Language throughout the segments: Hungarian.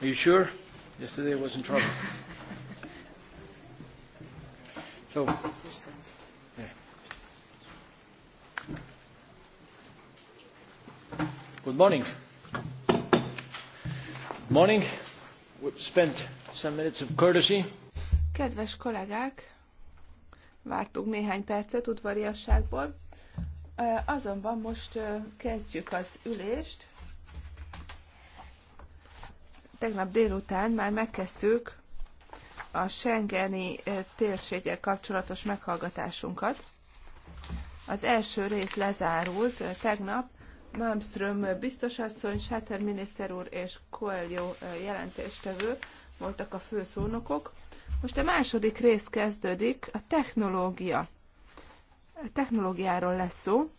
Are you sure? Yesterday I was in trouble. so, yeah. Good morning. Good Morning. We've spent some minutes of courtesy. Kedves kollégák, vártuk néhány percet udvariasságból, azonban most kezdjük az ülést. Tegnap délután már megkezdtük a Schengeni eh, térséggel kapcsolatos meghallgatásunkat. Az első rész lezárult eh, tegnap. Malmström eh, biztosasszony, Sáter miniszter úr és Coelho jelentéstevő voltak a fő Most a második rész kezdődik, a technológia. A technológiáról lesz szó.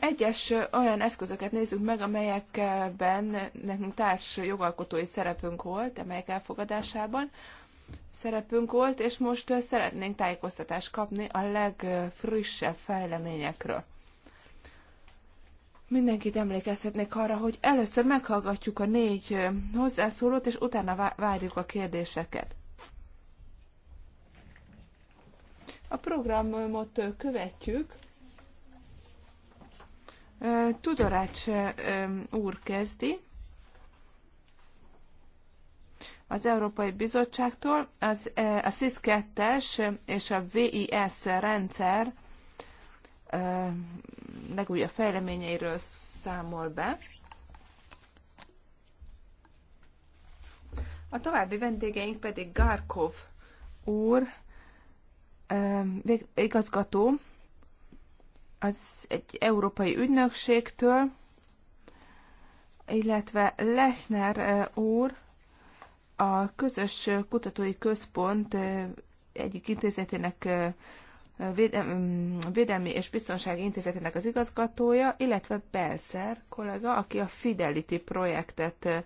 Egyes olyan eszközöket nézzük meg, amelyekben nekünk társ jogalkotói szerepünk volt, amelyek elfogadásában szerepünk volt, és most szeretnénk tájékoztatást kapni a legfrissebb fejleményekről. Mindenkit emlékeztetnék arra, hogy először meghallgatjuk a négy hozzászólót, és utána várjuk a kérdéseket. A programot követjük. Tudorács úr kezdi az Európai Bizottságtól. Az, a SIS-2-es és a VIS rendszer legújabb fejleményeiről számol be. A további vendégeink pedig Garkov úr, igazgató, az egy európai ügynökségtől, illetve Lechner úr a közös kutatói központ egyik intézetének Védelmi és Biztonsági Intézetének az igazgatója, illetve Belszer kollega, aki a Fidelity projektet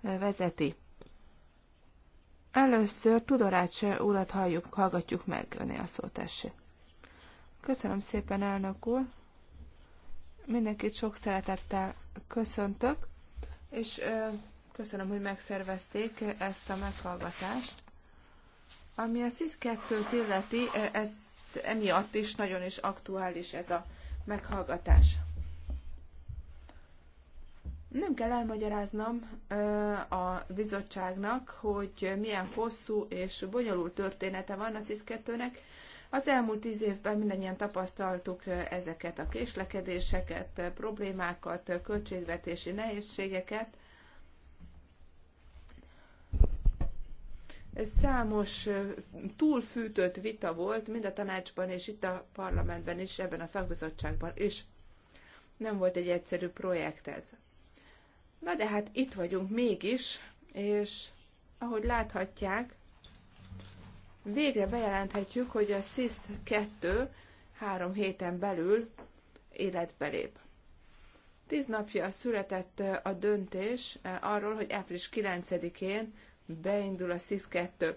vezeti. Először Tudorács urat halljuk, hallgatjuk meg, öné a szót, tessék. Köszönöm szépen, elnök úr. Mindenkit sok szeretettel köszöntök, és köszönöm, hogy megszervezték ezt a meghallgatást. Ami a SZIS-2-t illeti, ez emiatt is nagyon is aktuális ez a meghallgatás. Nem kell elmagyaráznom a bizottságnak, hogy milyen hosszú és bonyolult története van a SZIS-2-nek, az elmúlt tíz évben mindannyian tapasztaltuk ezeket a késlekedéseket, problémákat, költségvetési nehézségeket. Ez számos túlfűtött vita volt, mind a tanácsban és itt a parlamentben is, ebben a szakbizottságban is. Nem volt egy egyszerű projekt ez. Na de hát itt vagyunk mégis, és ahogy láthatják, végre bejelenthetjük, hogy a SIS 2 három héten belül életbe lép. Tíz napja született eh, a döntés eh, arról, hogy április 9-én beindul a SIS 2.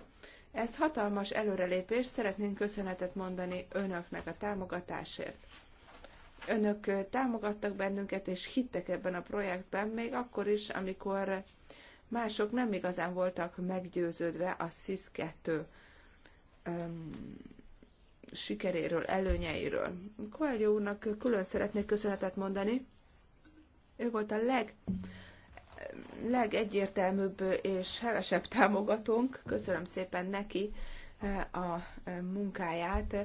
Ez hatalmas előrelépés, szeretnénk köszönetet mondani önöknek a támogatásért. Önök eh, támogattak bennünket, és hittek ebben a projektben, még akkor is, amikor mások nem igazán voltak meggyőződve a SIS 2 sikeréről, előnyeiről. Coelho úrnak külön szeretnék köszönetet mondani. Ő volt a leg, legegyértelműbb és hevesebb támogatónk. Köszönöm szépen neki a munkáját.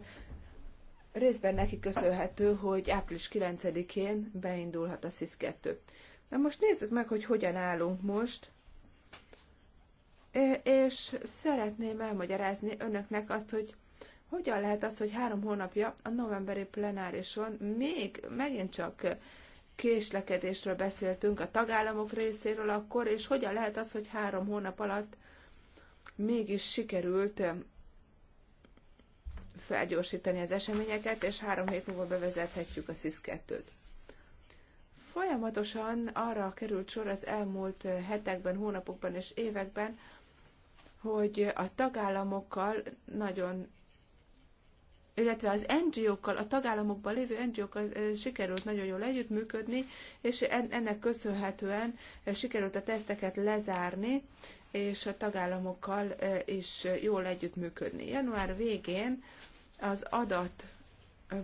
Részben neki köszönhető, hogy április 9-én beindulhat a SZISZ 2. Na most nézzük meg, hogy hogyan állunk most és szeretném elmagyarázni önöknek azt, hogy hogyan lehet az, hogy három hónapja a novemberi plenárison még megint csak késlekedésről beszéltünk a tagállamok részéről akkor, és hogyan lehet az, hogy három hónap alatt mégis sikerült felgyorsítani az eseményeket, és három hét múlva bevezethetjük a sis 2 t Folyamatosan arra került sor az elmúlt hetekben, hónapokban és években, hogy a tagállamokkal nagyon illetve az NGO-kkal, a tagállamokban lévő NGO-kkal sikerült nagyon jól együttműködni, és ennek köszönhetően sikerült a teszteket lezárni, és a tagállamokkal is jól együttműködni. Január végén az adat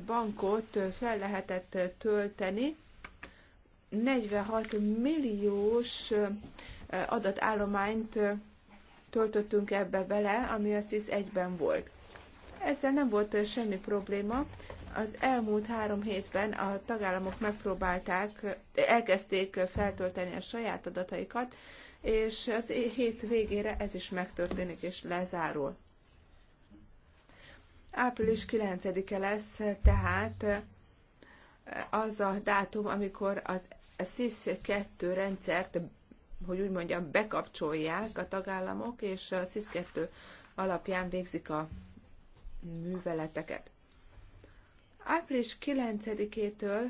bankot fel lehetett tölteni, 46 milliós adatállományt töltöttünk ebbe bele, ami azt hisz egyben volt. Ezzel nem volt semmi probléma. Az elmúlt három hétben a tagállamok megpróbálták, elkezdték feltölteni a saját adataikat, és az hét végére ez is megtörténik és lezárul. Április 9-e lesz tehát az a dátum, amikor az SIS-2 rendszert hogy úgy mondjam, bekapcsolják a tagállamok, és a SZIS-2 alapján végzik a műveleteket. Április 9-től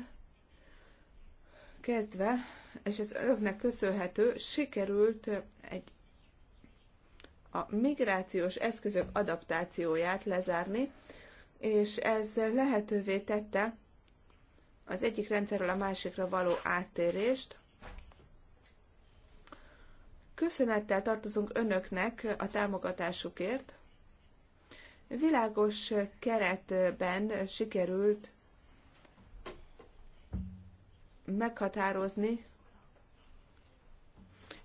kezdve, és ez önöknek köszönhető, sikerült egy a migrációs eszközök adaptációját lezárni, és ez lehetővé tette az egyik rendszerről a másikra való áttérést, Köszönettel tartozunk önöknek a támogatásukért. Világos keretben sikerült meghatározni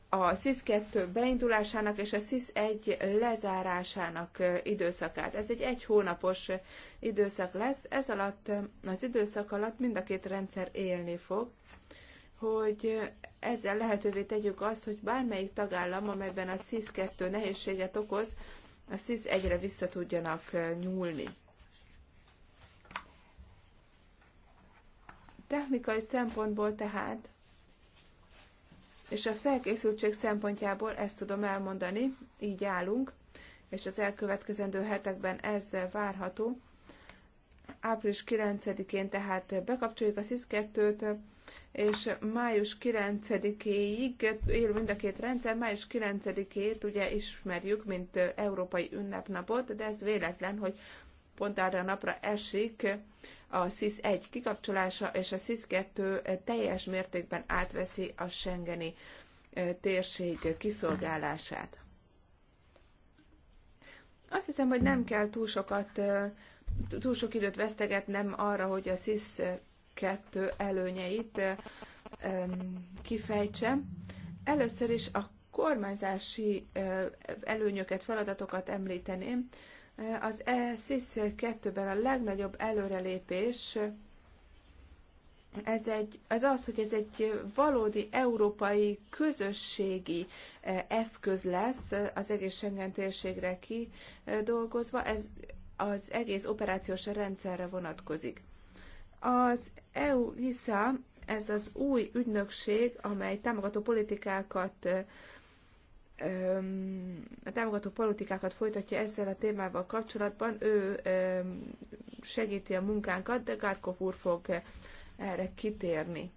a SZIS-2 beindulásának és a SZIS-1 lezárásának időszakát. Ez egy egy hónapos időszak lesz. Ez alatt, az időszak alatt mind a két rendszer élni fog, hogy ezzel lehetővé tegyük azt, hogy bármelyik tagállam, amelyben a SZISZ 2 nehézséget okoz, a SZISZ egyre vissza tudjanak nyúlni. Technikai szempontból tehát, és a felkészültség szempontjából ezt tudom elmondani, így állunk, és az elkövetkezendő hetekben ez várható. Április 9-én tehát bekapcsoljuk a SZISZ 2-t, és május 9 éig él mind a két rendszer, május 9-ét ugye ismerjük, mint Európai Ünnepnapot, de ez véletlen, hogy pont arra a napra esik a sis 1 kikapcsolása, és a sis 2 teljes mértékben átveszi a Schengeni térség kiszolgálását. Azt hiszem, hogy nem kell túl sokat túl sok időt vesztegetnem arra, hogy a SIS kettő előnyeit kifejtse. Először is a kormányzási előnyöket, feladatokat említeném. Az ESIS 2-ben a legnagyobb előrelépés ez, egy, ez az, hogy ez egy valódi európai közösségi eszköz lesz az egész Schengen térségre kidolgozva, ez az egész operációs rendszerre vonatkozik. Az EU vissza ez az új ügynökség, amely támogató politikákat a támogató politikákat folytatja ezzel a témával kapcsolatban. Ő segíti a munkánkat, de Gárkov úr fog erre kitérni.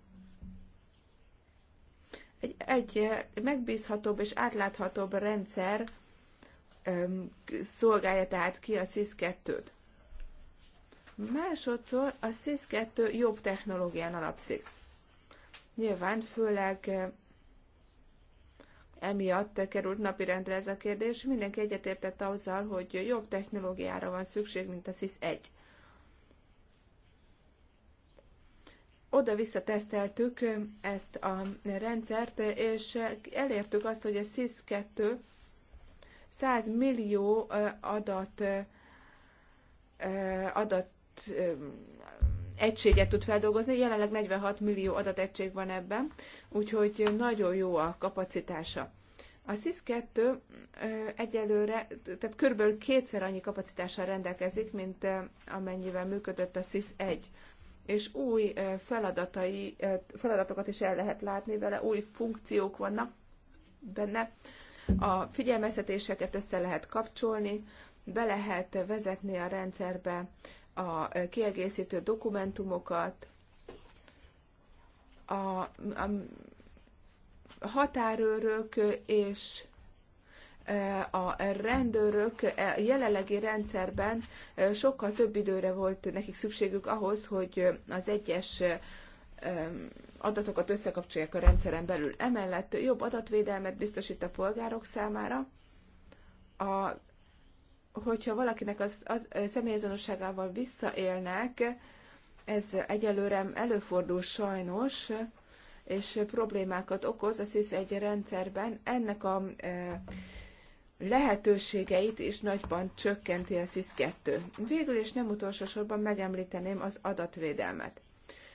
Egy, egy megbízhatóbb és átláthatóbb rendszer szolgálja tehát ki a SIS-2-t. Másodszor a SIS-2 jobb technológián alapszik. Nyilván főleg eh, emiatt került napirendre ez a kérdés. Mindenki egyetértett azzal, hogy jobb technológiára van szükség, mint a SIS-1. Oda-vissza teszteltük eh, ezt a rendszert, és eh, elértük azt, hogy a SIS-2 100 millió adat adat egységet tud feldolgozni, jelenleg 46 millió adategység van ebben, úgyhogy nagyon jó a kapacitása. A SIS-2 egyelőre, tehát körülbelül kétszer annyi kapacitással rendelkezik, mint amennyivel működött a SIS-1 és új feladatai, feladatokat is el lehet látni vele, új funkciók vannak benne. A figyelmeztetéseket össze lehet kapcsolni, be lehet vezetni a rendszerbe a kiegészítő dokumentumokat, a, a határőrök és e, a rendőrök e, jelenlegi rendszerben e, sokkal több időre volt nekik szükségük ahhoz, hogy az egyes adatokat összekapcsolják a rendszeren belül. Emellett jobb adatvédelmet biztosít a polgárok számára, a hogyha valakinek az, az személyazonosságával visszaélnek, ez egyelőre előfordul sajnos, és problémákat okoz a SZISZ egy rendszerben. Ennek a lehetőségeit is nagyban csökkenti a SZISZ 2. Végül és nem utolsó sorban megemlíteném az adatvédelmet.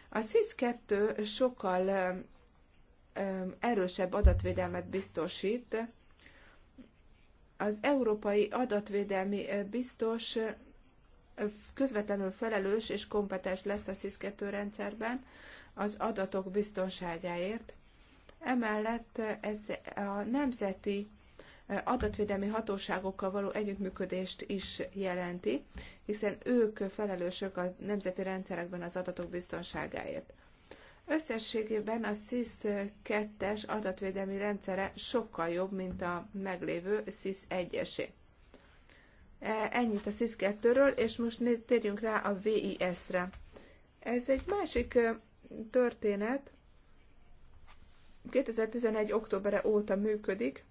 A SZISZ 2 sokkal erősebb adatvédelmet biztosít, az Európai Adatvédelmi Biztos közvetlenül felelős és kompetens lesz a SZISZ-2 rendszerben az adatok biztonságáért. Emellett ez a nemzeti adatvédelmi hatóságokkal való együttműködést is jelenti, hiszen ők felelősök a nemzeti rendszerekben az adatok biztonságáért. Összességében a SIS-2-es adatvédelmi rendszere sokkal jobb, mint a meglévő SIS-1-esé. E, ennyit a SIS-2-ről, és most térjünk rá a VIS-re. Ez egy másik történet. 2011. októberre óta működik,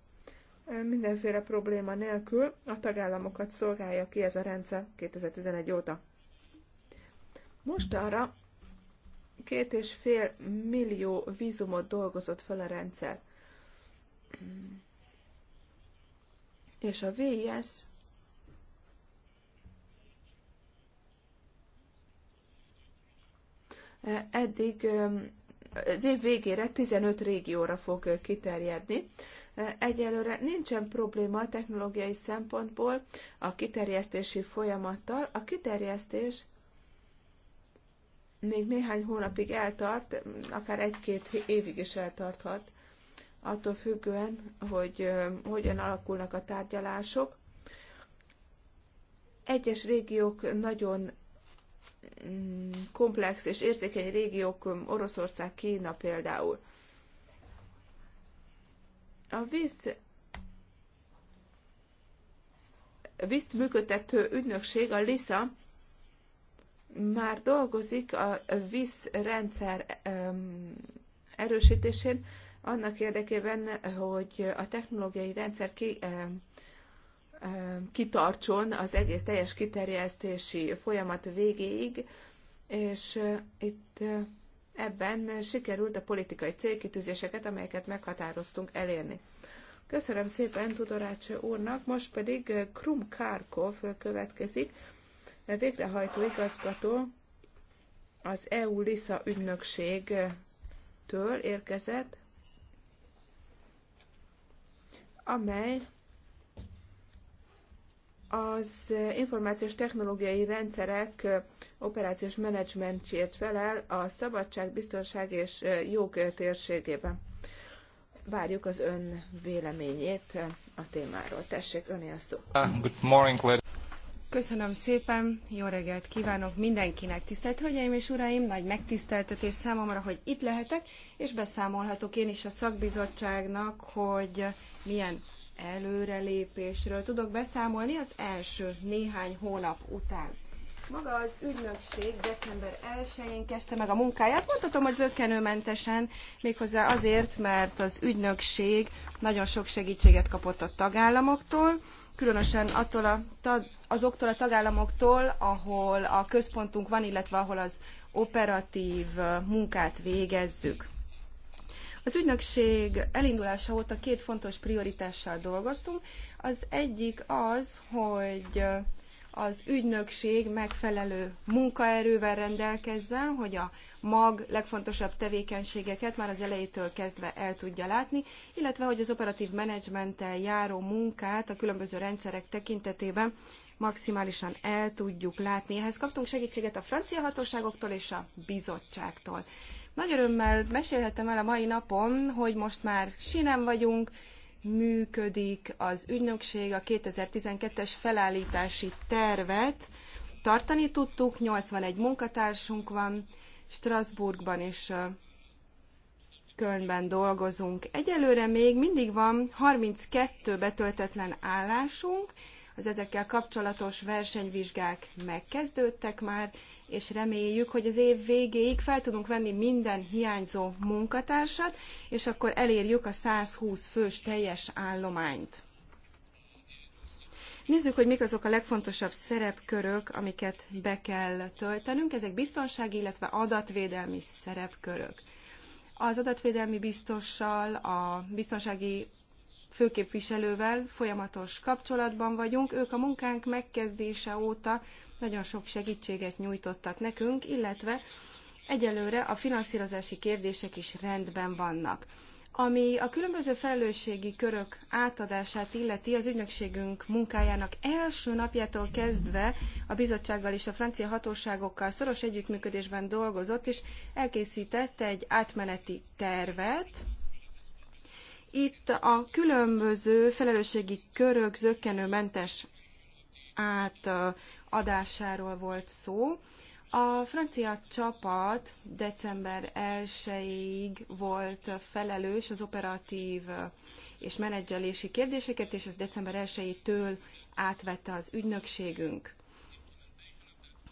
mindenféle probléma nélkül a tagállamokat szolgálja ki ez a rendszer 2011 óta. Most arra Két és fél millió vízumot dolgozott fel a rendszer. És a VIS eddig az év végére 15 régióra fog kiterjedni. Egyelőre nincsen probléma a technológiai szempontból a kiterjesztési folyamattal. A kiterjesztés még néhány hónapig eltart, akár egy-két évig is eltarthat, attól függően, hogy hogyan alakulnak a tárgyalások. Egyes régiók nagyon mm, komplex és érzékeny régiók, Oroszország, Kína például. A víz vízt működtető ügynökség, a LISA, már dolgozik a VISZ rendszer erősítésén, annak érdekében, hogy a technológiai rendszer ki, kitartson az egész teljes kiterjesztési folyamat végéig, és itt ebben sikerült a politikai célkitűzéseket, amelyeket meghatároztunk elérni. Köszönöm szépen Tudorács úrnak, most pedig Krum Kárkov következik, végrehajtó igazgató az EU-LISA ügynökségtől érkezett, amely az információs technológiai rendszerek operációs menedzsmentjét felel a szabadság, biztonság és jog térségében. Várjuk az ön véleményét a témáról. Tessék, öné a szó. Ah, good morning, Köszönöm szépen, jó reggelt kívánok mindenkinek, tisztelt Hölgyeim és Uraim, nagy megtiszteltetés számomra, hogy itt lehetek, és beszámolhatok én is a szakbizottságnak, hogy milyen előrelépésről tudok beszámolni az első néhány hónap után. Maga az ügynökség december 1-én kezdte meg a munkáját. Mondhatom, hogy zöggenőmentesen, méghozzá azért, mert az ügynökség nagyon sok segítséget kapott a tagállamoktól, különösen attól a, azoktól a tagállamoktól, ahol a központunk van, illetve ahol az operatív munkát végezzük. Az ügynökség elindulása óta két fontos prioritással dolgoztunk. Az egyik az, hogy az ügynökség megfelelő munkaerővel rendelkezzen, hogy a mag legfontosabb tevékenységeket már az elejétől kezdve el tudja látni, illetve hogy az operatív menedzsmenttel járó munkát a különböző rendszerek tekintetében maximálisan el tudjuk látni. Ehhez kaptunk segítséget a francia hatóságoktól és a bizottságtól. Nagy örömmel mesélhetem el a mai napon, hogy most már sinem vagyunk, működik az ügynökség, a 2012-es felállítási tervet tartani tudtuk, 81 munkatársunk van, Strasbourgban és Kölnben dolgozunk. Egyelőre még mindig van 32 betöltetlen állásunk, az ezekkel kapcsolatos versenyvizsgák megkezdődtek már, és reméljük, hogy az év végéig fel tudunk venni minden hiányzó munkatársat, és akkor elérjük a 120 fős teljes állományt. Nézzük, hogy mik azok a legfontosabb szerepkörök, amiket be kell töltenünk. Ezek biztonsági, illetve adatvédelmi szerepkörök. Az adatvédelmi biztossal, a biztonsági főképviselővel folyamatos kapcsolatban vagyunk. Ők a munkánk megkezdése óta nagyon sok segítséget nyújtottak nekünk, illetve egyelőre a finanszírozási kérdések is rendben vannak. Ami a különböző felelősségi körök átadását illeti, az ügynökségünk munkájának első napjától kezdve a bizottsággal és a francia hatóságokkal szoros együttműködésben dolgozott, és elkészített egy átmeneti tervet, itt a különböző felelősségi körök zöggenőmentes átadásáról volt szó. A francia csapat december 1-ig volt felelős az operatív és menedzselési kérdéseket, és ez december 1-től átvette az ügynökségünk.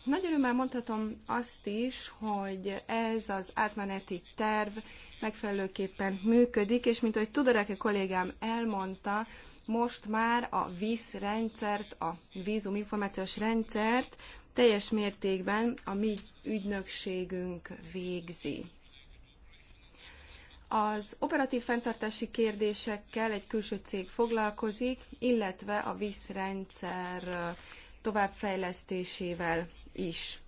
Nagy örömmel mondhatom azt is, hogy ez az átmeneti terv megfelelőképpen működik, és mint ahogy Tudoráke kollégám elmondta, most már a vízrendszert, rendszert, a vízum információs rendszert teljes mértékben a mi ügynökségünk végzi. Az operatív fenntartási kérdésekkel egy külső cég foglalkozik, illetve a vízrendszer rendszer továbbfejlesztésével is.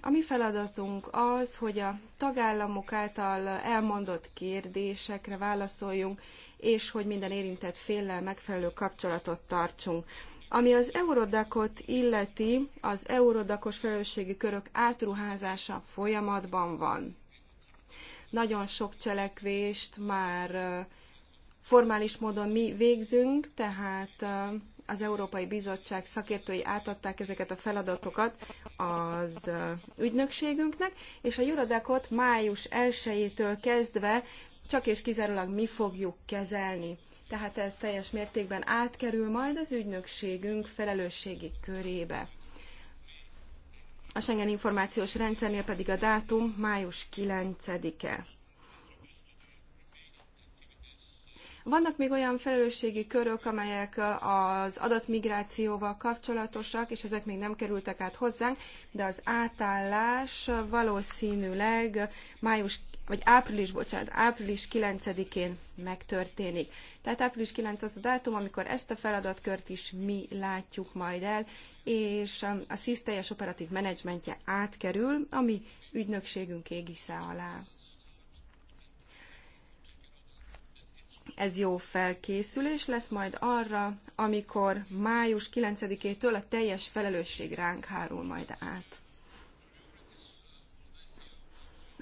A mi feladatunk az, hogy a tagállamok által elmondott kérdésekre válaszoljunk, és hogy minden érintett féllel megfelelő kapcsolatot tartsunk. Ami az Eurodakot illeti, az Eurodakos felelősségi körök átruházása folyamatban van. Nagyon sok cselekvést már formális módon mi végzünk, tehát az Európai Bizottság szakértői átadták ezeket a feladatokat az ügynökségünknek, és a Juradekot május 1-től kezdve csak és kizárólag mi fogjuk kezelni. Tehát ez teljes mértékben átkerül majd az ügynökségünk felelősségi körébe. A Schengen információs rendszernél pedig a dátum május 9-e. Vannak még olyan felelősségi körök, amelyek az adatmigrációval kapcsolatosak, és ezek még nem kerültek át hozzánk, de az átállás valószínűleg május vagy április, bocsánat, április 9-én megtörténik. Tehát április 9 az a dátum, amikor ezt a feladatkört is mi látjuk majd el, és a SZISZ teljes operatív menedzsmentje átkerül a mi ügynökségünk égisze alá. Ez jó felkészülés lesz majd arra, amikor május 9-től a teljes felelősség ránk hárul majd át.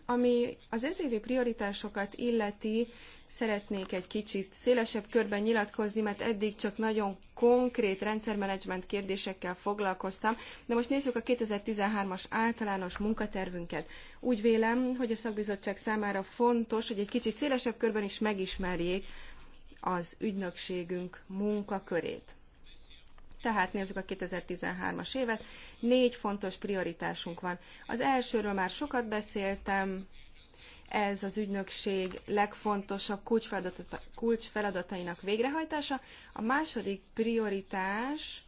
Ami az ezévi prioritásokat illeti, szeretnék egy kicsit szélesebb körben nyilatkozni, mert eddig csak nagyon konkrét rendszermenedzsment kérdésekkel foglalkoztam, de most nézzük a 2013-as általános munkatervünket. Úgy vélem, hogy a szakbizottság számára fontos, hogy egy kicsit szélesebb körben is megismerjék az ügynökségünk munkakörét. Tehát nézzük a 2013-as évet. Négy fontos prioritásunk van. Az elsőről már sokat beszéltem, ez az ügynökség legfontosabb kulcsfeladatainak végrehajtása. A második prioritás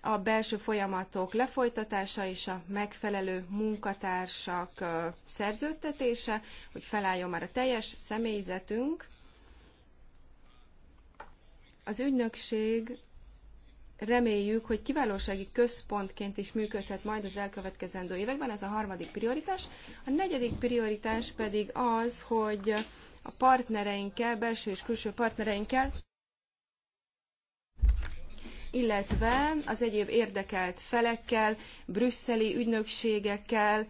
a belső folyamatok lefolytatása és a megfelelő munkatársak szerződtetése, hogy felálljon már a teljes személyzetünk. Az ügynökség reméljük, hogy kiválósági központként is működhet majd az elkövetkezendő években, ez a harmadik prioritás. A negyedik prioritás pedig az, hogy a partnereinkkel, belső és külső partnereinkkel, illetve az egyéb érdekelt felekkel, brüsszeli ügynökségekkel,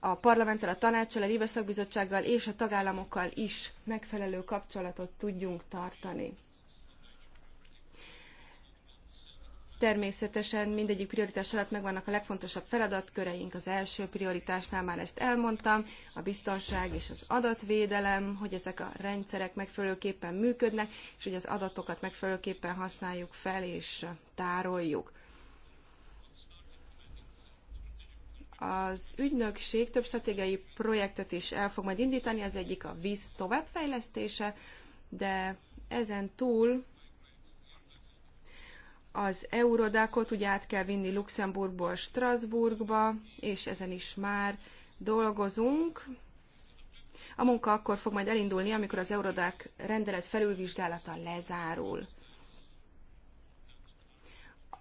a parlamenttel, a tanácssal, a libeszakbizottsággal és a tagállamokkal is megfelelő kapcsolatot tudjunk tartani. Természetesen mindegyik prioritás alatt megvannak a legfontosabb feladatköreink. Az első prioritásnál már ezt elmondtam, a biztonság és az adatvédelem, hogy ezek a rendszerek megfelelőképpen működnek, és hogy az adatokat megfelelőképpen használjuk fel és tároljuk. Az ügynökség több stratégiai projektet is el fog majd indítani, az egyik a víz továbbfejlesztése, de ezen túl az Eurodákot ugye át kell vinni Luxemburgból Strasbourgba, és ezen is már dolgozunk. A munka akkor fog majd elindulni, amikor az Eurodák rendelet felülvizsgálata lezárul.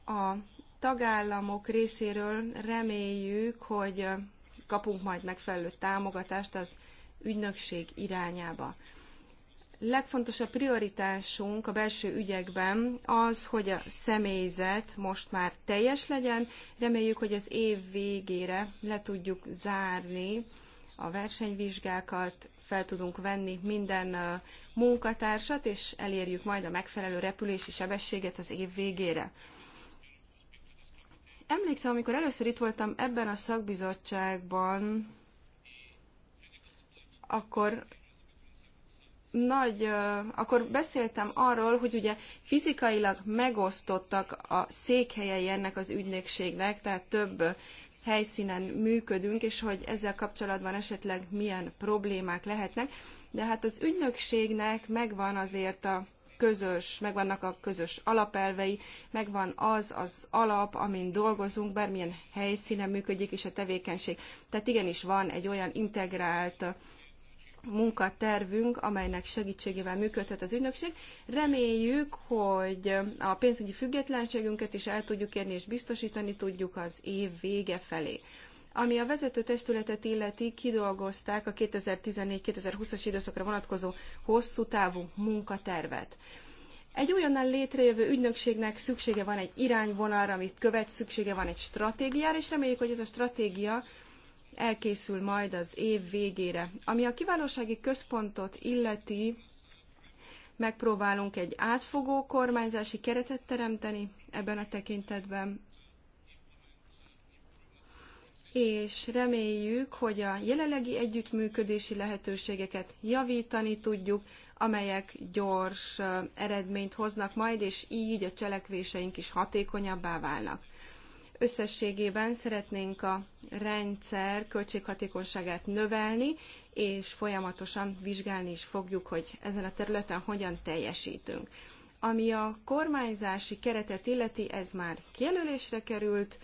A tagállamok részéről reméljük, hogy kapunk majd megfelelő támogatást az ügynökség irányába legfontosabb prioritásunk a belső ügyekben az, hogy a személyzet most már teljes legyen. Reméljük, hogy az év végére le tudjuk zárni a versenyvizsgákat, fel tudunk venni minden munkatársat, és elérjük majd a megfelelő repülési sebességet az év végére. Emlékszem, amikor először itt voltam ebben a szakbizottságban, akkor nagy, akkor beszéltem arról, hogy ugye fizikailag megosztottak a székhelyei ennek az ügynökségnek, tehát több helyszínen működünk, és hogy ezzel kapcsolatban esetleg milyen problémák lehetnek. De hát az ügynökségnek megvan azért a közös, megvannak a közös alapelvei, megvan az az alap, amin dolgozunk, bármilyen helyszínen működik is a tevékenység. Tehát igenis van egy olyan integrált munkatervünk, amelynek segítségével működhet az ügynökség. Reméljük, hogy a pénzügyi függetlenségünket is el tudjuk érni, és biztosítani tudjuk az év vége felé. Ami a vezető testületet illeti, kidolgozták a 2014-2020-as időszakra vonatkozó hosszú távú munkatervet. Egy újonnan létrejövő ügynökségnek szüksége van egy irányvonalra, amit követ, szüksége van egy stratégiára, és reméljük, hogy ez a stratégia elkészül majd az év végére. Ami a kiválósági központot illeti, megpróbálunk egy átfogó kormányzási keretet teremteni ebben a tekintetben, és reméljük, hogy a jelenlegi együttműködési lehetőségeket javítani tudjuk, amelyek gyors eredményt hoznak majd, és így a cselekvéseink is hatékonyabbá válnak. Összességében szeretnénk a rendszer költséghatékonyságát növelni, és folyamatosan vizsgálni is fogjuk, hogy ezen a területen hogyan teljesítünk. Ami a kormányzási keretet illeti, ez már kijelölésre került,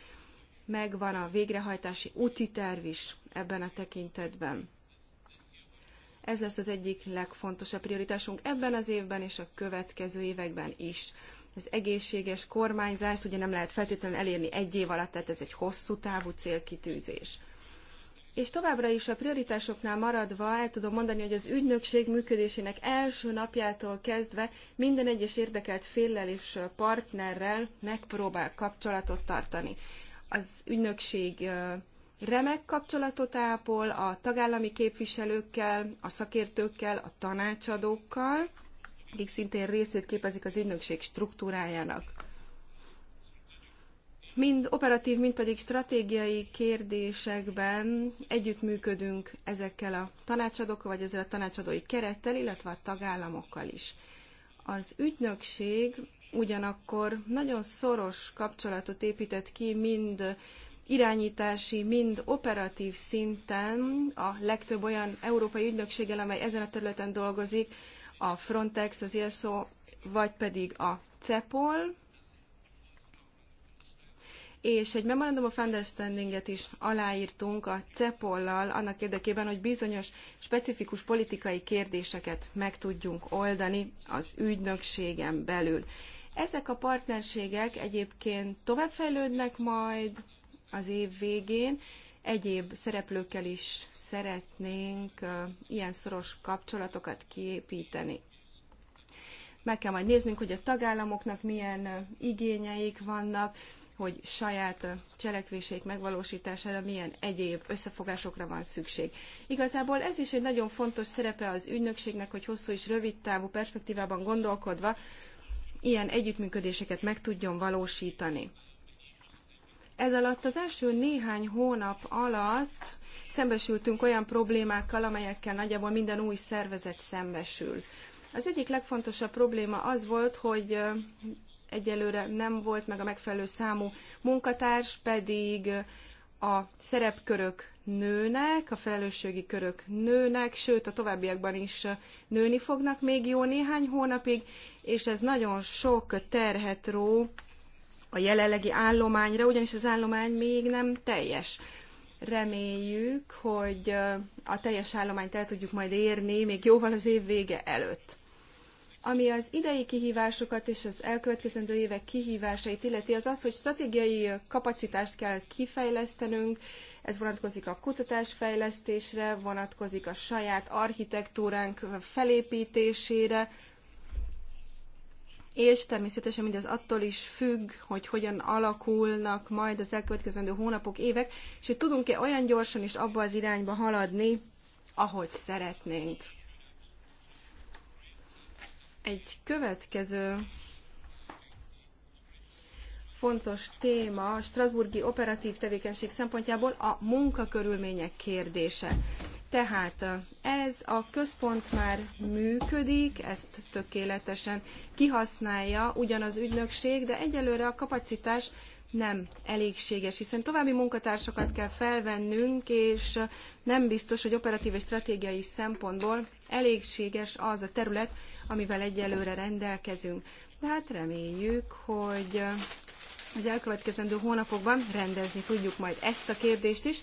megvan a végrehajtási úti terv is ebben a tekintetben. Ez lesz az egyik legfontosabb prioritásunk ebben az évben és a következő években is az egészséges kormányzást ugye nem lehet feltétlenül elérni egy év alatt, tehát ez egy hosszú távú célkitűzés. És továbbra is a prioritásoknál maradva el tudom mondani, hogy az ügynökség működésének első napjától kezdve minden egyes érdekelt féllel és partnerrel megpróbál kapcsolatot tartani. Az ügynökség remek kapcsolatot ápol a tagállami képviselőkkel, a szakértőkkel, a tanácsadókkal, akik szintén részét képezik az ügynökség struktúrájának. Mind operatív, mind pedig stratégiai kérdésekben együttműködünk ezekkel a tanácsadókkal, vagy ezzel a tanácsadói kerettel, illetve a tagállamokkal is. Az ügynökség ugyanakkor nagyon szoros kapcsolatot épített ki mind irányítási, mind operatív szinten a legtöbb olyan európai ügynökséggel, amely ezen a területen dolgozik, a Frontex, az ISO, vagy pedig a CEPOL, és egy Memorandum of Understanding-et is aláírtunk a CEPOL-lal annak érdekében, hogy bizonyos specifikus politikai kérdéseket meg tudjunk oldani az ügynökségen belül. Ezek a partnerségek egyébként továbbfejlődnek majd az év végén, egyéb szereplőkkel is szeretnénk ilyen szoros kapcsolatokat kiépíteni. Meg kell majd néznünk, hogy a tagállamoknak milyen igényeik vannak, hogy saját cselekvéseik megvalósítására milyen egyéb összefogásokra van szükség. Igazából ez is egy nagyon fontos szerepe az ügynökségnek, hogy hosszú és rövid távú perspektívában gondolkodva ilyen együttműködéseket meg tudjon valósítani. Ez alatt az első néhány hónap alatt szembesültünk olyan problémákkal, amelyekkel nagyjából minden új szervezet szembesül. Az egyik legfontosabb probléma az volt, hogy egyelőre nem volt meg a megfelelő számú munkatárs, pedig a szerepkörök nőnek, a felelősségi körök nőnek, sőt a továbbiakban is nőni fognak még jó néhány hónapig, és ez nagyon sok terhet ró a jelenlegi állományra, ugyanis az állomány még nem teljes. Reméljük, hogy a teljes állományt el tudjuk majd érni még jóval az év vége előtt. Ami az idei kihívásokat és az elkövetkezendő évek kihívásait illeti, az az, hogy stratégiai kapacitást kell kifejlesztenünk, ez vonatkozik a kutatásfejlesztésre, vonatkozik a saját architektúránk felépítésére, és természetesen mindez attól is függ, hogy hogyan alakulnak majd az elkövetkezendő hónapok, évek, és hogy tudunk-e olyan gyorsan is abba az irányba haladni, ahogy szeretnénk. Egy következő fontos téma a Strasburgi operatív tevékenység szempontjából a munkakörülmények kérdése. Tehát ez a központ már működik, ezt tökéletesen kihasználja ugyanaz ügynökség, de egyelőre a kapacitás nem elégséges, hiszen további munkatársakat kell felvennünk, és nem biztos, hogy operatív és stratégiai szempontból elégséges az a terület, amivel egyelőre rendelkezünk. De hát reméljük, hogy az elkövetkezendő hónapokban rendezni tudjuk majd ezt a kérdést is,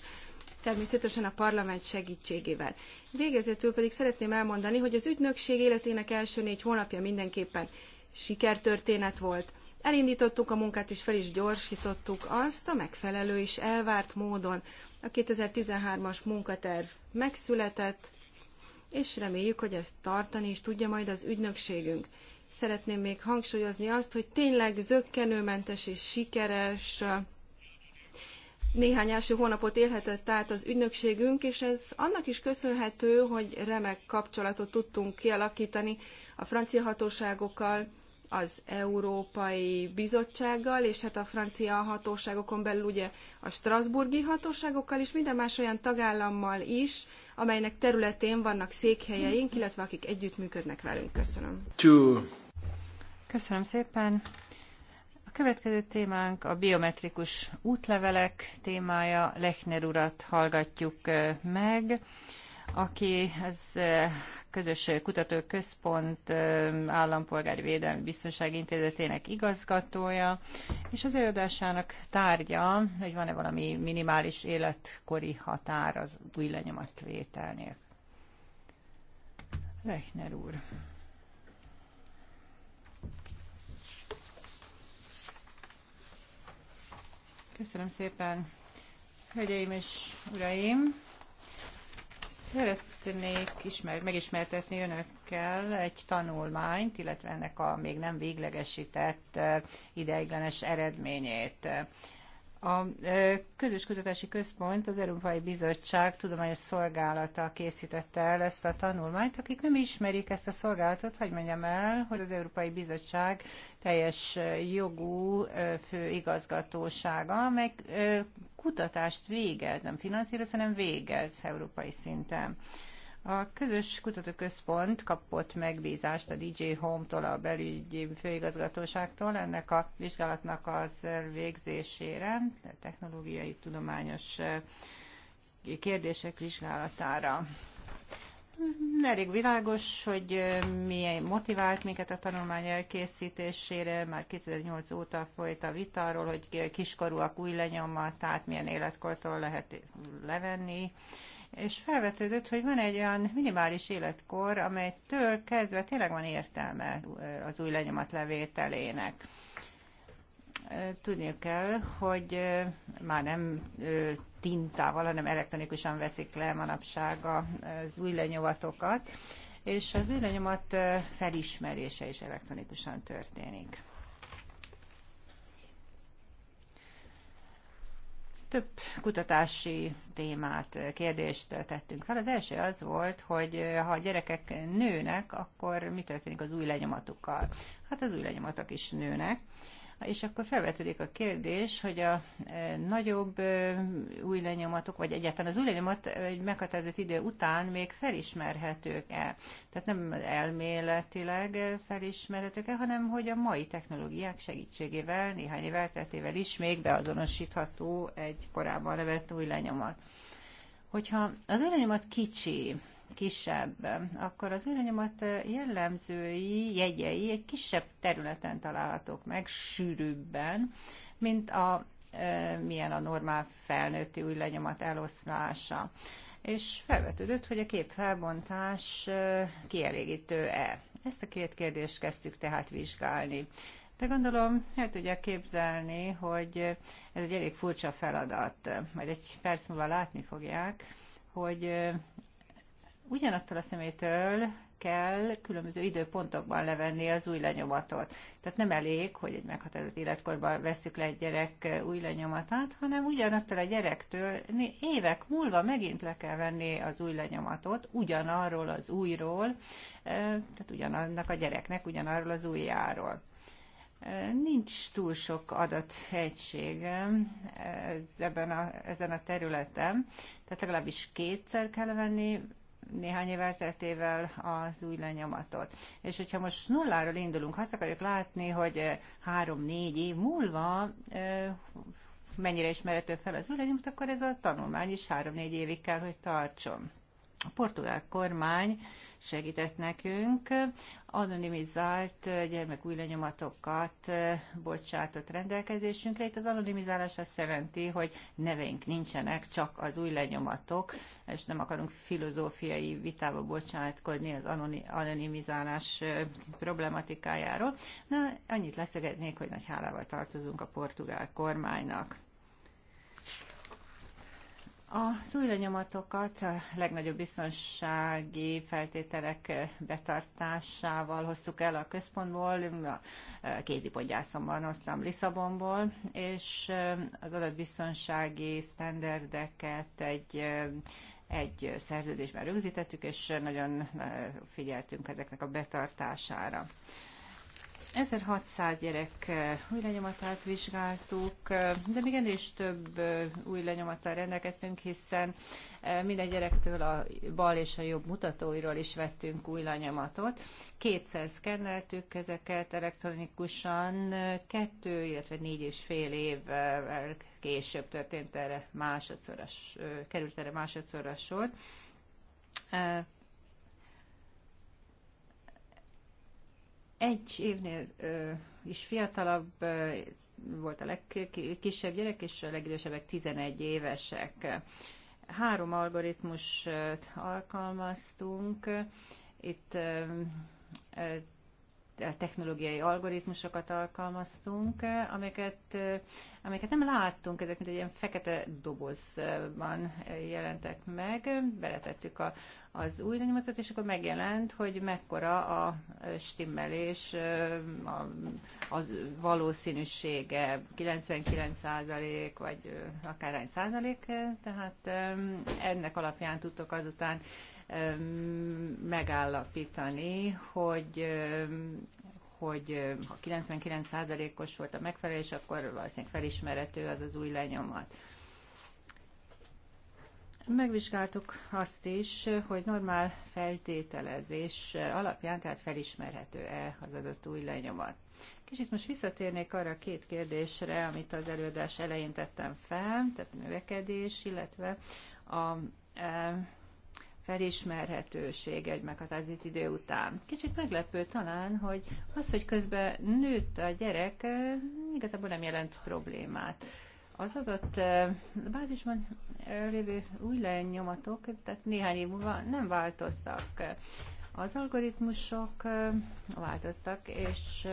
természetesen a parlament segítségével. Végezetül pedig szeretném elmondani, hogy az ügynökség életének első négy hónapja mindenképpen sikertörténet volt. Elindítottuk a munkát, és fel is gyorsítottuk azt a megfelelő és elvárt módon. A 2013-as munkaterv megszületett, és reméljük, hogy ezt tartani is tudja majd az ügynökségünk. Szeretném még hangsúlyozni azt, hogy tényleg zöggenőmentes és sikeres néhány első hónapot élhetett át az ügynökségünk, és ez annak is köszönhető, hogy remek kapcsolatot tudtunk kialakítani a francia hatóságokkal, az Európai Bizottsággal, és hát a francia hatóságokon belül ugye a Strasburgi hatóságokkal, és minden más olyan tagállammal is, amelynek területén vannak székhelyeink, illetve akik együttműködnek velünk. Köszönöm. Two. Köszönöm szépen következő témánk a biometrikus útlevelek témája. Lechner urat hallgatjuk meg, aki az közös kutatóközpont állampolgári védelmi biztonsági intézetének igazgatója, és az előadásának tárgya, hogy van-e valami minimális életkori határ az új lenyomatvételnél. Lechner úr. Köszönöm szépen, hölgyeim és uraim! Szeretnék ismer, megismertetni önökkel egy tanulmányt, illetve ennek a még nem véglegesített eh, ideiglenes eredményét. A Közös Kutatási Központ az Európai Bizottság Tudományos Szolgálata készítette el ezt a tanulmányt. Akik nem ismerik ezt a szolgálatot, hogy mondjam el, hogy az Európai Bizottság teljes jogú főigazgatósága, meg kutatást végez, nem finanszíroz, hanem végez európai szinten. A közös kutatóközpont kapott megbízást a DJ Home-tól, a belügyi főigazgatóságtól ennek a vizsgálatnak az végzésére, technológiai tudományos eh, kérdések vizsgálatára. Elég világos, hogy eh, milyen motivált minket a tanulmány elkészítésére. Már 2008 óta folyt a vita arról, hogy eh, kiskorúak új lenyomat, tehát milyen életkortól lehet levenni és felvetődött, hogy van egy olyan minimális életkor, amelytől kezdve tényleg van értelme az új levételének. Tudniuk kell, hogy már nem tintával, hanem elektronikusan veszik le manapság az új lenyomatokat, és az új lenyomat felismerése is elektronikusan történik. Több kutatási témát, kérdést tettünk fel. Az első az volt, hogy ha a gyerekek nőnek, akkor mi történik az új lenyomatukkal? Hát az új lenyomatok is nőnek, és akkor felvetődik a kérdés, hogy a e, nagyobb e, új lenyomatok, vagy egyáltalán az új lenyomat egy meghatározott idő után még felismerhetők-e? Tehát nem elméletileg felismerhetők-e, hanem hogy a mai technológiák segítségével, néhány év elteltével is még beazonosítható egy korábban levett új lenyomat. Hogyha az új lenyomat kicsi, kisebb, akkor az űrlenyomat jellemzői, jegyei egy kisebb területen találhatók meg, sűrűbben, mint a milyen a normál felnőtti új lenyomat eloszlása. És felvetődött, hogy a kép felbontás kielégítő-e. Ezt a két kérdést kezdtük tehát vizsgálni. De gondolom, el tudják képzelni, hogy ez egy elég furcsa feladat. Majd egy perc múlva látni fogják, hogy ugyanattól a szemétől kell különböző időpontokban levenni az új lenyomatot. Tehát nem elég, hogy egy meghatározott életkorban veszük le egy gyerek új lenyomatát, hanem ugyanattól a gyerektől évek múlva megint le kell venni az új lenyomatot, ugyanarról az újról, tehát ugyanannak a gyereknek ugyanarról az újjáról. Nincs túl sok adategység ebben a, ezen a területen, tehát legalábbis kétszer kell venni néhány év elteltével az új lenyomatot. És hogyha most nulláról indulunk, azt akarjuk látni, hogy eh, három-négy év múlva eh, mennyire ismerhető fel az új lenyomat, akkor ez a tanulmány is három-négy évig kell, hogy tartson. A portugál kormány segített nekünk. Anonimizált gyermekújlenyomatokat bocsátott rendelkezésünkre. Itt az anonimizálás azt jelenti, hogy neveink nincsenek, csak az új lenyomatok, és nem akarunk filozófiai vitába bocsátkodni az anonimizálás problematikájáról. Na, annyit leszögetnék, hogy nagy hálával tartozunk a portugál kormánynak. Az új lenyomatokat a legnagyobb biztonsági feltételek betartásával hoztuk el a központból, a kézipodgyászomban hoztam Lisszabonból, és az adatbiztonsági sztenderdeket egy egy szerződésben rögzítettük, és nagyon figyeltünk ezeknek a betartására. 1600 gyerek új lenyomatát vizsgáltuk, de még ennél is több új lenyomattal rendelkeztünk, hiszen minden gyerektől a bal és a jobb mutatóiról is vettünk új lenyomatot. Kétszer szkenneltük ezeket elektronikusan, kettő, illetve négy és fél év később történt erre másodszoros, került erre másodszorra sor egy évnél is fiatalabb volt a legkisebb gyerek, és a legidősebbek 11 évesek. Három algoritmus alkalmaztunk. Itt technológiai algoritmusokat alkalmaztunk, amiket, amiket nem láttunk, ezek mint egy ilyen fekete dobozban jelentek meg. Beletettük a, az új lenyomatot, és akkor megjelent, hogy mekkora a stimmelés, a, a valószínűsége, 99 vagy akárhány százalék, tehát ennek alapján tudtok azután megállapítani, hogy hogy ha 99%-os volt a megfelelés, akkor valószínűleg felismerető az az új lenyomat. Megvizsgáltuk azt is, hogy normál feltételezés alapján, tehát felismerhető-e az adott új lenyomat. Kicsit most visszatérnék arra a két kérdésre, amit az előadás elején tettem fel, tehát növekedés, illetve a felismerhetőség egy meghatározott idő után. Kicsit meglepő talán, hogy az, hogy közben nőtt a gyerek, igazából nem jelent problémát. Az adott bázisban lévő új lenyomatok, tehát néhány év múlva nem változtak. Az algoritmusok változtak, és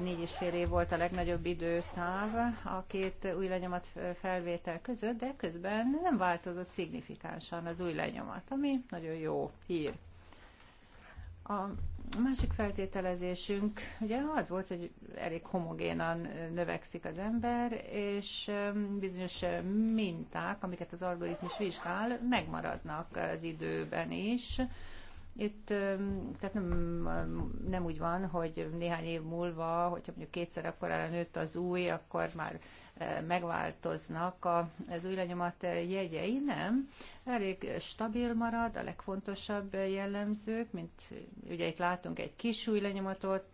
négy és fél év volt a legnagyobb időtáv a két új lenyomat felvétel között, de közben nem változott szignifikánsan az új lenyomat, ami nagyon jó hír. A másik feltételezésünk ugye az volt, hogy elég homogénan növekszik az ember, és um, bizonyos uh, minták, amiket az algoritmus vizsgál, megmaradnak az időben is, itt tehát nem, nem úgy van, hogy néhány év múlva, hogyha mondjuk kétszer akkor nőtt az új, akkor már megváltoznak az új lenyomat jegyei, nem. Elég stabil marad, a legfontosabb jellemzők, mint ugye itt látunk egy kis új lenyomatot,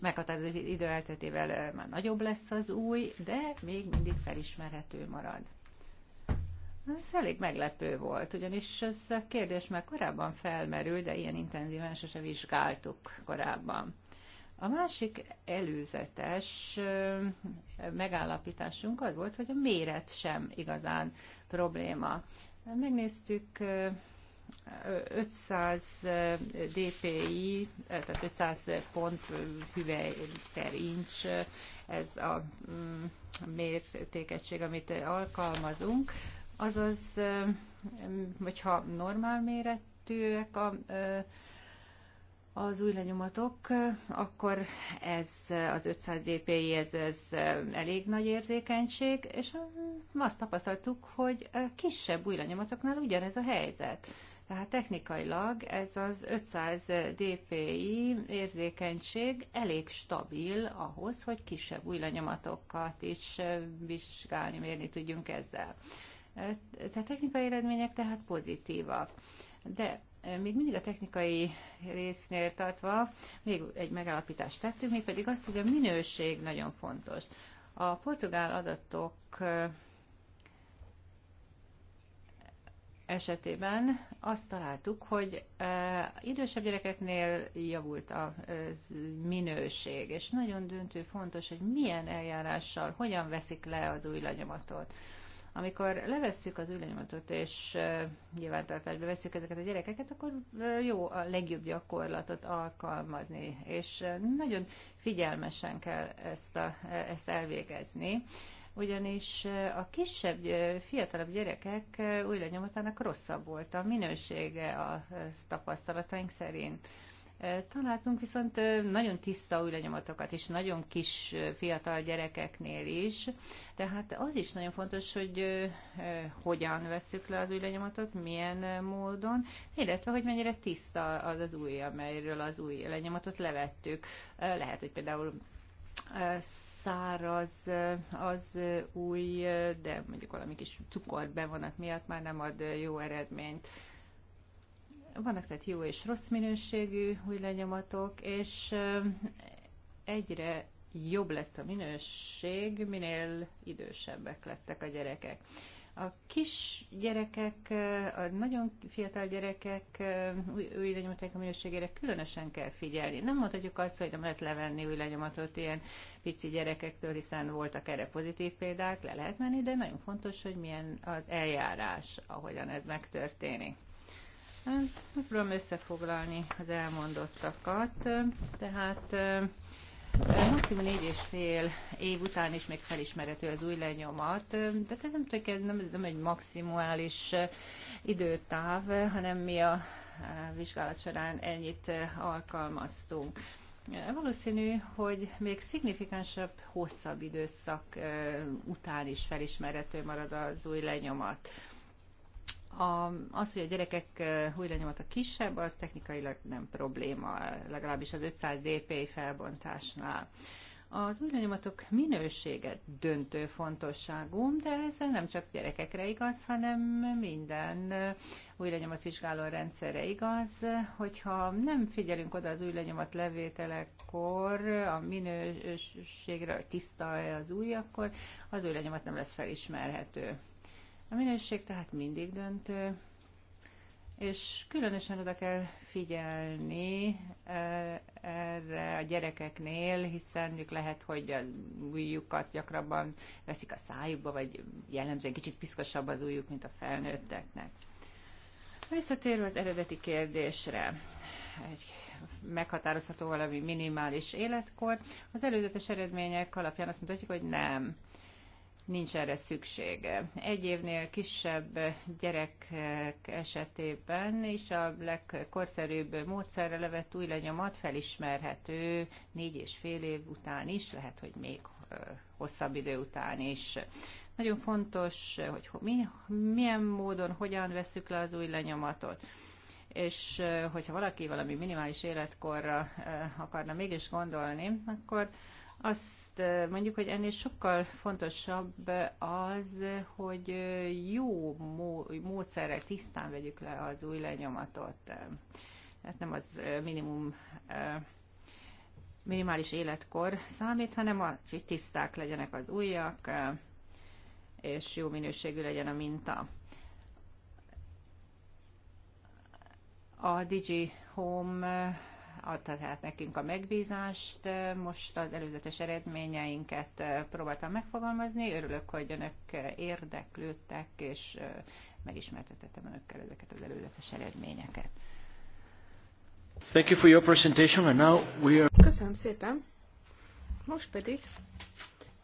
meghatározó idő elteltével már nagyobb lesz az új, de még mindig felismerhető marad. Ez elég meglepő volt, ugyanis ez a kérdés már korábban felmerül, de ilyen intenzíven sose vizsgáltuk korábban. A másik előzetes megállapításunk az volt, hogy a méret sem igazán probléma. Megnéztük 500 dpi, tehát 500 pont hüvely per inch, ez a mm, mértékegység, amit alkalmazunk. Azaz, hogyha normál méretűek a az új lenyomatok, akkor ez az 500 dpi, ez, ez elég nagy érzékenység, és azt tapasztaltuk, hogy kisebb új lenyomatoknál ugyanez a helyzet. Tehát technikailag ez az 500 dpi érzékenység elég stabil ahhoz, hogy kisebb új lenyomatokat is vizsgálni, mérni tudjunk ezzel. Tehát technikai eredmények tehát pozitívak. De még mindig a technikai résznél tartva még egy megállapítást tettünk, még pedig azt, hogy a minőség nagyon fontos. A portugál adatok esetében azt találtuk, hogy idősebb gyerekeknél javult a minőség, és nagyon döntő fontos, hogy milyen eljárással, hogyan veszik le az új lenyomatot. Amikor levesszük az ülőnyomatot és nyilvántartásba veszük ezeket a gyerekeket, akkor jó a legjobb gyakorlatot alkalmazni, és nagyon figyelmesen kell ezt, a, e, ezt elvégezni ugyanis a kisebb, fiatalabb gyerekek újra nyomatának rosszabb volt a minősége a tapasztalataink szerint. Találtunk viszont nagyon tiszta új lenyomatokat nagyon kis fiatal gyerekeknél is. Tehát az is nagyon fontos, hogy hogyan veszük le az új lenyomatot, milyen módon, illetve hogy mennyire tiszta az az új, amelyről az új lenyomatot levettük. Lehet, hogy például száraz az új, de mondjuk valami kis cukorbevonat miatt már nem ad jó eredményt. Vannak tehát jó és rossz minőségű új lenyomatok, és egyre jobb lett a minőség, minél idősebbek lettek a gyerekek. A kis gyerekek, a nagyon fiatal gyerekek új, új lenyomatok minőségére különösen kell figyelni. Nem mondhatjuk azt, hogy nem lehet levenni új lenyomatot ilyen pici gyerekektől, hiszen voltak erre pozitív példák, le lehet menni, de nagyon fontos, hogy milyen az eljárás, ahogyan ez megtörténik. Megpróbálom összefoglalni az elmondottakat. Tehát maximum négy és fél év után is még felismerhető az új lenyomat, de hát ez nem, tök, nem, ez nem egy maximális időtáv, hanem mi a vizsgálat során ennyit alkalmaztunk. Valószínű, hogy még szignifikánsabb, hosszabb időszak után is felismerhető marad az új lenyomat. A, az, hogy a gyerekek újra kisebb, az technikailag nem probléma, legalábbis az 500 dpi felbontásnál. Az új minősége döntő fontosságú, de ez nem csak gyerekekre igaz, hanem minden új vizsgáló rendszerre igaz, hogyha nem figyelünk oda az új lenyomat levételekor a minőségre, hogy tiszta az új, akkor az új nem lesz felismerhető. A minőség tehát mindig döntő, és különösen oda kell figyelni e, erre a gyerekeknél, hiszen ők lehet, hogy az ujjukat gyakrabban veszik a szájukba, vagy jellemzően kicsit piszkosabb az ujjuk, mint a felnőtteknek. Visszatérve az eredeti kérdésre, egy meghatározható valami minimális életkor. Az előzetes eredmények alapján azt mutatjuk, hogy nem nincs erre szüksége. Egy évnél kisebb gyerekek esetében is a legkorszerűbb módszerre levett új lenyomat felismerhető négy és fél év után is, lehet, hogy még hosszabb idő után is. Nagyon fontos, hogy mi, milyen módon, hogyan veszük le az új lenyomatot és hogyha valaki valami minimális életkorra akarna mégis gondolni, akkor azt mondjuk, hogy ennél sokkal fontosabb az, hogy jó módszerrel tisztán vegyük le az új lenyomatot. hát nem az minimum minimális életkor számít, hanem a hogy tiszták legyenek az ujjak, és jó minőségű legyen a minta. A Digi Home adta tehát nekünk a megbízást. Most az előzetes eredményeinket próbáltam megfogalmazni. Örülök, hogy önök érdeklődtek, és megismertetettem önökkel ezeket az előzetes eredményeket. Thank you for your presentation, and now we are... Köszönöm szépen. Most pedig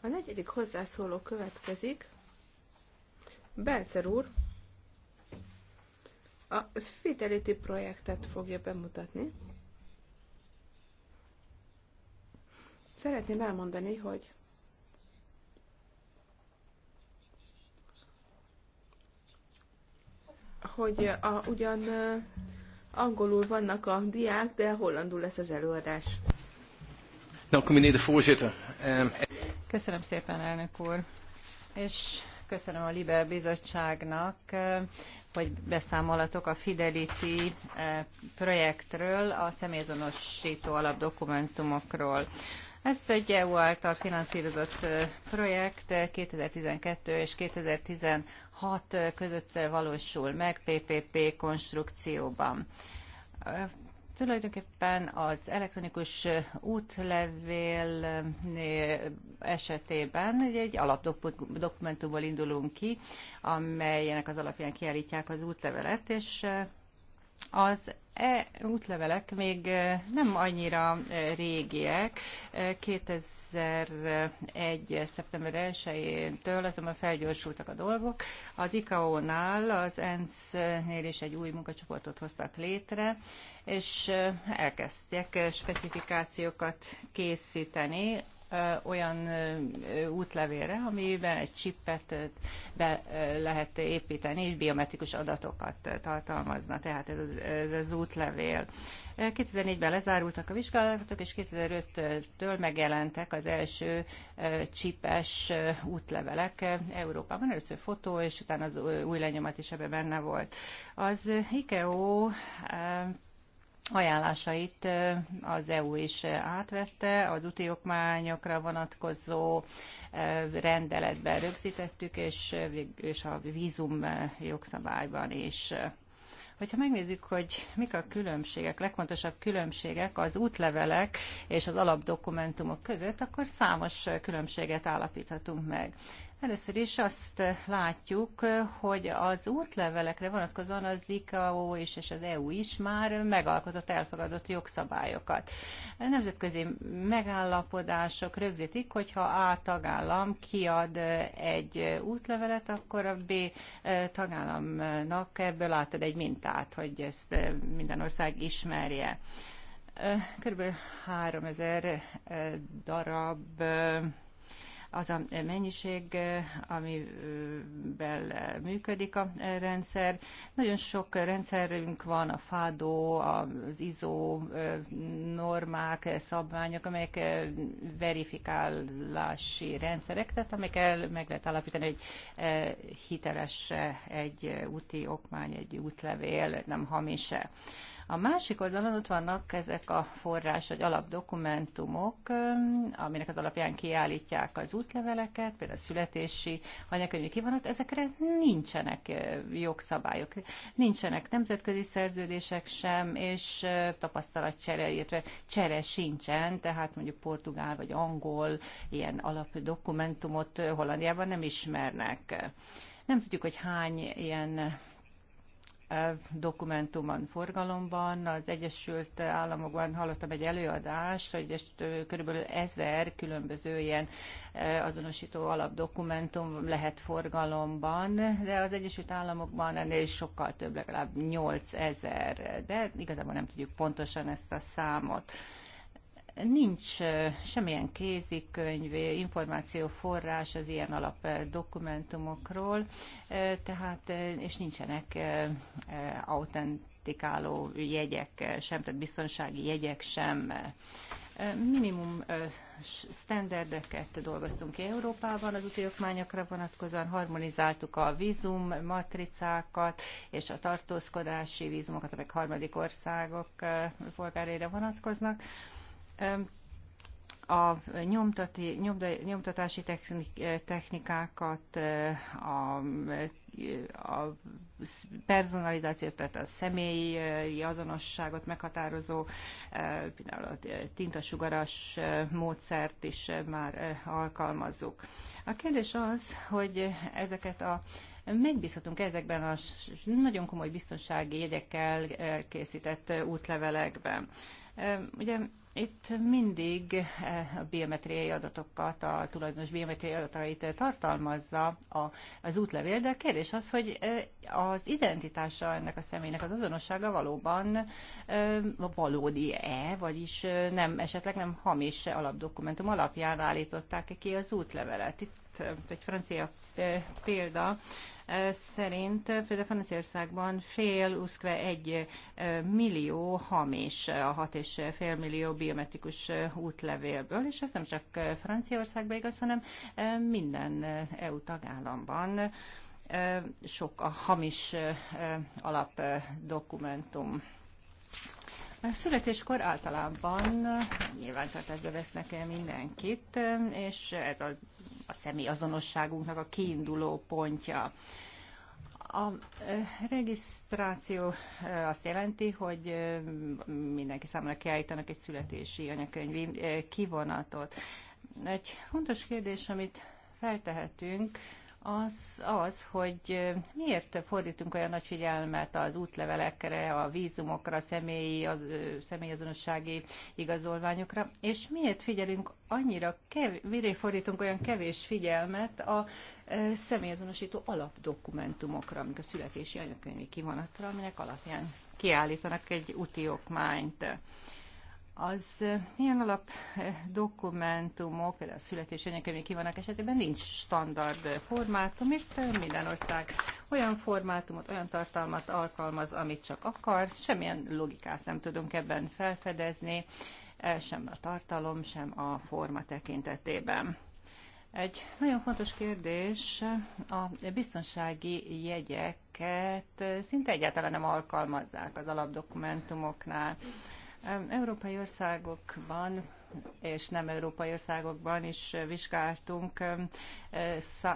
a negyedik hozzászóló következik. Belcer úr, a Fidelity projektet fogja bemutatni. Szeretném elmondani, hogy hogy eh, a, ugyan eh, angolul vannak a diák, de hollandul lesz az előadás. Ehm, köszönöm szépen, elnök úr. És köszönöm a Liber Bizottságnak, eh, hogy beszámolatok a Fidelity projektről, a személyzonosító alapdokumentumokról. Ez egy EU által finanszírozott projekt, 2012 és 2016 között valósul meg PPP konstrukcióban. Tulajdonképpen az elektronikus útlevél esetében egy alapdokumentumból indulunk ki, amelynek az alapján kiállítják az útlevelet, és az e útlevelek még nem annyira régiek. 2001. szeptember 1-től azonban felgyorsultak a dolgok. Az ICAO-nál, az ENSZ-nél is egy új munkacsoportot hoztak létre, és elkezdtek specifikációkat készíteni olyan útlevélre, amiben egy csippet be lehet építeni, és biometrikus adatokat tartalmazna, tehát ez, ez az útlevél. 2004-ben lezárultak a vizsgálatok, és 2005-től megjelentek az első csipes útlevelek Európában. Először fotó, és utána az új lenyomat is ebben benne volt. Az IKEO ajánlásait az EU is átvette, az úti okmányokra vonatkozó rendeletben rögzítettük, és, és a vízum jogszabályban is. Hogyha megnézzük, hogy mik a különbségek, legfontosabb különbségek az útlevelek és az alapdokumentumok között, akkor számos különbséget állapíthatunk meg. Először is azt látjuk, hogy az útlevelekre vonatkozóan az ICAO és, és az EU is már megalkotott, elfogadott jogszabályokat. A nemzetközi megállapodások rögzítik, hogyha A tagállam kiad egy útlevelet, akkor a B tagállamnak ebből átad egy mintát, hogy ezt minden ország ismerje. Körülbelül 3000 darab az a mennyiség, amivel működik a rendszer. Nagyon sok rendszerünk van, a FADO, az ISO normák, szabványok, amelyek verifikálási rendszerek, tehát amikkel meg lehet alapítani, hogy hiteles egy úti okmány, egy útlevél, nem hamise. A másik oldalon ott vannak ezek a forrás vagy alapdokumentumok, aminek az alapján kiállítják az útleveleket, például a születési anyakönyvi kivonat, ezekre nincsenek jogszabályok, nincsenek nemzetközi szerződések sem, és tapasztalatcsere, illetve csere sincsen, tehát mondjuk portugál vagy angol ilyen alapdokumentumot Hollandiában nem ismernek. Nem tudjuk, hogy hány ilyen dokumentumon forgalomban. Az Egyesült Államokban hallottam egy előadást, hogy körülbelül ezer különböző ilyen azonosító alapdokumentum lehet forgalomban, de az Egyesült Államokban ennél sokkal több, legalább 8000, de igazából nem tudjuk pontosan ezt a számot. Nincs semmilyen kézikönyv, információforrás az ilyen alap dokumentumokról, tehát, és nincsenek autentikáló jegyek sem, tehát biztonsági jegyek sem. Minimum standardeket dolgoztunk ki Európában az utókmányokra vonatkozóan, harmonizáltuk a vízum matricákat és a tartózkodási vízumokat, amelyek harmadik országok polgárére vonatkoznak a nyomtati, nyomda, nyomtatási technikákat, a, a personalizációt, tehát a személyi azonosságot meghatározó, például a tintasugaras módszert is már alkalmazzuk. A kérdés az, hogy ezeket a megbízhatunk ezekben a nagyon komoly biztonsági jegyekkel készített útlevelekben. Ugye itt mindig eh, a biometriai adatokat, a tulajdonos biometriai adatait tartalmazza az útlevél, de a kérdés az, hogy eh, az identitása ennek a személynek, az azonossága valóban eh, valódi-e, vagyis nem, esetleg nem hamis alapdokumentum alapján állították ki az útlevelet. Itt egy francia példa, szerint például Franciaországban fél, uszkve egy millió hamis, a hat és fél millió biometrikus útlevélből, és ez nem csak Franciaországban igaz, hanem minden EU tagállamban sok a hamis alapdokumentum. A születéskor általában nyilvántartásba vesznek el mindenkit, és ez a a személyazonosságunknak a kiinduló pontja. A regisztráció azt jelenti, hogy mindenki számára kiállítanak egy születési anyakönyvi kivonatot. Egy fontos kérdés, amit feltehetünk, az, az, hogy miért fordítunk olyan nagy figyelmet az útlevelekre, a vízumokra, a személyi, a személyazonossági igazolványokra, és miért figyelünk annyira, kev- miért fordítunk olyan kevés figyelmet a személyazonosító alapdokumentumokra, amik a születési anyakönyvi kivonatra, aminek alapján kiállítanak egy úti okmányt az eh, ilyen alap eh, dokumentumok, például a anyakönyvek kivannak esetében nincs standard formátum, itt eh, minden ország olyan formátumot, olyan tartalmat alkalmaz, amit csak akar, semmilyen logikát nem tudunk ebben felfedezni, sem a tartalom, sem a forma tekintetében. Egy nagyon fontos kérdés, a biztonsági jegyeket szinte egyáltalán nem alkalmazzák az alapdokumentumoknál. Európai országokban és nem európai országokban is vizsgáltunk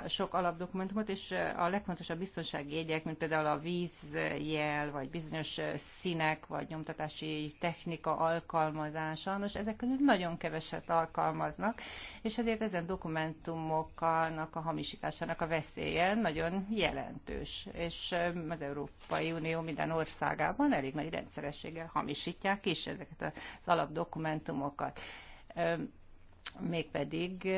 sok alapdokumentumot, és a legfontosabb biztonsági jegyek, mint például a vízjel, vagy bizonyos színek, vagy nyomtatási technika alkalmazása, most ezek közül nagyon keveset alkalmaznak, és ezért ezen dokumentumoknak a hamisításának a veszélye nagyon jelentős, és az Európai Unió minden országában elég nagy rendszerességgel hamisítják is ezeket az alapdokumentumokat mégpedig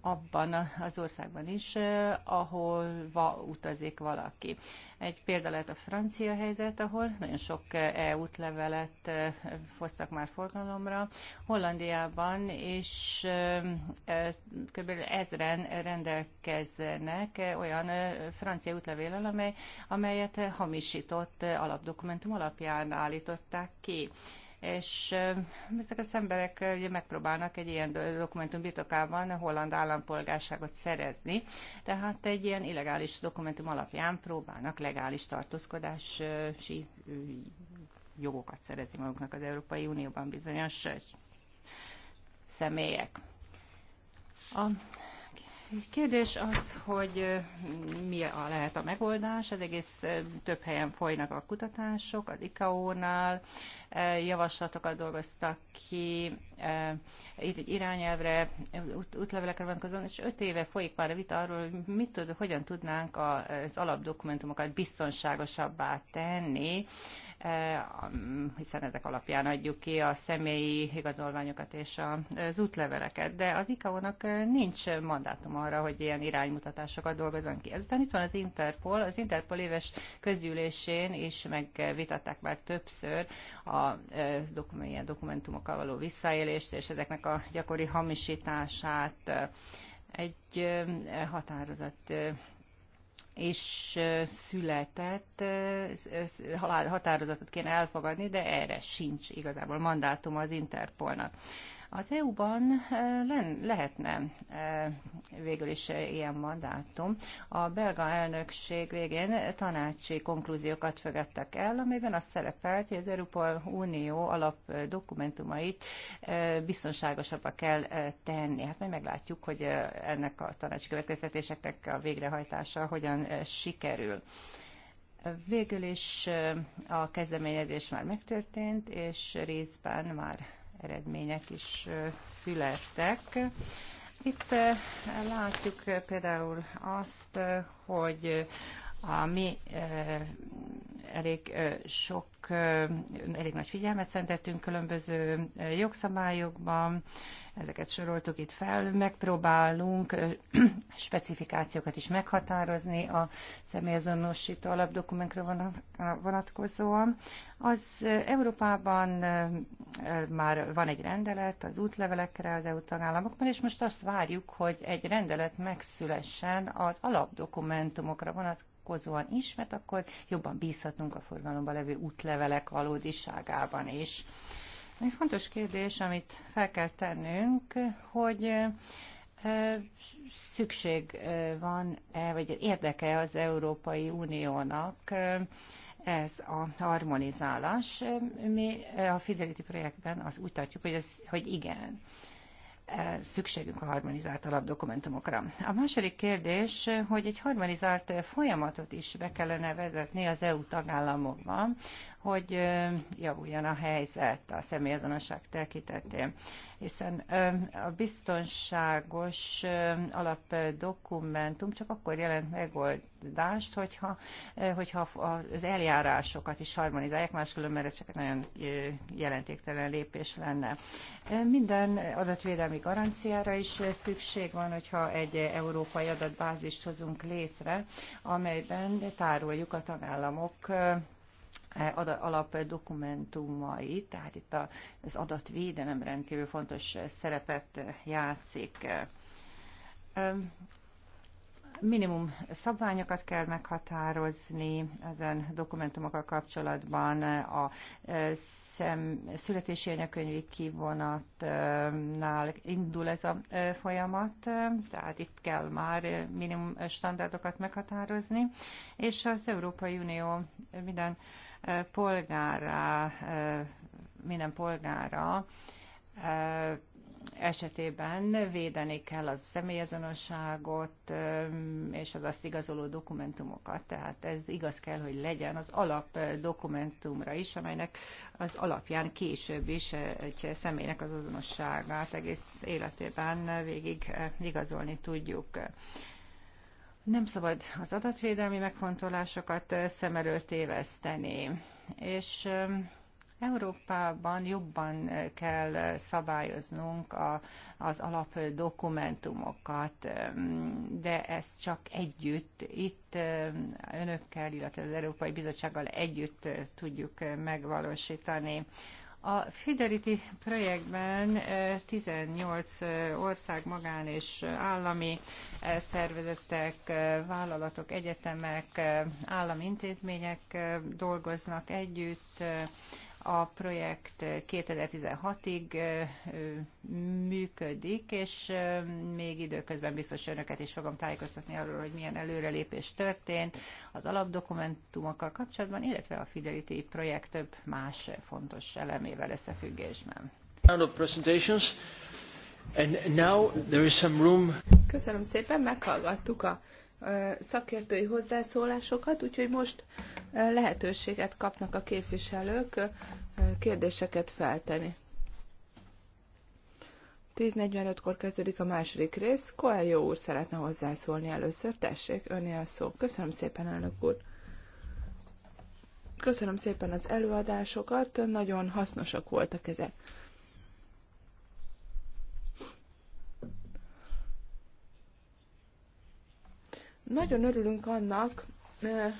abban az országban is, ahol va utazik valaki. Egy példa lehet a francia helyzet, ahol nagyon sok e-útlevelet hoztak már forgalomra. Hollandiában is kb. ezren rendelkeznek olyan francia útlevéllel, amely, amelyet hamisított alapdokumentum alapján állították ki és ezek az emberek ugye megpróbálnak egy ilyen dokumentum birtokában holland állampolgárságot szerezni, tehát egy ilyen illegális dokumentum alapján próbálnak legális tartózkodási jogokat szerezni maguknak az Európai Unióban bizonyos személyek. A Kérdés az, hogy mi a, lehet a megoldás. Az egész több helyen folynak a kutatások, az ICAO-nál javaslatokat dolgoztak ki, itt egy irányelvre, útlevelekre vonatkozóan, és öt éve folyik már a vita arról, hogy mit tud, hogyan tudnánk az alapdokumentumokat biztonságosabbá tenni, Eh, hiszen ezek alapján adjuk ki a személyi igazolványokat és az útleveleket. De az ICAO-nak eh, nincs mandátum arra, hogy ilyen iránymutatásokat dolgozzon ki. Ezután itt van az Interpol. Az Interpol éves közgyűlésén is megvitatták már többször a eh, ilyen dokumentumokkal való visszaélést és ezeknek a gyakori hamisítását. Egy határozat és született határozatot kéne elfogadni, de erre sincs igazából mandátum az Interpolnak. Az EU-ban lehetne végül is ilyen mandátum. A belga elnökség végén tanácsi konklúziókat fogadtak el, amiben az szerepelt, hogy az Európai Unió dokumentumait biztonságosabbá kell tenni. Hát majd meglátjuk, hogy ennek a tanácsi következtetéseknek a végrehajtása hogyan sikerül. Végül is a kezdeményezés már megtörtént, és részben már eredmények is születtek. Itt látjuk például azt, hogy a mi elég sok, elég nagy figyelmet szentettünk különböző jogszabályokban, ezeket soroltuk itt fel, megpróbálunk specifikációkat is meghatározni a személyazonosító alapdokumentumra vonatkozóan. Az Európában már van egy rendelet az útlevelekre az EU tagállamokban, és most azt várjuk, hogy egy rendelet megszülessen az alapdokumentumokra vonatkozóan, vonatkozóan is, mert akkor jobban bízhatunk a forgalomban levő útlevelek valódiságában is. Egy fontos kérdés, amit fel kell tennünk, hogy szükség van-e, vagy érdeke az Európai Uniónak ez a harmonizálás. Mi a Fidelity projektben azt úgy tartjuk, hogy, ez, hogy igen. Eh, szükségünk a harmonizált alapdokumentumokra. A második kérdés, hogy egy harmonizált folyamatot is be kellene vezetni az EU tagállamokban, hogy javuljon a helyzet a személyazonosság tekintetén. Hiszen a biztonságos alapdokumentum csak akkor jelent megoldást, hogyha, hogyha az eljárásokat is harmonizálják, máskülönben ez csak egy nagyon jelentéktelen lépés lenne. Minden adatvédelmi garanciára is szükség van, hogyha egy európai adatbázist hozunk létre, amelyben tároljuk a tagállamok alapdokumentumai, dokumentumai, tehát itt az adatvédelem rendkívül fontos szerepet játszik. Minimum szabványokat kell meghatározni ezen dokumentumokkal kapcsolatban, a szem, születési anyakönyvi kivonatnál indul ez a folyamat, tehát itt kell már minimum standardokat meghatározni, és az Európai Unió minden polgára, minden polgára esetében védeni kell az személyazonosságot és az azt igazoló dokumentumokat. Tehát ez igaz kell, hogy legyen az alap dokumentumra is, amelynek az alapján később is egy személynek az azonosságát egész életében végig igazolni tudjuk nem szabad az adatvédelmi megfontolásokat szem előtt éveszteni, és Európában jobban kell szabályoznunk a, az dokumentumokat, de ez csak együtt, itt önökkel, illetve az Európai Bizottsággal együtt tudjuk megvalósítani. A Fidelity projektben 18 eh, eh, ország magán és állami eh, szervezetek, vállalatok, egyetemek, állami intézmények dolgoznak együtt, a projekt 2016-ig működik, és még időközben biztos önöket is fogom tájékoztatni arról, hogy milyen előrelépés történt az alapdokumentumokkal kapcsolatban, illetve a Fidelity projekt több más fontos elemével összefüggésben. Köszönöm szépen, meghallgattuk a szakértői hozzászólásokat, úgyhogy most lehetőséget kapnak a képviselők kérdéseket feltenni. 10.45-kor kezdődik a második rész. Koeljó úr szeretne hozzászólni először. Tessék, öné a szó. Köszönöm szépen, elnök úr. Köszönöm szépen az előadásokat, nagyon hasznosak voltak ezek. Nagyon örülünk annak, eh,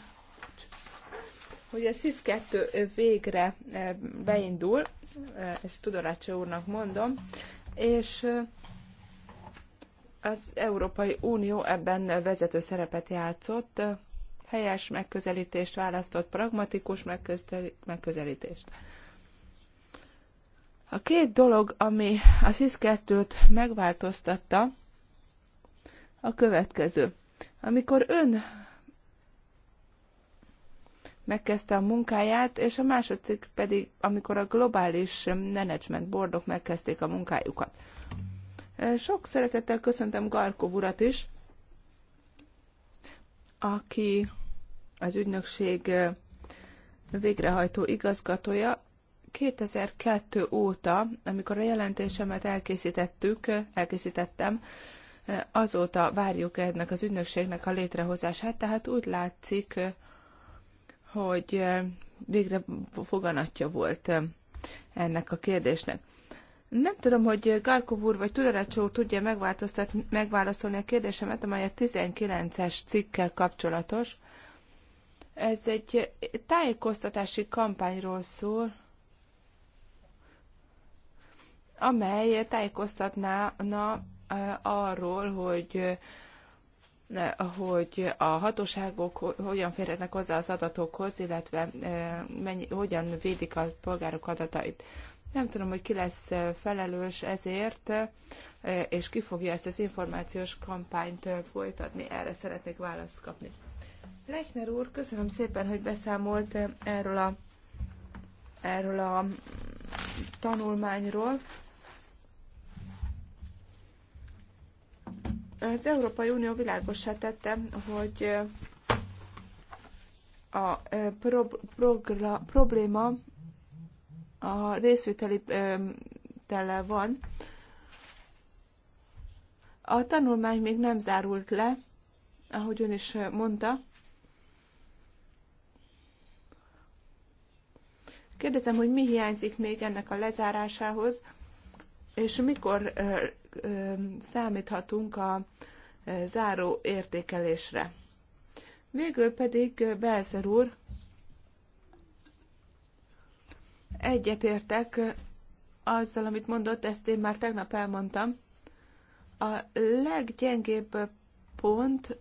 hogy a SZIS-2 végre eh, beindul, eh, ezt Tudorácsa úrnak mondom, és az Európai Unió ebben vezető szerepet játszott, helyes megközelítést választott, pragmatikus megközelítést. A két dolog, ami a SZIS-2-t megváltoztatta, a következő amikor ön megkezdte a munkáját, és a második pedig, amikor a globális management boardok megkezdték a munkájukat. Sok szeretettel köszöntöm Garkov urat is, aki az ügynökség végrehajtó igazgatója. 2002 óta, amikor a jelentésemet elkészítettük, elkészítettem, Azóta várjuk ennek az ügynökségnek a létrehozását, tehát úgy látszik, hogy végre foganatja volt ennek a kérdésnek. Nem tudom, hogy Garkov úr vagy Tudorácsó úr tudja megválaszolni a kérdésemet, amely a 19-es cikkkel kapcsolatos. Ez egy tájékoztatási kampányról szól, amely na. Eh, arról, hogy eh, hogy a hatóságok hogyan férhetnek hozzá az adatokhoz, illetve eh, mennyi, hogyan védik a polgárok adatait. Nem tudom, hogy ki lesz felelős ezért, és ki fogja ezt az információs kampányt folytatni. Erre szeretnék választ kapni. Lechner úr, köszönöm szépen, hogy beszámolt erről a, erről a tanulmányról. Az Európai Unió világosá tette, hogy a pro- progra- probléma a részvételi tele van. A tanulmány még nem zárult le, ahogy ön is mondta. Kérdezem, hogy mi hiányzik még ennek a lezárásához, és mikor számíthatunk a záró értékelésre. Végül pedig Belzer úr, egyetértek azzal, amit mondott, ezt én már tegnap elmondtam. A leggyengébb pont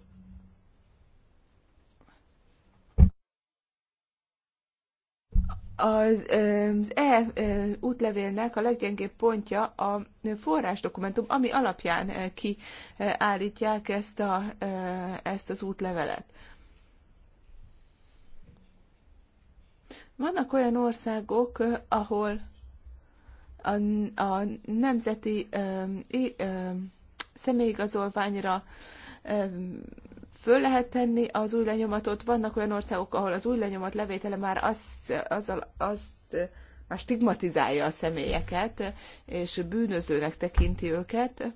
az, az E útlevélnek a leggyengébb pontja a forrásdokumentum, ami alapján kiállítják ezt, a, ezt az útlevelet. Vannak olyan országok, ahol a, a nemzeti ö, ö, személyigazolványra föl lehet tenni az új lenyomatot. Vannak olyan országok, ahol az új lenyomat levétele már az, azzal, azt már stigmatizálja a személyeket, és bűnözőnek tekinti őket.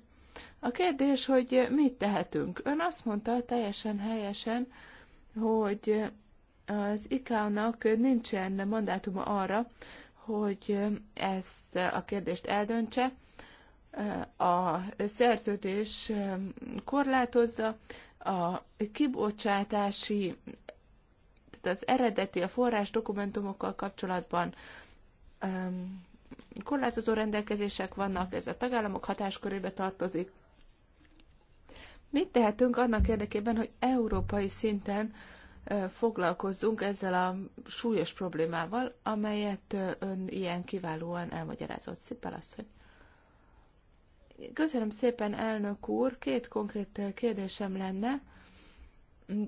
A kérdés, hogy mit tehetünk? Ön azt mondta teljesen helyesen, hogy az ICAO-nak nincsen mandátuma arra, hogy ezt a kérdést eldöntse. A szerződés korlátozza a kibocsátási, tehát az eredeti, a forrás dokumentumokkal kapcsolatban um, korlátozó rendelkezések vannak, ez a tagállamok hatáskörébe tartozik. Mit tehetünk annak érdekében, hogy európai szinten foglalkozzunk ezzel a súlyos problémával, amelyet ön ilyen kiválóan elmagyarázott, Szipel asszony. Köszönöm szépen, elnök úr. Két konkrét kérdésem lenne,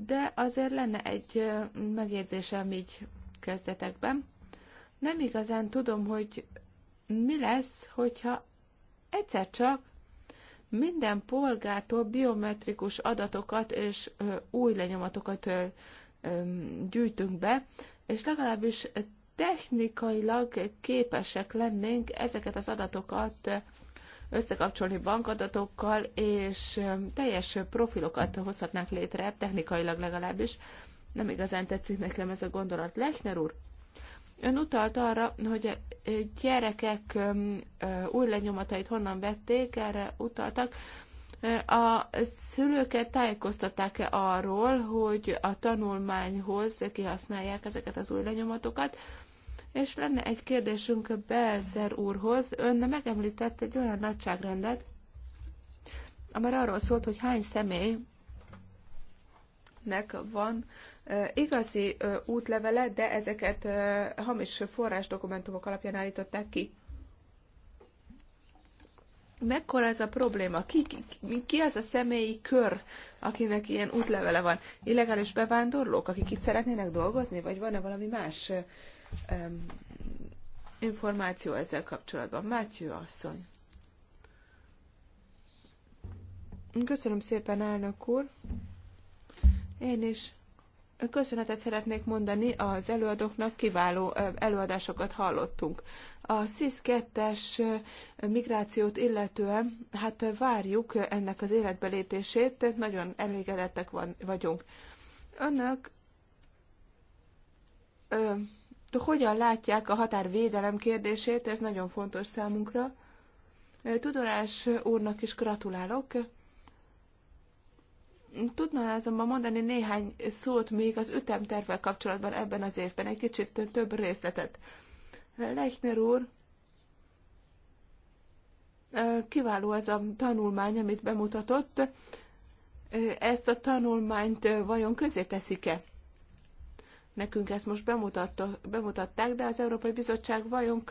de azért lenne egy megjegyzésem így kezdetekben. Nem igazán tudom, hogy mi lesz, hogyha egyszer csak minden polgártól biometrikus adatokat és új lenyomatokat gyűjtünk be, és legalábbis technikailag képesek lennénk ezeket az adatokat összekapcsolni bankadatokkal, és um, teljes profilokat hozhatnánk létre, technikailag legalábbis. Nem igazán tetszik nekem ez a gondolat. Lechner úr, Ön utalt arra, hogy a gyerekek um, uh, új lenyomatait honnan vették, erre utaltak. Uh, a szülőket tájékoztatták-e arról, hogy a tanulmányhoz kihasználják ezeket az új lenyomatokat, és lenne egy kérdésünk a Belzer úrhoz. Ön megemlített egy olyan nagyságrendet, amely arról szólt, hogy hány személynek van igazi útlevele, de ezeket hamis forrás dokumentumok alapján állították ki. Mekkora ez a probléma? Ki, ki, ki az a személyi kör, akinek ilyen útlevele van? Illegális bevándorlók, akik itt szeretnének dolgozni, vagy van-e valami más információ ezzel kapcsolatban. Mátyő asszony. Köszönöm szépen, elnök úr. Én is köszönetet szeretnék mondani az előadóknak, kiváló előadásokat hallottunk. A SZISZ 2-es migrációt illetően, hát várjuk ennek az életbelépését, nagyon elégedettek van, vagyunk. Önök ö, de hogyan látják a határvédelem kérdését, ez nagyon fontos számunkra. Tudorás úrnak is gratulálok. Tudna azonban mondani néhány szót még az ütemtervvel kapcsolatban ebben az évben, egy kicsit több részletet. Lechner úr, kiváló ez a tanulmány, amit bemutatott. Ezt a tanulmányt vajon közé teszik-e? Nekünk ezt most bemutatták, de az Európai Bizottság vajon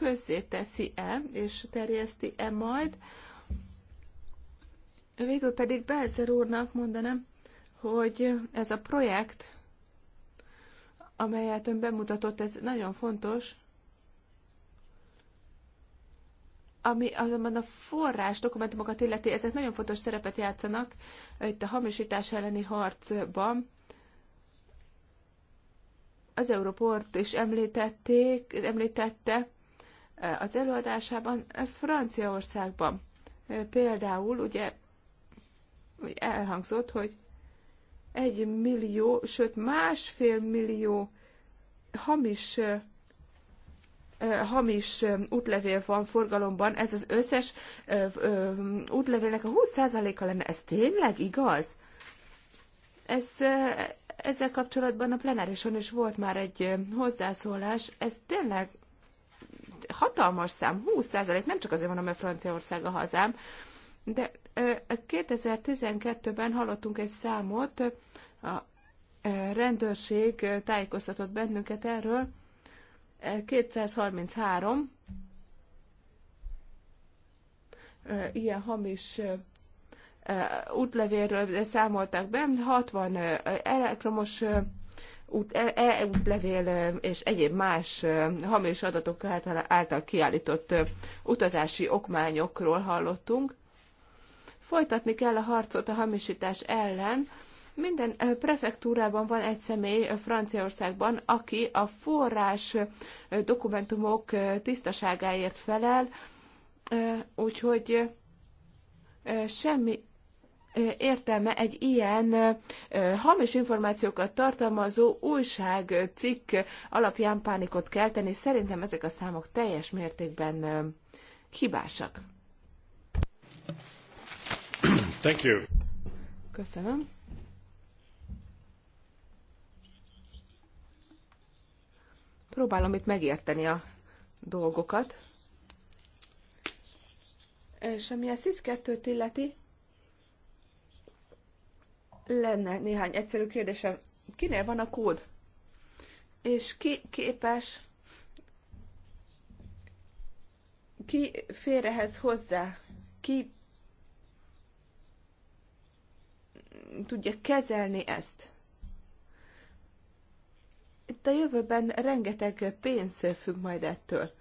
teszi e és terjeszti-e majd. Végül pedig Belzer úrnak mondanám, hogy ez a projekt, amelyet ön bemutatott, ez nagyon fontos, ami azonban a forrás dokumentumokat illeti, ezek nagyon fontos szerepet játszanak itt a hamisítás elleni harcban. Az Europort is említették, említette az előadásában Franciaországban. Például ugye elhangzott, hogy egy millió, sőt másfél millió hamis hamis útlevél van forgalomban, ez az összes útlevélnek a 20%-a lenne. Ez tényleg igaz? Ez ezzel kapcsolatban a plenárison is volt már egy hozzászólás. Ez tényleg hatalmas szám, 20%, nem csak azért mondom, mert Franciaország a hazám, de 2012-ben hallottunk egy számot, a rendőrség tájékoztatott bennünket erről, 233 ilyen hamis útlevélről számoltak be, 60 elektromos út, e-útlevél e, és egyéb más hamis adatok által, által kiállított utazási okmányokról hallottunk. Folytatni kell a harcot a hamisítás ellen. Minden prefektúrában van egy személy Franciaországban, aki a forrás dokumentumok tisztaságáért felel, úgyhogy semmi értelme egy ilyen hamis információkat tartalmazó újságcikk alapján pánikot kelteni? Szerintem ezek a számok teljes mértékben hibásak. Thank you. Köszönöm. Próbálom itt megérteni a dolgokat. És ami a SZISZ 2-t illeti, lenne néhány egyszerű kérdésem. Kinél van a kód? És ki képes, ki fér ehhez hozzá? Ki tudja kezelni ezt? Itt a jövőben rengeteg pénz függ majd ettől.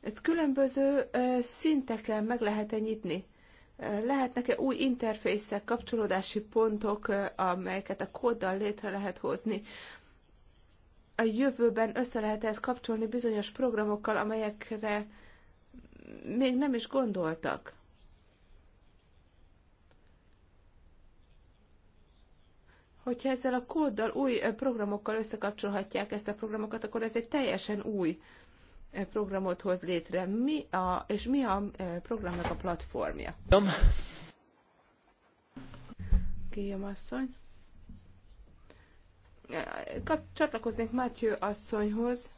Ezt különböző szinteken meg lehet -e nyitni Lehetnek-e új interfészek, kapcsolódási pontok, amelyeket a kóddal létre lehet hozni? A jövőben össze lehet -e ezt kapcsolni bizonyos programokkal, amelyekre még nem is gondoltak. Hogyha ezzel a kóddal új programokkal összekapcsolhatják ezt a programokat, akkor ez egy teljesen új uh, programot hoz létre, mi a, és mi a e, programnak a platformja? Kéjem asszony. E, csatlakoznék Mátyő asszonyhoz.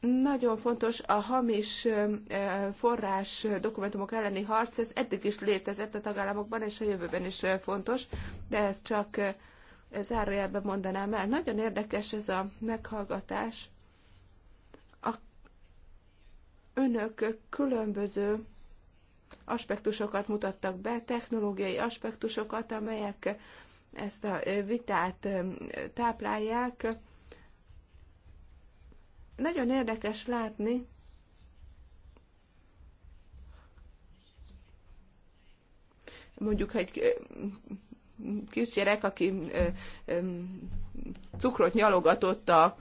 Nagyon fontos a hamis e, forrás dokumentumok elleni harc, ez eddig is létezett a tagállamokban, és a jövőben is fontos, de ez csak zárójelben mondanám el. Nagyon érdekes ez a meghallgatás. A önök különböző aspektusokat mutattak be, technológiai aspektusokat, amelyek ezt a vitát táplálják. Nagyon érdekes látni, mondjuk egy kisgyerek, aki cukrot nyalogatott a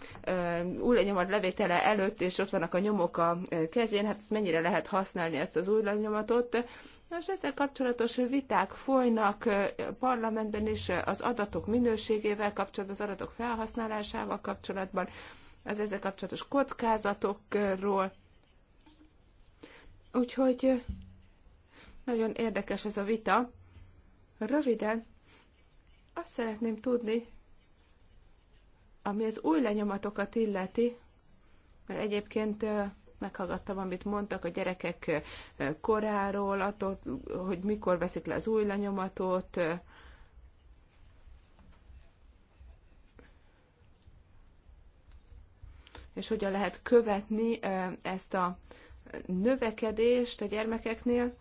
újlenyomat levétele előtt, és ott vannak a nyomok a kezén, hát ezt mennyire lehet használni ezt az újlenyomatot. és ezzel kapcsolatos viták folynak a parlamentben is az adatok minőségével kapcsolatban, az adatok felhasználásával kapcsolatban, az ezzel kapcsolatos kockázatokról. Úgyhogy nagyon érdekes ez a vita. Röviden azt szeretném tudni, ami az új lenyomatokat illeti, mert egyébként meghallgattam, amit mondtak a gyerekek koráról, attól, hogy mikor veszik le az új lenyomatot, és hogyan lehet követni ezt a növekedést a gyermekeknél.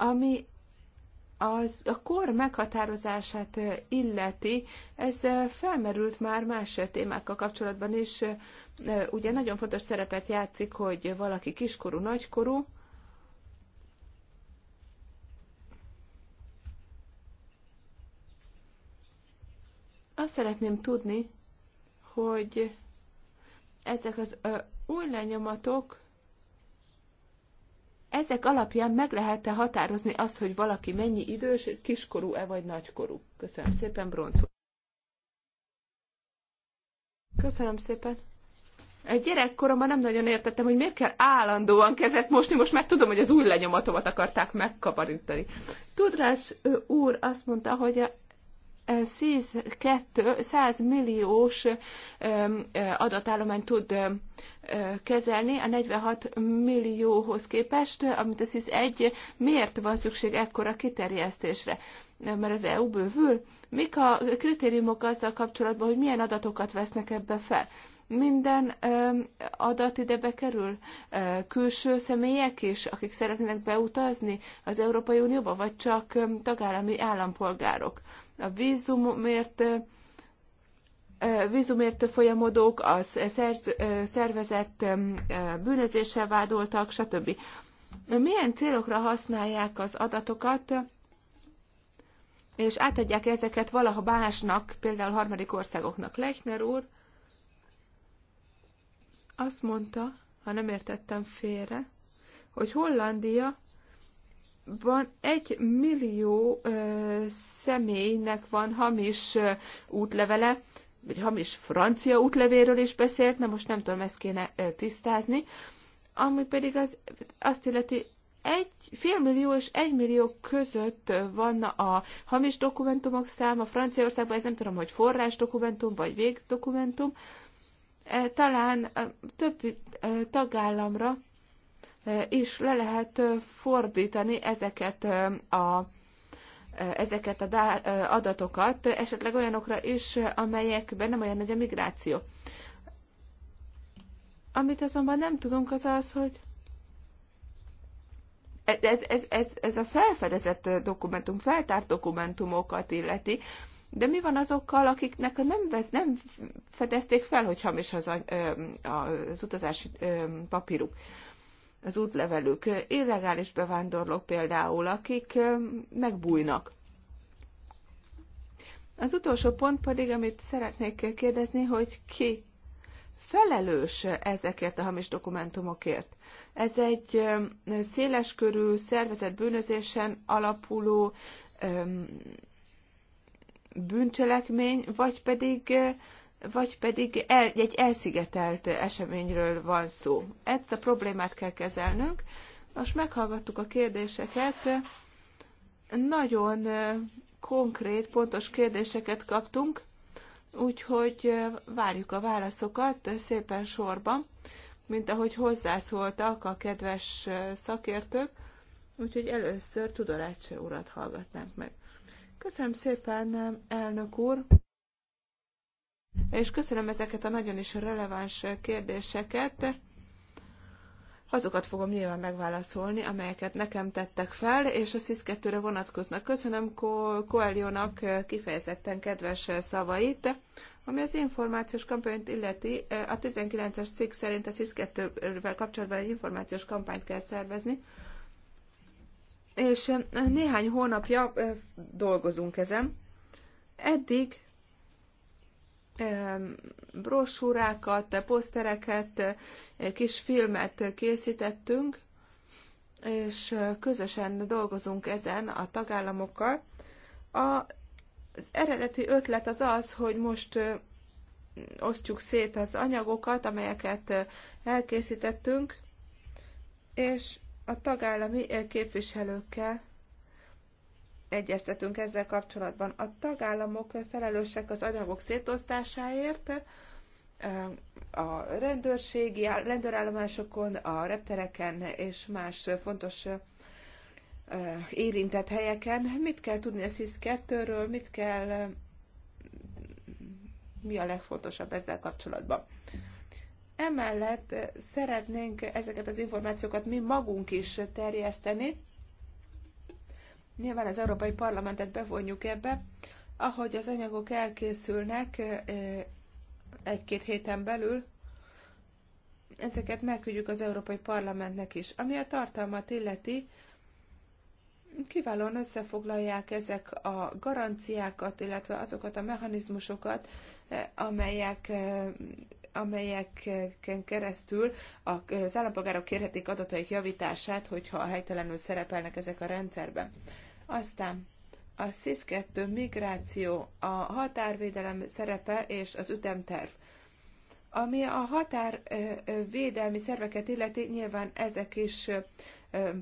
Ami az a kor meghatározását illeti, ez felmerült már más témákkal kapcsolatban is. Ugye nagyon fontos szerepet játszik, hogy valaki kiskorú, nagykorú, Azt szeretném tudni, hogy ezek az ö, új lenyomatok ezek alapján meg lehet-e határozni azt, hogy valaki mennyi idős, kiskorú-e vagy nagykorú? Köszönöm szépen, Bronc. Köszönöm szépen. Egy gyerekkoromban nem nagyon értettem, hogy miért kell állandóan kezet mosni, most már tudom, hogy az új lenyomatomat akarták megkaparítani. Tudrás úr azt mondta, hogy a 100 milliós adatállományt tud kezelni a 46 millióhoz képest, amit a SZISZ 1 miért van szükség ekkora kiterjesztésre? mert az EU bővül. Mik a kritériumok azzal kapcsolatban, hogy milyen adatokat vesznek ebbe fel? minden ö, adat ide bekerül? Ö, külső személyek is, akik szeretnének beutazni az Európai Unióba, vagy csak ö, tagállami állampolgárok? a vízumért vízumért folyamodók, a szervezett bűnözéssel vádoltak, stb. Milyen célokra használják az adatokat, és átadják ezeket valaha másnak, például harmadik országoknak. Lechner úr azt mondta, ha nem értettem félre, hogy Hollandia van egy millió ö, személynek van hamis ö, útlevele, vagy hamis francia útlevéről is beszélt, na most nem tudom, ezt kéne ö, tisztázni. Ami pedig az, azt illeti, egy félmillió és egy millió között van a hamis dokumentumok száma Franciaországban, ez nem tudom, hogy forrás dokumentum vagy végdokumentum. Talán több tagállamra és le lehet fordítani ezeket a ezeket az adatokat, esetleg olyanokra is, amelyekben nem olyan nagy a migráció. Amit azonban nem tudunk, az az, hogy ez, ez, ez, ez a felfedezett dokumentum, feltárt dokumentumokat illeti, de mi van azokkal, akiknek nem, vesz, nem fedezték fel, hogy hamis az, az utazási papíruk? az útlevelük. Illegális bevándorlók például, akik megbújnak. Az utolsó pont pedig, amit szeretnék kérdezni, hogy ki felelős ezekért a hamis dokumentumokért. Ez egy széleskörű szervezett bűnözésen alapuló bűncselekmény, vagy pedig vagy pedig el, egy elszigetelt eseményről van szó. Ezt a problémát kell kezelnünk. Most meghallgattuk a kérdéseket. Nagyon konkrét, pontos kérdéseket kaptunk, úgyhogy várjuk a válaszokat szépen sorban, mint ahogy hozzászóltak a kedves szakértők, úgyhogy először Tudorács urat hallgatnánk meg. Köszönöm szépen, elnök úr! és köszönöm ezeket a nagyon is releváns kérdéseket. Azokat fogom nyilván megválaszolni, amelyeket nekem tettek fel, és a sis 2 vonatkoznak. Köszönöm Ko- Koelionak kifejezetten kedves szavait. Ami az információs kampányt illeti, a 19-es cikk szerint a sis 2-vel kapcsolatban egy információs kampányt kell szervezni, és néhány hónapja dolgozunk ezen. Eddig brosúrákat, posztereket, kis filmet készítettünk, és közösen dolgozunk ezen a tagállamokkal. az eredeti ötlet az az, hogy most osztjuk szét az anyagokat, amelyeket elkészítettünk, és a tagállami képviselőkkel egyeztetünk ezzel kapcsolatban. A tagállamok felelősek az anyagok szétosztásáért, a rendőrségi, rendőrállomásokon, a reptereken és más fontos érintett helyeken. Mit kell tudni a SZISZ 2-ről, mit kell, mi a legfontosabb ezzel kapcsolatban? Emellett szeretnénk ezeket az információkat mi magunk is terjeszteni, Nyilván az Európai Parlamentet bevonjuk ebbe. Ahogy az anyagok elkészülnek egy-két héten belül, ezeket megküldjük az Európai Parlamentnek is. Ami a tartalmat illeti, kiválóan összefoglalják ezek a garanciákat, illetve azokat a mechanizmusokat, amelyek amelyeken keresztül az állampolgárok kérhetik adataik javítását, hogyha helytelenül szerepelnek ezek a rendszerben. Aztán a SZIS-2 migráció, a határvédelem szerepe és az ütemterv. Ami a határvédelmi szerveket illeti, nyilván ezek is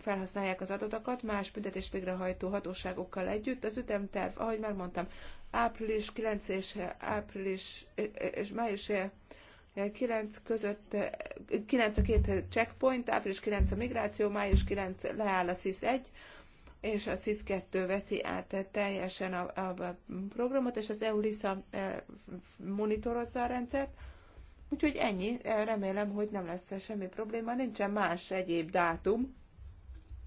felhasználják az adatokat más büntetés végrehajtó hatóságokkal együtt. Az ütemterv, ahogy már mondtam, április 9 és április és május 9 között, 9 a két checkpoint, április 9 a migráció, május 9 leáll a SZIS 1, és a SIS 2 veszi át teljesen a, a programot, és az EULISA e, monitorozza a rendszert. Úgyhogy ennyi, e, remélem, hogy nem lesz semmi probléma, nincsen más egyéb dátum,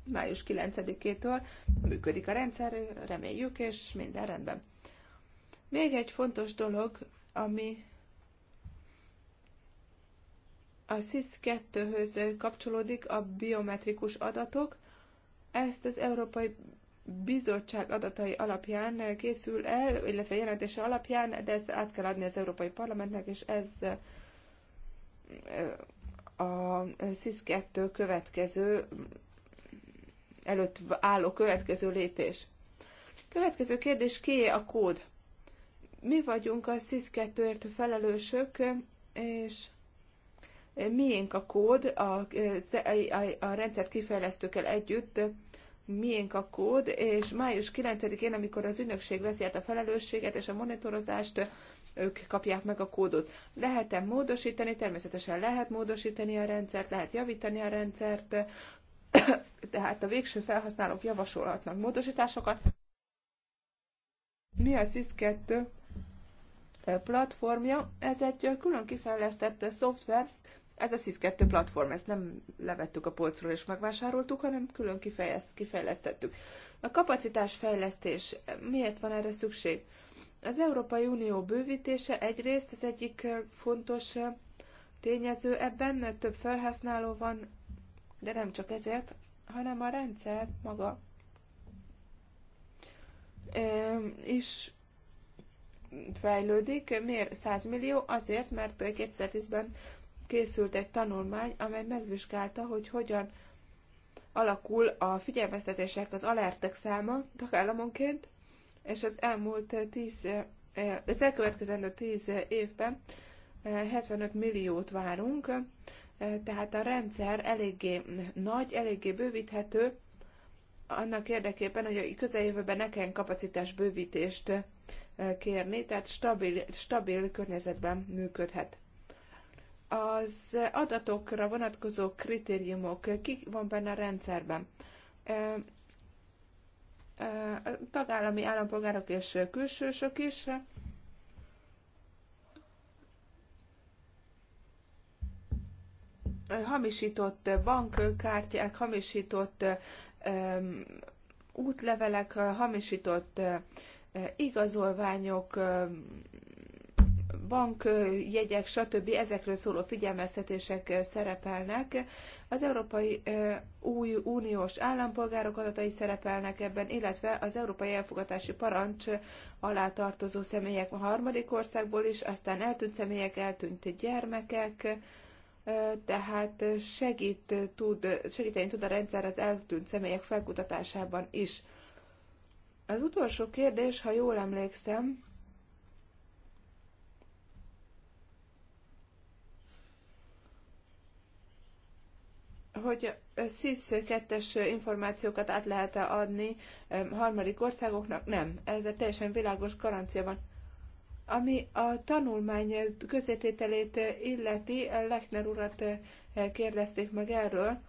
május 9-től működik a rendszer, reméljük, és minden rendben. Még egy fontos dolog, ami a SIS-2-höz kapcsolódik a biometrikus adatok, ezt az Európai Bizottság adatai alapján készül el, illetve jelentése alapján, de ezt át kell adni az Európai Parlamentnek, és ez a SZIS-2 következő előtt álló következő lépés. Következő kérdés, kié a kód? Mi vagyunk a SZIS-2-ért felelősök, és miénk a kód, a, a, a rendszert kifejlesztőkkel együtt, miénk a kód, és május 9-én, amikor az ügynökség veszi át a felelősséget és a monitorozást, ők kapják meg a kódot. Lehet-e módosítani? Természetesen lehet módosítani a rendszert, lehet javítani a rendszert, tehát a végső felhasználók javasolhatnak módosításokat. Mi a SIS-2 eh, platformja? Ez egy eh, külön kifejlesztett eh, szoftver, ez a SIS-2 platform, ezt nem levettük a polcról és megvásároltuk, hanem külön kifejezt, kifejlesztettük. A kapacitásfejlesztés, miért van erre szükség? Az Európai Unió bővítése egyrészt az egyik fontos tényező ebben, mert több felhasználó van, de nem csak ezért, hanem a rendszer maga is fejlődik. Miért 100 millió? Azért, mert 2010-ben készült egy tanulmány, amely megvizsgálta, hogy hogyan alakul a figyelmeztetések, az alertek száma tagállamonként, és az elmúlt 10, eh, az elkövetkezendő 10 évben 75 eh, milliót várunk, eh, tehát a rendszer eléggé nagy, eléggé bővíthető, annak érdekében, hogy a közeljövőben ne kelljen kapacitás bővítést kérni, tehát stabil, stabil környezetben működhet az adatokra vonatkozó kritériumok, ki van benne a rendszerben? Tagállami állampolgárok és külsősök is. Hamisított bankkártyák, hamisított útlevelek, hamisított igazolványok, bankjegyek, stb. ezekről szóló figyelmeztetések szerepelnek. Az Európai új Uniós állampolgárok adatai szerepelnek ebben, illetve az Európai Elfogatási Parancs alá tartozó személyek a harmadik országból is, aztán eltűnt személyek, eltűnt gyermekek, tehát segít, tud, segíteni tud a rendszer az eltűnt személyek felkutatásában is. Az utolsó kérdés, ha jól emlékszem, hogy SZISZ 2-es információkat át lehet -e adni harmadik országoknak? Nem. egy teljesen világos garancia van. Ami a tanulmány közétételét illeti, Lechner urat eh, kérdezték meg erről.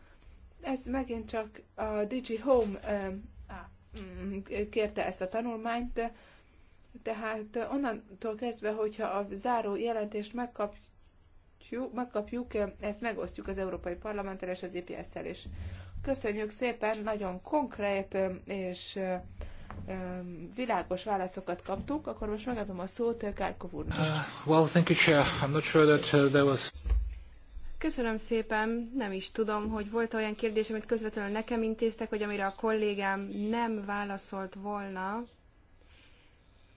Ez megint csak a Digi Home mm, kérte ezt a tanulmányt, tehát onnantól kezdve, hogyha a záró jelentést megkapjuk, megkapjuk, megkapjuk, ezt megosztjuk az Európai Parlamenttel és az IPS-szel is. Köszönjük szépen, nagyon konkrét és világos válaszokat kaptuk, akkor most megadom a szót Kárkov úrnak. Uh, well, thank you, Chair. I'm not sure that uh, there was... Köszönöm szépen, nem is tudom, hogy volt olyan kérdés, amit közvetlenül nekem intéztek, hogy amire a kollégám nem válaszolt volna.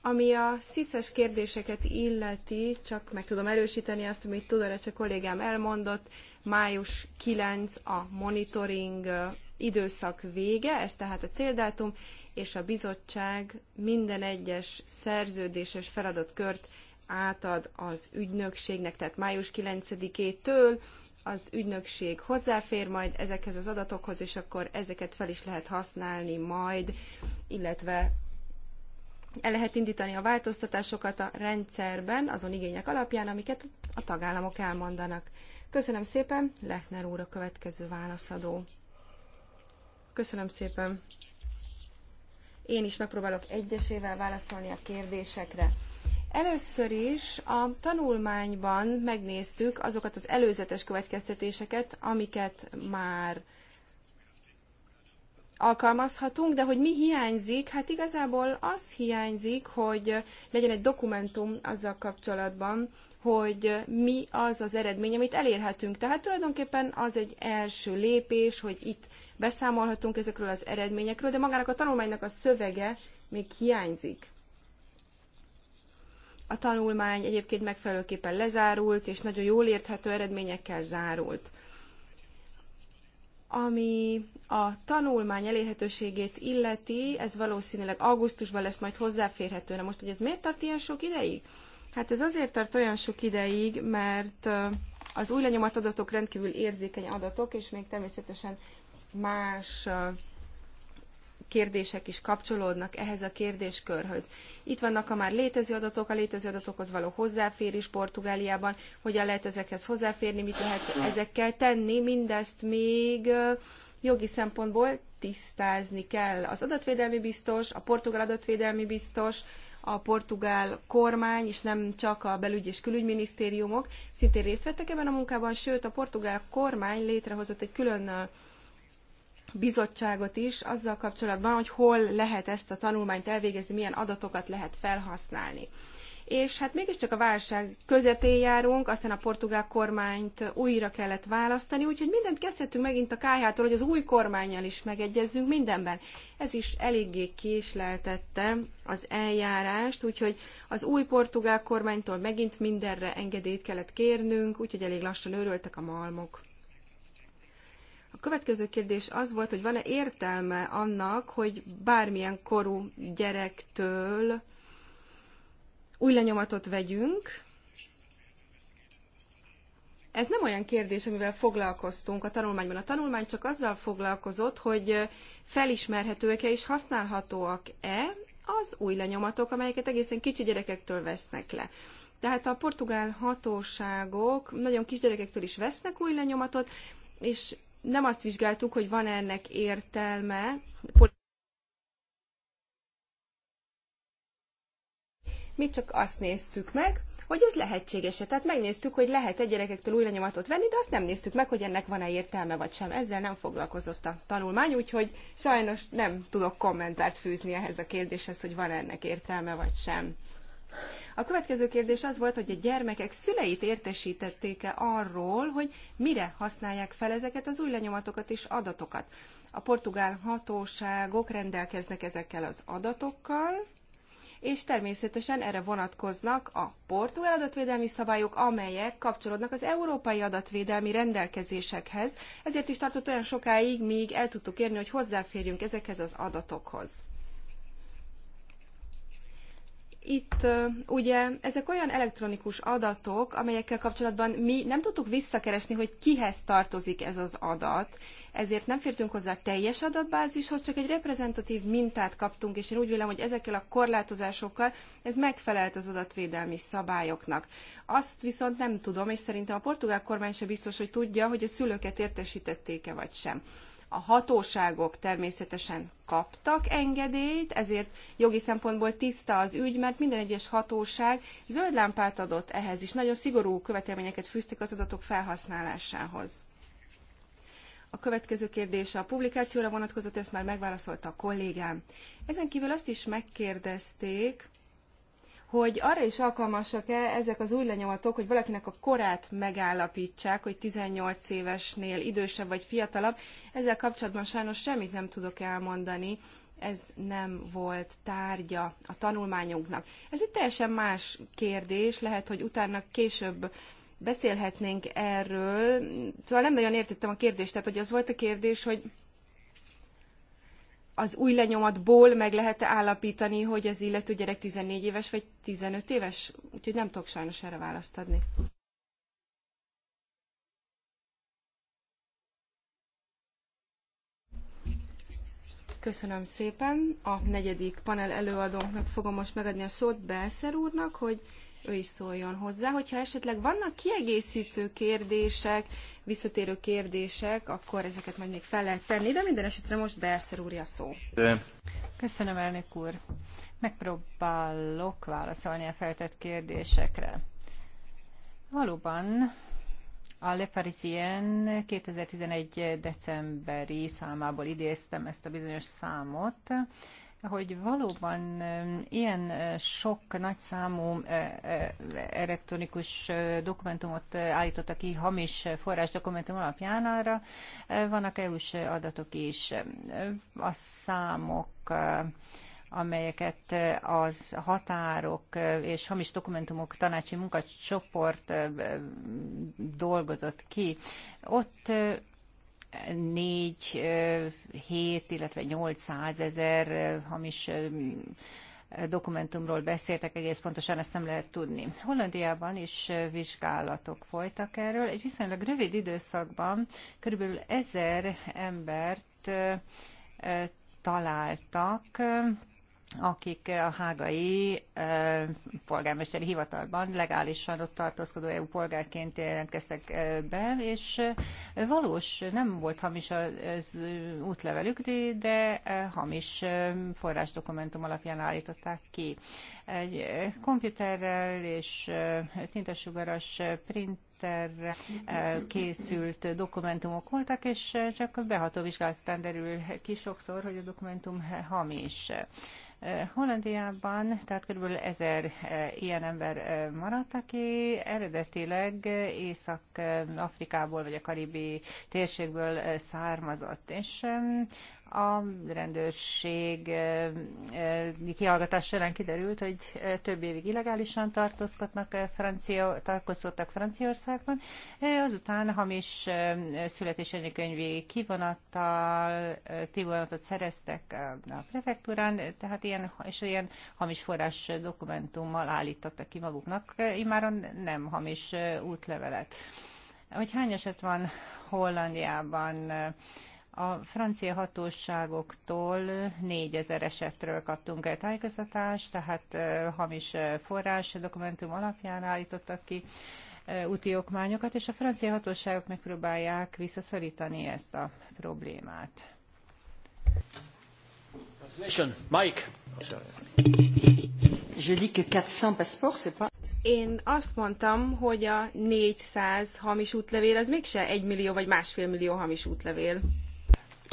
Ami a sziszes kérdéseket illeti, csak meg tudom erősíteni azt, amit Tudorecs a kollégám elmondott, május 9 a monitoring időszak vége, ez tehát a céldátum, és a bizottság minden egyes szerződéses feladatkört átad az ügynökségnek, tehát május 9-től az ügynökség hozzáfér majd ezekhez az adatokhoz, és akkor ezeket fel is lehet használni majd, illetve el lehet indítani a változtatásokat a rendszerben azon igények alapján, amiket a tagállamok elmondanak. Köszönöm szépen, Lechner úr a következő válaszadó. Köszönöm szépen. Én is megpróbálok egyesével válaszolni a kérdésekre. Először is a tanulmányban megnéztük azokat az előzetes következtetéseket, amiket már alkalmazhatunk, de hogy mi hiányzik, hát igazából az hiányzik, hogy legyen egy dokumentum azzal kapcsolatban, hogy mi az az eredmény, amit elérhetünk. Tehát tulajdonképpen az egy első lépés, hogy itt beszámolhatunk ezekről az eredményekről, de magának a tanulmánynak a szövege még hiányzik. A tanulmány egyébként megfelelőképpen lezárult, és nagyon jól érthető eredményekkel zárult. Ami a tanulmány elérhetőségét illeti, ez valószínűleg augusztusban lesz majd hozzáférhető. Na most, hogy ez miért tart ilyen sok ideig? Hát ez azért tart olyan sok ideig, mert az új lenyomat adatok rendkívül érzékeny adatok, és még természetesen más kérdések is kapcsolódnak ehhez a kérdéskörhöz. Itt vannak a már létező adatok, a létező adatokhoz való hozzáférés Portugáliában, hogyan lehet ezekhez hozzáférni, mit lehet ezekkel tenni, mindezt még jogi szempontból tisztázni kell. Az adatvédelmi biztos, a portugál adatvédelmi biztos, a portugál kormány, és nem csak a belügy és külügyminisztériumok szintén részt vettek ebben a munkában, sőt a portugál kormány létrehozott egy külön bizottságot is azzal kapcsolatban, hogy hol lehet ezt a tanulmányt elvégezni, milyen adatokat lehet felhasználni. És hát mégiscsak a válság közepén járunk, aztán a portugál kormányt újra kellett választani, úgyhogy mindent kezdhetünk megint a KH-tól, hogy az új kormányjal is megegyezzünk mindenben. Ez is eléggé késleltette az eljárást, úgyhogy az új portugál kormánytól megint mindenre engedélyt kellett kérnünk, úgyhogy elég lassan őrültek a malmok. A következő kérdés az volt, hogy van-e értelme annak, hogy bármilyen korú gyerektől új lenyomatot vegyünk, ez nem olyan kérdés, amivel foglalkoztunk a tanulmányban. A tanulmány csak azzal foglalkozott, hogy felismerhetőek-e és használhatóak-e az új lenyomatok, amelyeket egészen kicsi gyerekektől vesznek le. Tehát a portugál hatóságok nagyon kis gyerekektől is vesznek új lenyomatot, és nem azt vizsgáltuk, hogy van -e ennek értelme. Mi csak azt néztük meg, hogy ez lehetséges -e. Tehát megnéztük, hogy lehet-e gyerekektől új lenyomatot venni, de azt nem néztük meg, hogy ennek van-e értelme vagy sem. Ezzel nem foglalkozott a tanulmány, úgyhogy sajnos nem tudok kommentárt fűzni ehhez a kérdéshez, hogy van -e ennek értelme vagy sem. A következő kérdés az volt, hogy a gyermekek szüleit értesítették-e arról, hogy mire használják fel ezeket az új lenyomatokat és adatokat. A portugál hatóságok rendelkeznek ezekkel az adatokkal, és természetesen erre vonatkoznak a portugál adatvédelmi szabályok, amelyek kapcsolódnak az európai adatvédelmi rendelkezésekhez. Ezért is tartott olyan sokáig, míg el tudtuk érni, hogy hozzáférjünk ezekhez az adatokhoz itt ugye ezek olyan elektronikus adatok, amelyekkel kapcsolatban mi nem tudtuk visszakeresni, hogy kihez tartozik ez az adat, ezért nem fértünk hozzá teljes adatbázishoz, csak egy reprezentatív mintát kaptunk, és én úgy vélem, hogy ezekkel a korlátozásokkal ez megfelelt az adatvédelmi szabályoknak. Azt viszont nem tudom, és szerintem a portugál kormány se biztos, hogy tudja, hogy a szülőket értesítették-e vagy sem. A hatóságok természetesen kaptak engedélyt, ezért jogi szempontból tiszta az ügy, mert minden egyes hatóság zöld lámpát adott ehhez is. Nagyon szigorú követelményeket fűztek az adatok felhasználásához. A következő kérdése a publikációra vonatkozott, ezt már megválaszolta a kollégám. Ezen kívül azt is megkérdezték, hogy arra is alkalmasak-e ezek az új lenyomatok, hogy valakinek a korát megállapítsák, hogy 18 évesnél idősebb vagy fiatalabb. Ezzel kapcsolatban sajnos semmit nem tudok elmondani, ez nem volt tárgya a tanulmányunknak. Ez egy teljesen más kérdés, lehet, hogy utána később beszélhetnénk erről. Szóval nem nagyon értettem a kérdést, tehát hogy az volt a kérdés, hogy az új lenyomatból meg lehet -e állapítani, hogy az illető gyerek 14 éves vagy 15 éves? Úgyhogy nem tudok sajnos erre választ adni. Köszönöm szépen. A negyedik panel előadónknak fogom most megadni a szót Belszer úrnak, hogy ő is szóljon hozzá. Hogyha esetleg vannak kiegészítő kérdések, visszatérő kérdések, akkor ezeket majd még fel lehet tenni, de minden esetre most Belszer úr a szó. Köszönöm, elnök úr. Megpróbálok válaszolni a feltett kérdésekre. Valóban a Le Parisien 2011. decemberi számából idéztem ezt a bizonyos számot, hogy valóban ilyen sok nagyszámú elektronikus dokumentumot állítottak ki hamis forrás dokumentum alapján, arra vannak EU-s adatok is. A számok amelyeket az határok és hamis dokumentumok tanácsi munkacsoport dolgozott ki. Ott 4, 7, illetve 800 ezer hamis dokumentumról beszéltek, egész pontosan ezt nem lehet tudni. Hollandiában is vizsgálatok folytak erről. Egy viszonylag rövid időszakban körülbelül ezer embert találtak, akik a hágai polgármesteri hivatalban legálisan ott tartózkodó EU polgárként jelentkeztek be, és valós, nem volt hamis az útlevelük, de hamis forrásdokumentum alapján állították ki. Egy komputerrel és tintasugaras print készült dokumentumok voltak, és csak beható vizsgálatán derül ki sokszor, hogy a dokumentum hamis. Hollandiában, tehát kb. ezer ilyen ember maradt, aki eredetileg Észak-Afrikából vagy a Karibi térségből származott, és a rendőrség kihallgatás során kiderült, hogy több évig illegálisan tartózkodnak francia, tartózkodtak Franciaországban, azután hamis könyvi kivonattal, kivonatot szereztek a prefektúrán, tehát ilyen, és ilyen hamis forrás dokumentummal állítottak ki maguknak, immáron nem hamis útlevelet. Hogy hány eset van Hollandiában a francia hatóságoktól 4000 esetről kaptunk el tájékoztatást, tehát hamis forrás dokumentum alapján állítottak ki úti okmányokat, és a francia hatóságok megpróbálják visszaszorítani ezt a problémát. Translation. Mike. Én azt mondtam, hogy a 400 hamis útlevél az mégse 1 millió vagy másfél millió hamis útlevél.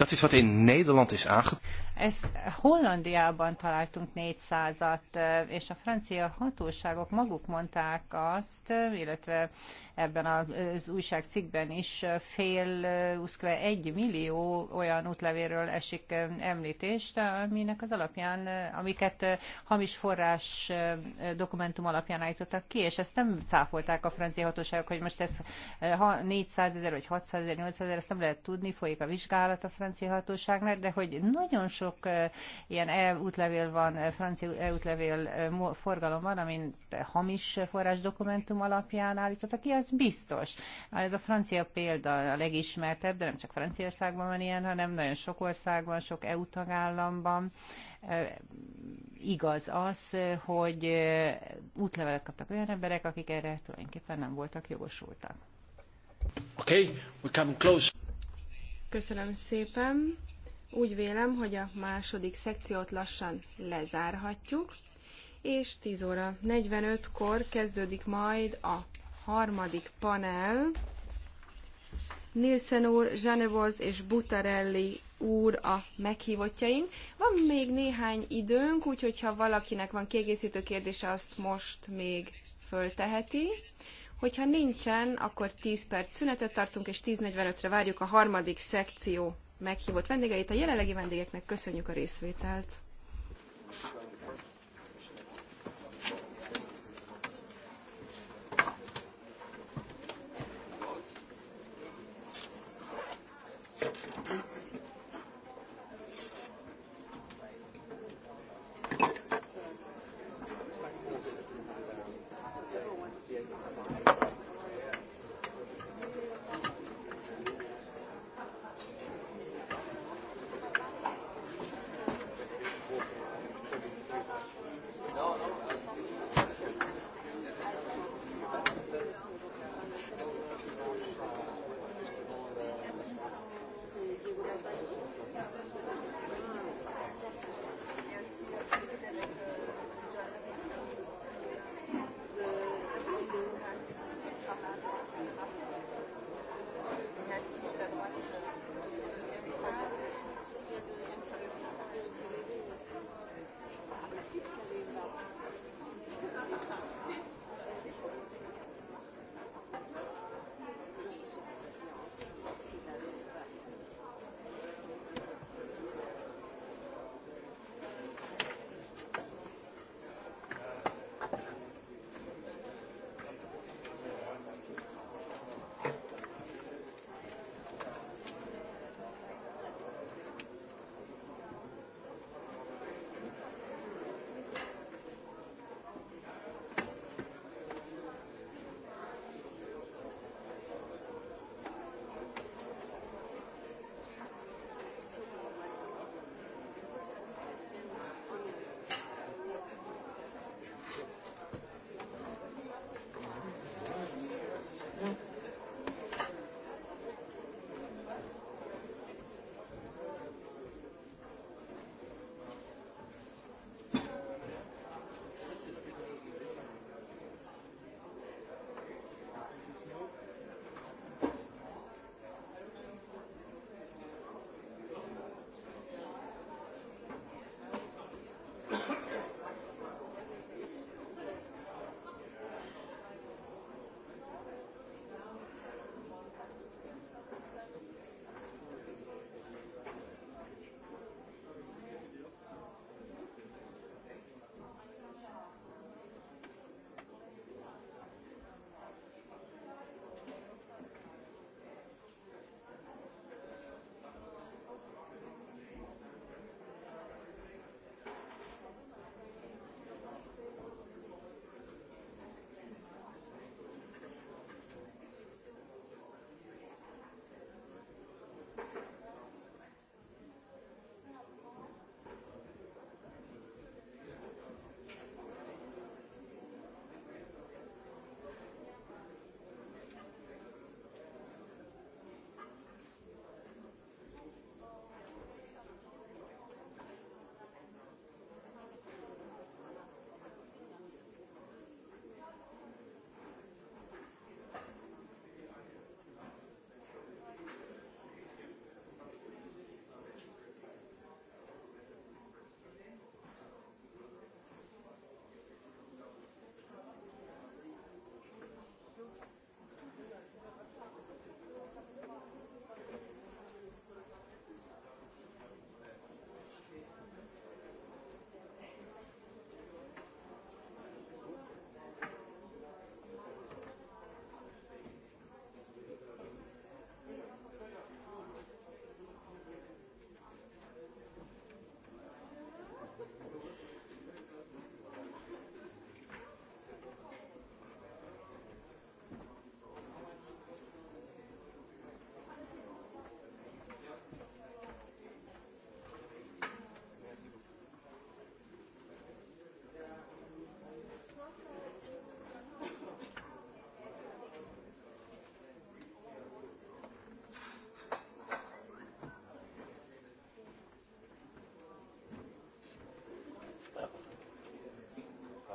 Dat is wat in Nederland is aangepakt. Ezt Hollandiában találtunk 400-at, és a francia hatóságok maguk mondták azt, illetve ebben az újságcikkben is fél, uszkve egy millió olyan útlevéről esik említést, aminek az alapján, amiket hamis forrás dokumentum alapján állítottak ki, és ezt nem cáfolták a francia hatóságok, hogy most ez 400 ezer, vagy 600 ezer, 800 ezer, ezt nem lehet tudni, folyik a vizsgálat a francia hatóságnál, de hogy nagyon sok sok ilyen útlevél van, francia útlevél forgalom van, amint hamis forrás dokumentum alapján állítottak ki, az biztos. Ez a francia példa a legismertebb, de nem csak Franciaországban van ilyen, hanem nagyon sok országban, sok EU tagállamban igaz az, hogy útlevelet kaptak olyan emberek, akik erre tulajdonképpen nem voltak jogosultak. Okay, we come close. Köszönöm szépen. Úgy vélem, hogy a második szekciót lassan lezárhatjuk, és 10 óra 45-kor kezdődik majd a harmadik panel. Nielsen úr, Zsanevoz és Butarelli úr a meghívottjaink. Van még néhány időnk, úgyhogy ha valakinek van kiegészítő kérdése, azt most még fölteheti. Hogyha nincsen, akkor 10 perc szünetet tartunk, és 10.45-re várjuk a harmadik szekció meghívott vendégeit, a jelenlegi vendégeknek köszönjük a részvételt.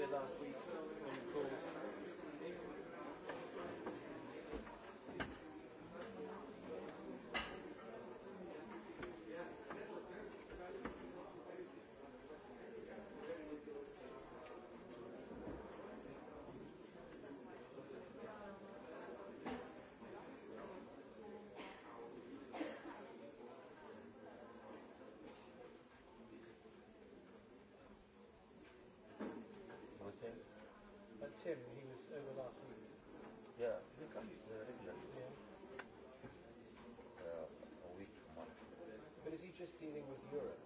here last week. Tim, he was over last week. Yeah, regularly. Uh, yeah. Uh, a week But is he just dealing with Europe?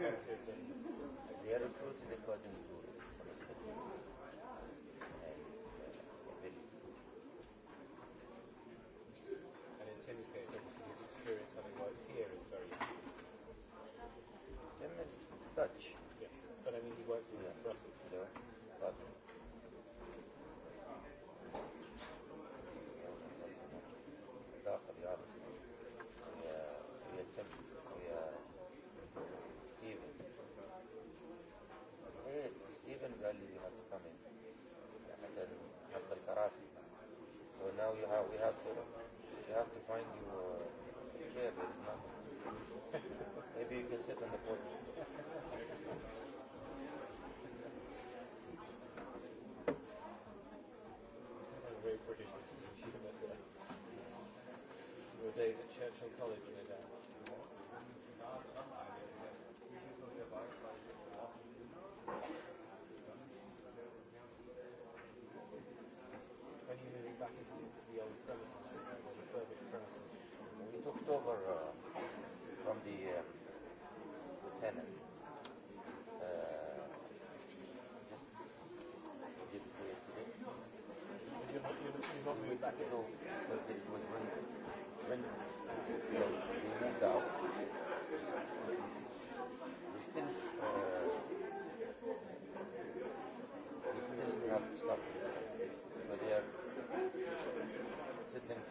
they are recruited according to article was when, they, moved out, still, still have stuff, but they are sitting in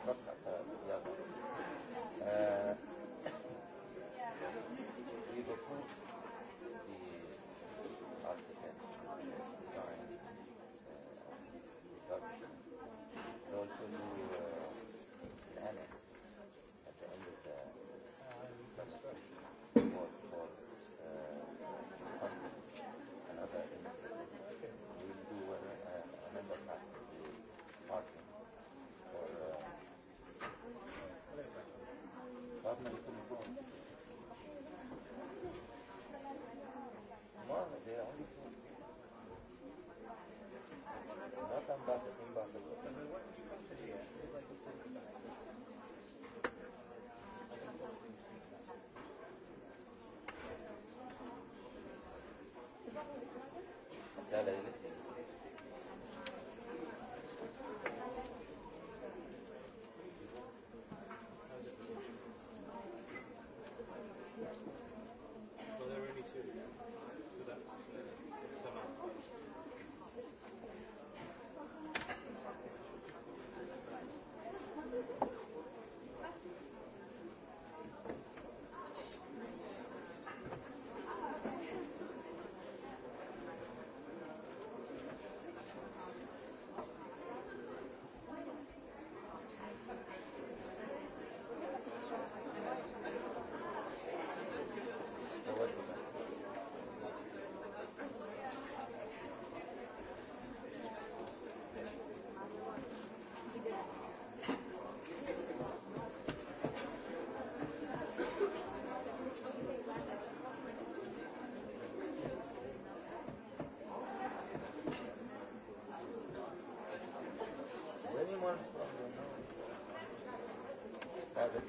David,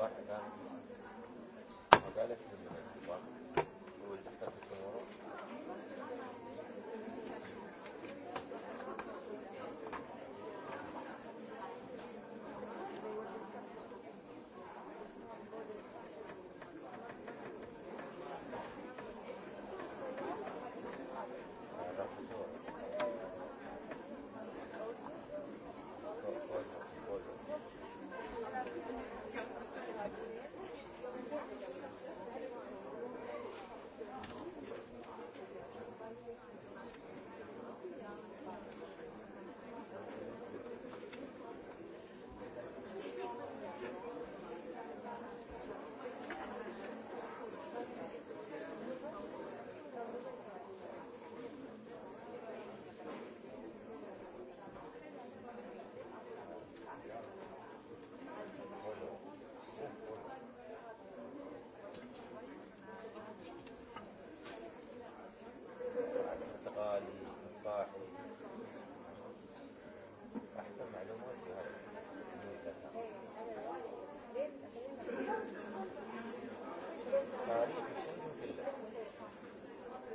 like the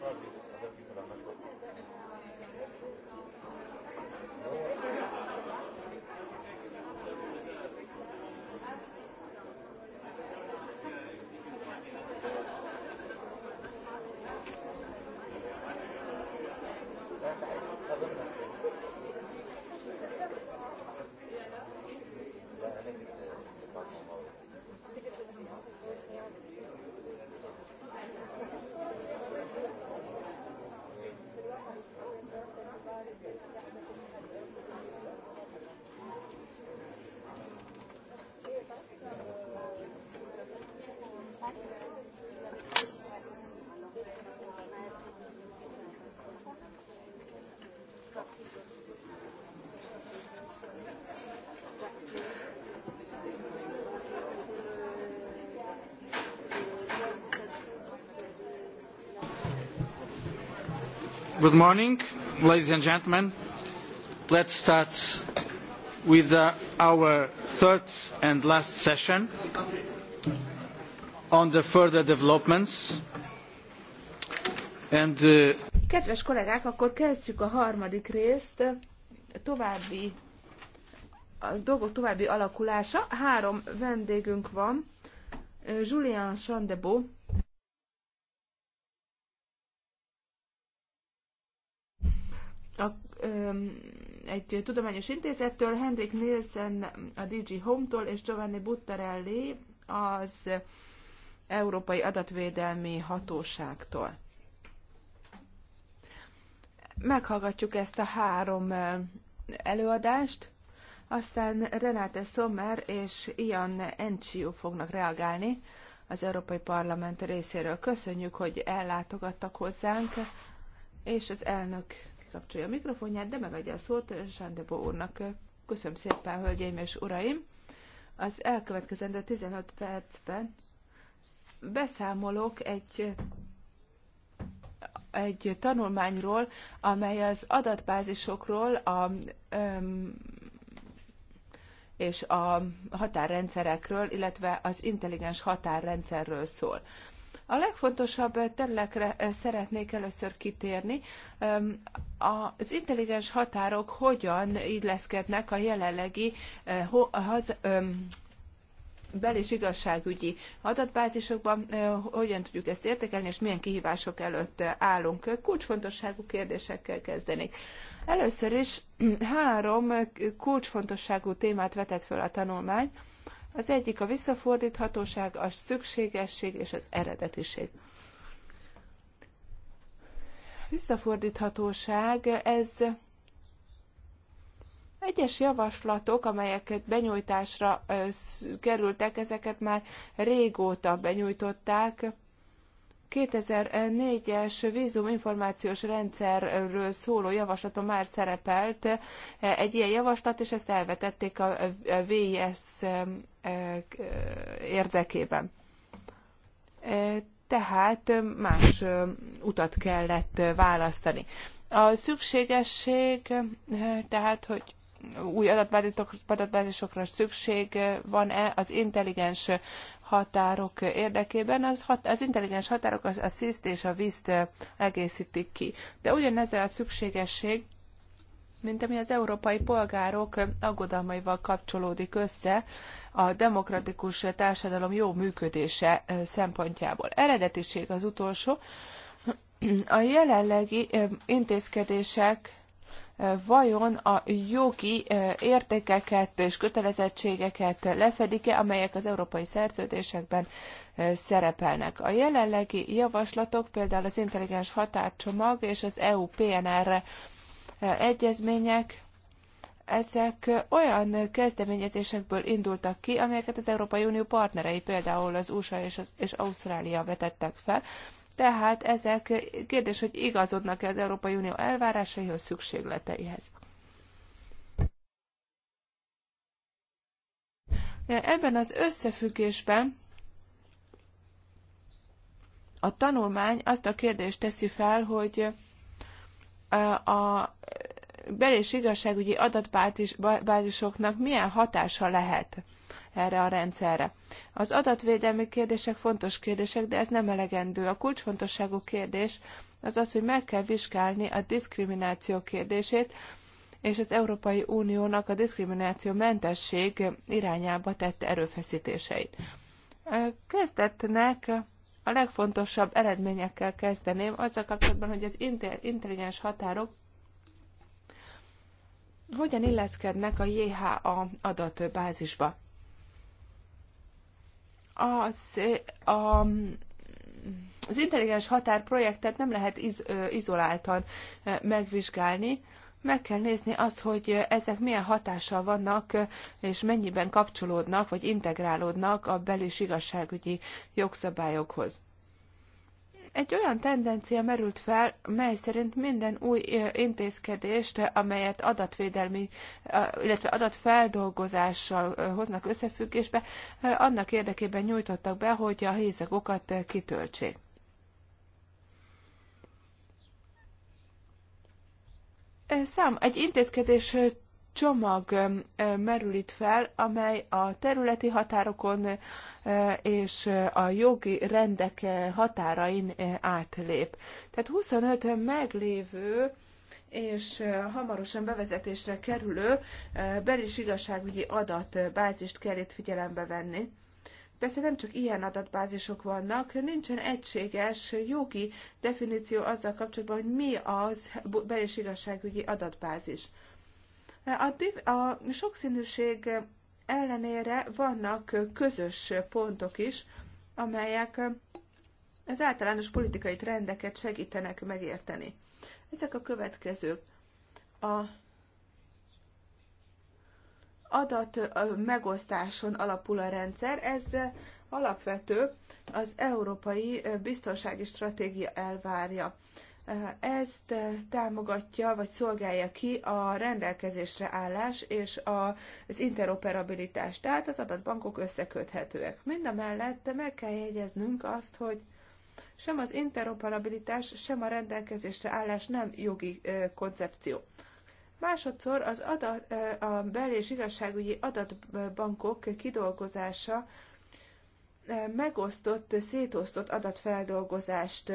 probably other people are not copying. Good morning, ladies and gentlemen. Let's start with uh, our third and last session on the further developments. And, uh... Kedves kollégák, akkor kezdjük a harmadik részt. További a dolgok további alakulása. Három vendégünk van. Julian Sandebo, egy tudományos intézettől, Henrik Nielsen a DG Home-tól és Giovanni Buttarelli az Európai Adatvédelmi Hatóságtól. Meghallgatjuk ezt a három előadást, aztán Renate Sommer és Ian Enciu fognak reagálni az Európai Parlament részéről. Köszönjük, hogy ellátogattak hozzánk, és az elnök bekapcsolja a mikrofonját, de megadja a szót Sándebó úrnak. Köszönöm szépen, hölgyeim és uraim! Az elkövetkezendő 15 percben beszámolok egy egy tanulmányról, amely az adatbázisokról a, öm, és a határrendszerekről, illetve az intelligens határrendszerről szól. A legfontosabb területre eh, szeretnék először kitérni. Az intelligens határok hogyan illeszkednek a jelenlegi eh, bel- és igazságügyi adatbázisokban, eh, hogyan tudjuk ezt értékelni, és milyen kihívások előtt állunk. Kulcsfontosságú kérdésekkel kezdenék. Először is három kulcsfontosságú témát vetett föl a tanulmány. Az egyik a visszafordíthatóság, a szükségesség és az eredetiség. Visszafordíthatóság, ez egyes javaslatok, amelyeket benyújtásra kerültek, ezeket már régóta benyújtották, 2004-es vízuminformációs rendszerről szóló javaslatban már szerepelt eh, egy ilyen javaslat, és ezt elvetették a VIS eh, érdekében. Eh, tehát más utat kellett választani. A szükségesség, tehát, hogy új adatbázisokra szükség van-e az intelligens határok érdekében, az, hat, az intelligens határok az, a sziszt és a vízt egészítik ki. De ugyanez a szükségesség, mint ami az európai polgárok aggodalmaival kapcsolódik össze a demokratikus társadalom jó működése szempontjából. Eredetiség az utolsó. A jelenlegi intézkedések vajon a jogi eh, értékeket és kötelezettségeket lefedik-e, amelyek az európai szerződésekben eh, szerepelnek. A jelenlegi javaslatok, például az intelligens határcsomag és az EU PNR eh, egyezmények, ezek olyan kezdeményezésekből indultak ki, amelyeket az Európai Unió partnerei, például az USA és, az, és Ausztrália vetettek fel, tehát ezek kérdés, hogy igazodnak-e az Európai Unió elvárásaihoz, szükségleteihez. Ebben az összefüggésben a tanulmány azt a kérdést teszi fel, hogy a bel- és igazságügyi adatbázisoknak milyen hatása lehet erre a rendszerre. Az adatvédelmi kérdések fontos kérdések, de ez nem elegendő. A kulcsfontosságú kérdés az az, hogy meg kell vizsgálni a diszkrimináció kérdését, és az Európai Uniónak a diszkrimináció mentesség irányába tett erőfeszítéseit. Kezdetnek a legfontosabb eredményekkel kezdeném, azzal kapcsolatban, hogy az intelligens határok hogyan illeszkednek a JHA adatbázisba. Az, a, az intelligens határ projektet nem lehet iz, izoláltan megvizsgálni, meg kell nézni azt, hogy ezek milyen hatással vannak, és mennyiben kapcsolódnak, vagy integrálódnak a belis igazságügyi jogszabályokhoz. Egy olyan tendencia merült fel, mely szerint minden új intézkedést, amelyet adatvédelmi, illetve adatfeldolgozással hoznak összefüggésbe, annak érdekében nyújtottak be, hogy a hézagokat kitöltsék. Szám, egy intézkedés csomag merül itt fel, amely a területi határokon és a jogi rendek határain átlép. Tehát 25 meglévő és hamarosan bevezetésre kerülő belis igazságügyi adatbázist kell itt figyelembe venni. Persze nem csak ilyen adatbázisok vannak, nincsen egységes jogi definíció azzal kapcsolatban, hogy mi az belis igazságügyi adatbázis. A, div- a sokszínűség ellenére vannak közös pontok is, amelyek az általános politikai trendeket segítenek megérteni. Ezek a következők. A adat megosztáson alapul a rendszer, ez alapvető az európai biztonsági stratégia elvárja ezt támogatja vagy szolgálja ki a rendelkezésre állás és az interoperabilitás, tehát az adatbankok összeköthetőek. Mind a mellett meg kell jegyeznünk azt, hogy sem az interoperabilitás, sem a rendelkezésre állás nem jogi koncepció. Másodszor az adat, a bel- és igazságügyi adatbankok kidolgozása megosztott, szétosztott adatfeldolgozást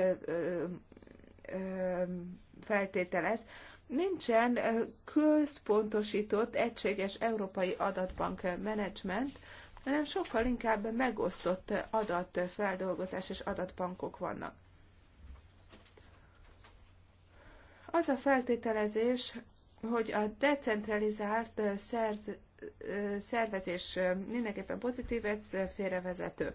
feltételez, nincsen központosított, egységes európai adatbank menedzsment, hanem sokkal inkább megosztott adatfeldolgozás és adatbankok vannak. Az a feltételezés, hogy a decentralizált szerz, szervezés mindenképpen pozitív, ez félrevezető.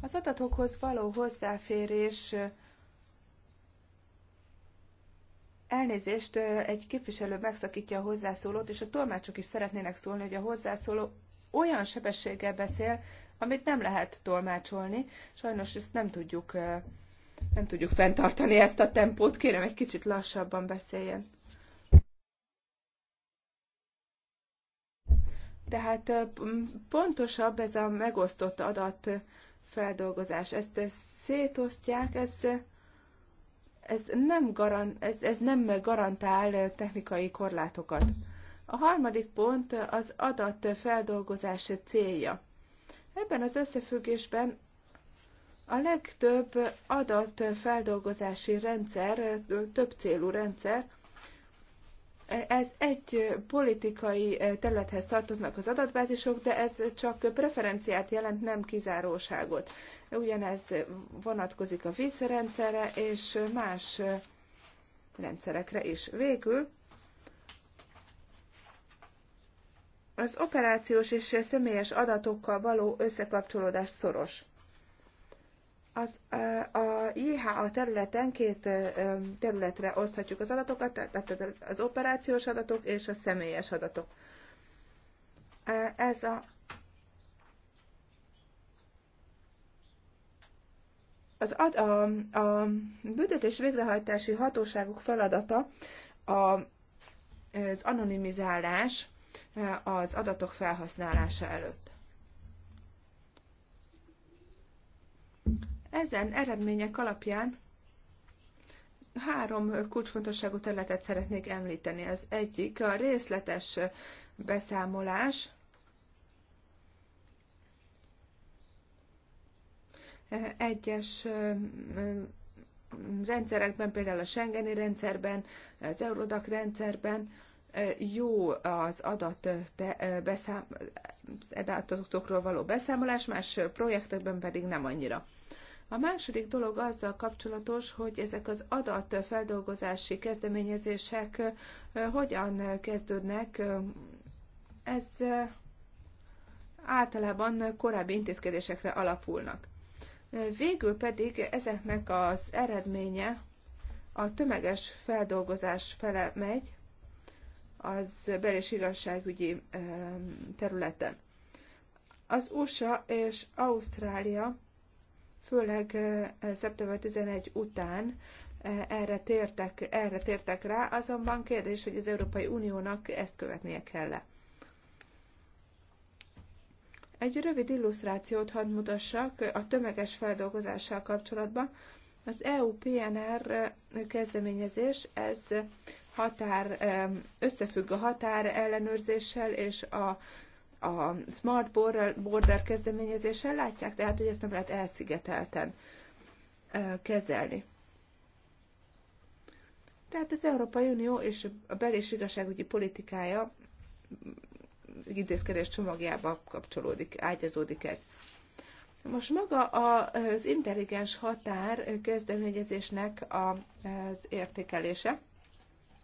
Az adatokhoz való hozzáférés Elnézést, egy képviselő megszakítja a hozzászólót, és a tolmácsok is szeretnének szólni, hogy a hozzászóló olyan sebességgel beszél, amit nem lehet tolmácsolni. Sajnos ezt nem tudjuk, nem tudjuk fenntartani ezt a tempót. Kérem, egy kicsit lassabban beszéljen. Tehát pontosabb ez a megosztott adat feldolgozás. Ezt szétosztják, ez, ez, nem, garant, ez, ez nem garantál technikai korlátokat. A harmadik pont az adat feldolgozás célja. Ebben az összefüggésben a legtöbb adatfeldolgozási rendszer, több célú rendszer ez egy politikai eh, területhez tartoznak az adatbázisok, de ez csak preferenciát jelent, nem kizáróságot. Ugyanez vonatkozik a vízrendszerre és más eh, rendszerekre is. Végül az operációs és személyes adatokkal való összekapcsolódás szoros. Az, a JHA területen két területre oszthatjuk az adatokat, tehát az operációs adatok és a személyes adatok. Ez a az ad, a, a büntetés végrehajtási hatóságok feladata a, az anonimizálás az adatok felhasználása előtt. Ezen eredmények alapján három kulcsfontosságú területet szeretnék említeni. Az egyik a részletes beszámolás, egyes rendszerekben, például a Schengeni rendszerben, az Eurodac rendszerben jó az adat te, beszám, az adatokról való beszámolás, más projektekben pedig nem annyira. A második dolog azzal kapcsolatos, hogy ezek az adatfeldolgozási kezdeményezések hogyan kezdődnek. Ez általában korábbi intézkedésekre alapulnak. Végül pedig ezeknek az eredménye a tömeges feldolgozás fele megy az bel- és igazságügyi területen. Az USA és Ausztrália főleg eh, szeptember 11 után eh, erre tértek, erre tértek rá, azonban kérdés, hogy az Európai Uniónak ezt követnie kell-e. Egy rövid illusztrációt hadd mutassak a tömeges feldolgozással kapcsolatban. Az EU PNR eh, kezdeményezés, ez határ, összefügg a határ ellenőrzéssel és a a Smart Border, Border kezdeményezéssel látják, tehát hogy ezt nem lehet elszigetelten kezelni. Tehát az Európai Unió és a bel- és igazságügyi politikája intézkedés csomagjába kapcsolódik, ágyazódik ez. Most maga az intelligens határ kezdeményezésnek az értékelése.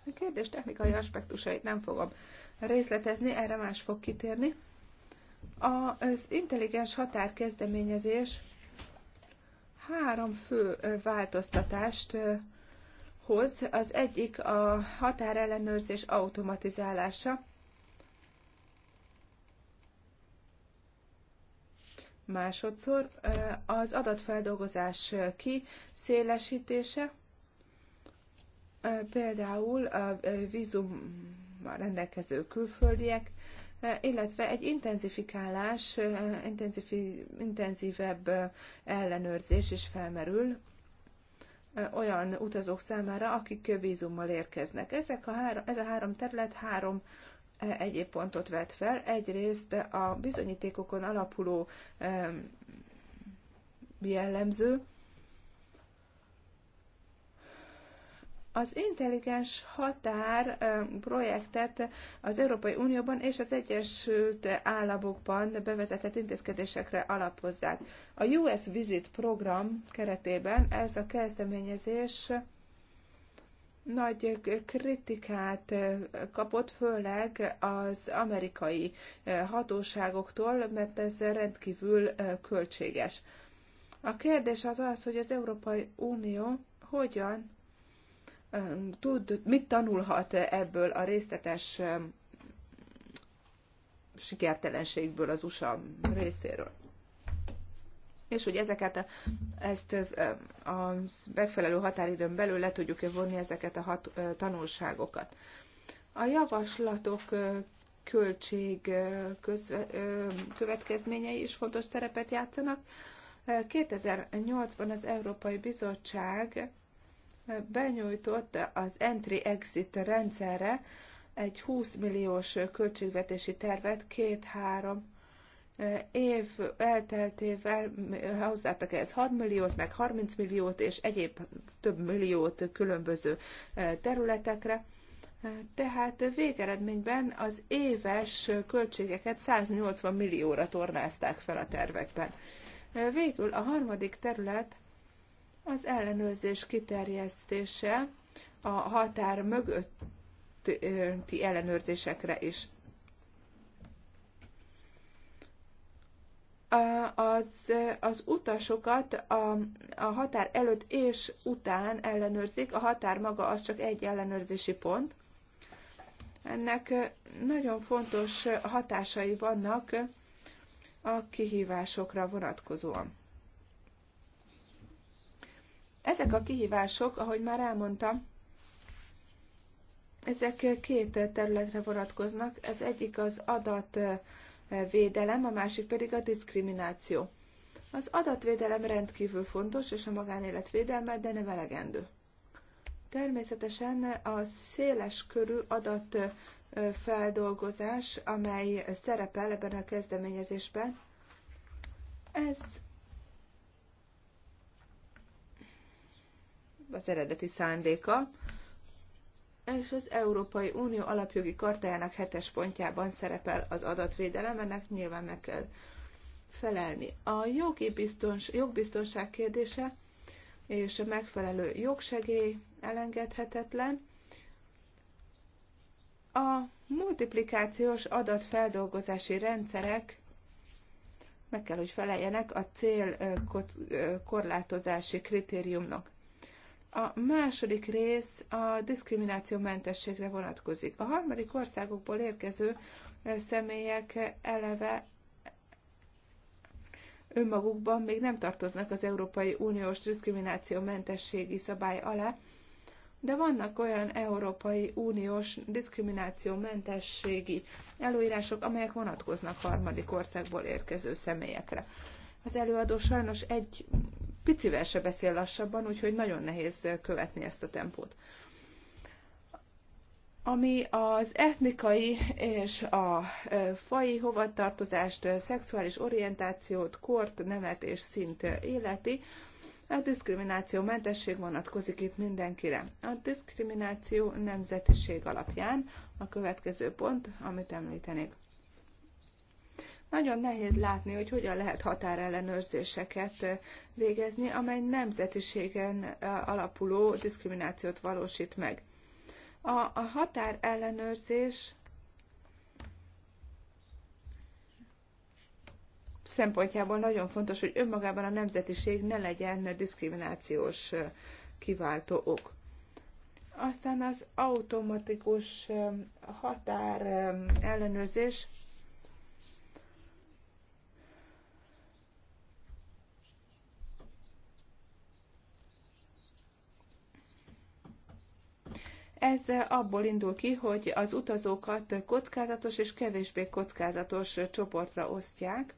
A kérdés technikai aspektusait nem fogom részletezni, erre más fog kitérni. Az intelligens határkezdeményezés három fő változtatást hoz. Az egyik a határellenőrzés automatizálása. Másodszor az adatfeldolgozás kiszélesítése, például a vízum rendelkező külföldiek, e, illetve egy intenzifikálás, e, intenzifi, intenzívebb e, ellenőrzés is felmerül olyan utazók számára, akik vízummal érkeznek. Ezek a három, ez a három terület három egyéb pontot vet fel. Egyrészt a bizonyítékokon alapuló jellemző, Az intelligens határ projektet az Európai Unióban és az Egyesült Államokban bevezetett intézkedésekre alapozzák. A US Visit program keretében ez a kezdeményezés nagy kritikát kapott, főleg az amerikai hatóságoktól, mert ez rendkívül költséges. A kérdés az az, hogy az Európai Unió hogyan tud, mit tanulhat ebből a részletes um, sikertelenségből az USA részéről. És hogy ezeket a, ezt a megfelelő határidőn belül le tudjuk vonni ezeket a hat, tanulságokat. A javaslatok költség közve, következményei is fontos szerepet játszanak. 2008-ban az Európai Bizottság benyújtott az entry-exit rendszerre egy 20 milliós költségvetési tervet két-három eh, év elteltével eh, hozzáadtak ez 6 milliót, meg 30 milliót, és egyéb több milliót különböző eh, területekre. Tehát végeredményben az éves költségeket 180 millióra tornázták fel a tervekben. Végül a harmadik terület az ellenőrzés kiterjesztése a határ mögötti eh, ellenőrzésekre is. az, az utasokat a, a határ előtt és után ellenőrzik, a határ maga az csak egy ellenőrzési pont. Ennek eh, nagyon fontos hatásai vannak a kihívásokra vonatkozóan. Ezek a kihívások, ahogy már elmondtam, ezek két területre vonatkoznak. Ez egyik az adatvédelem, a másik pedig a diszkrimináció. Az adatvédelem rendkívül fontos, és a magánélet védelme, de nem elegendő. Természetesen a széles körű adatfeldolgozás, amely szerepel ebben a kezdeményezésben, ez az eredeti szándéka, és az Európai Unió alapjogi kartájának hetes pontjában szerepel az adatvédelem, ennek nyilván meg kell felelni. A jogi biztons, jogbiztonság kérdése és a megfelelő jogsegély elengedhetetlen. A multiplikációs adatfeldolgozási rendszerek meg kell, hogy feleljenek a cél korlátozási kritériumnak. A második rész a mentességre vonatkozik. A harmadik országokból érkező személyek eleve önmagukban még nem tartoznak az Európai Uniós mentességi szabály alá, de vannak olyan Európai Uniós mentességi előírások, amelyek vonatkoznak harmadik országból érkező személyekre. Az előadó sajnos egy picivel se beszél lassabban, úgyhogy nagyon nehéz követni ezt a tempót. Ami az etnikai és a fai hovatartozást, szexuális orientációt, kort, nevet és szint életi, a diszkrimináció mentesség vonatkozik itt mindenkire. A diszkrimináció nemzetiség alapján a következő pont, amit említenék. Nagyon nehéz látni, hogy hogyan lehet határellenőrzéseket eh, végezni, amely nemzetiségen eh, alapuló diszkriminációt valósít meg. A, a határellenőrzés szempontjából nagyon fontos, hogy önmagában a nemzetiség ne legyen diszkriminációs eh, kiváltó ok. Aztán az automatikus határ ellenőrzés Ez abból indul ki, hogy az utazókat kockázatos és kevésbé kockázatos csoportra osztják.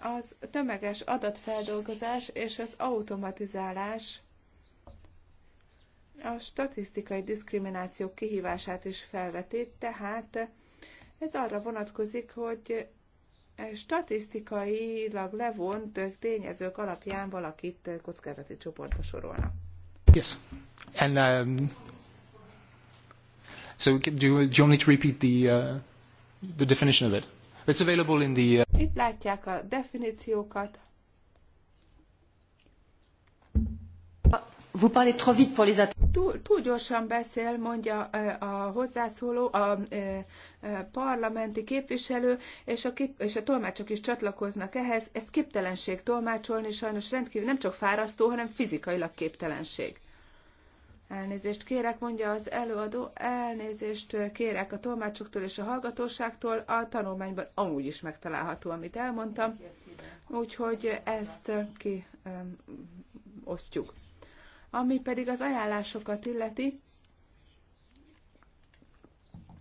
Az tömeges adatfeldolgozás és az automatizálás a statisztikai diszkrimináció kihívását is felveti, tehát ez arra vonatkozik, hogy statisztikailag levont tényezők alapján valakit kockázati csoportba sorolnak. Yes. And um, So do you, do you want me to repeat the, uh, the definition of it? It's available in the... Uh... Itt látják a definíciókat. Vous parlez trop vite pour les túl, túl gyorsan beszél, mondja a hozzászóló, a parlamenti képviselő, és a, kép, és a tolmácsok is csatlakoznak ehhez. Ez képtelenség tolmácsolni, sajnos rendkívül nem csak fárasztó, hanem fizikailag képtelenség. Elnézést kérek, mondja az előadó, elnézést kérek a tolmácsoktól és a hallgatóságtól, a tanulmányban amúgy is megtalálható, amit elmondtam, úgyhogy ezt ki um, osztjuk. Ami pedig az ajánlásokat illeti,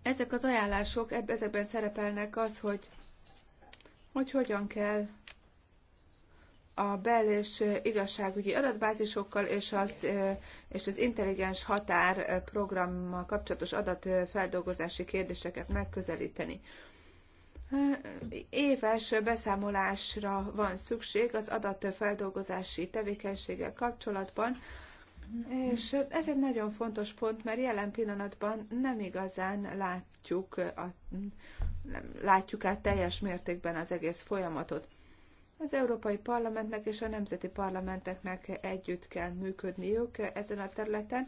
ezek az ajánlások, ezekben szerepelnek az, hogy, hogy hogyan kell a bel- és igazságügyi adatbázisokkal és az, és az intelligens határ programmal kapcsolatos adatfeldolgozási kérdéseket megközelíteni. Éves beszámolásra van szükség az adatfeldolgozási tevékenységgel kapcsolatban, és ez egy nagyon fontos pont, mert jelen pillanatban nem igazán látjuk, a, nem látjuk át teljes mértékben az egész folyamatot. Az Európai Parlamentnek és a nemzeti parlamenteknek együtt kell működniük ezen a területen.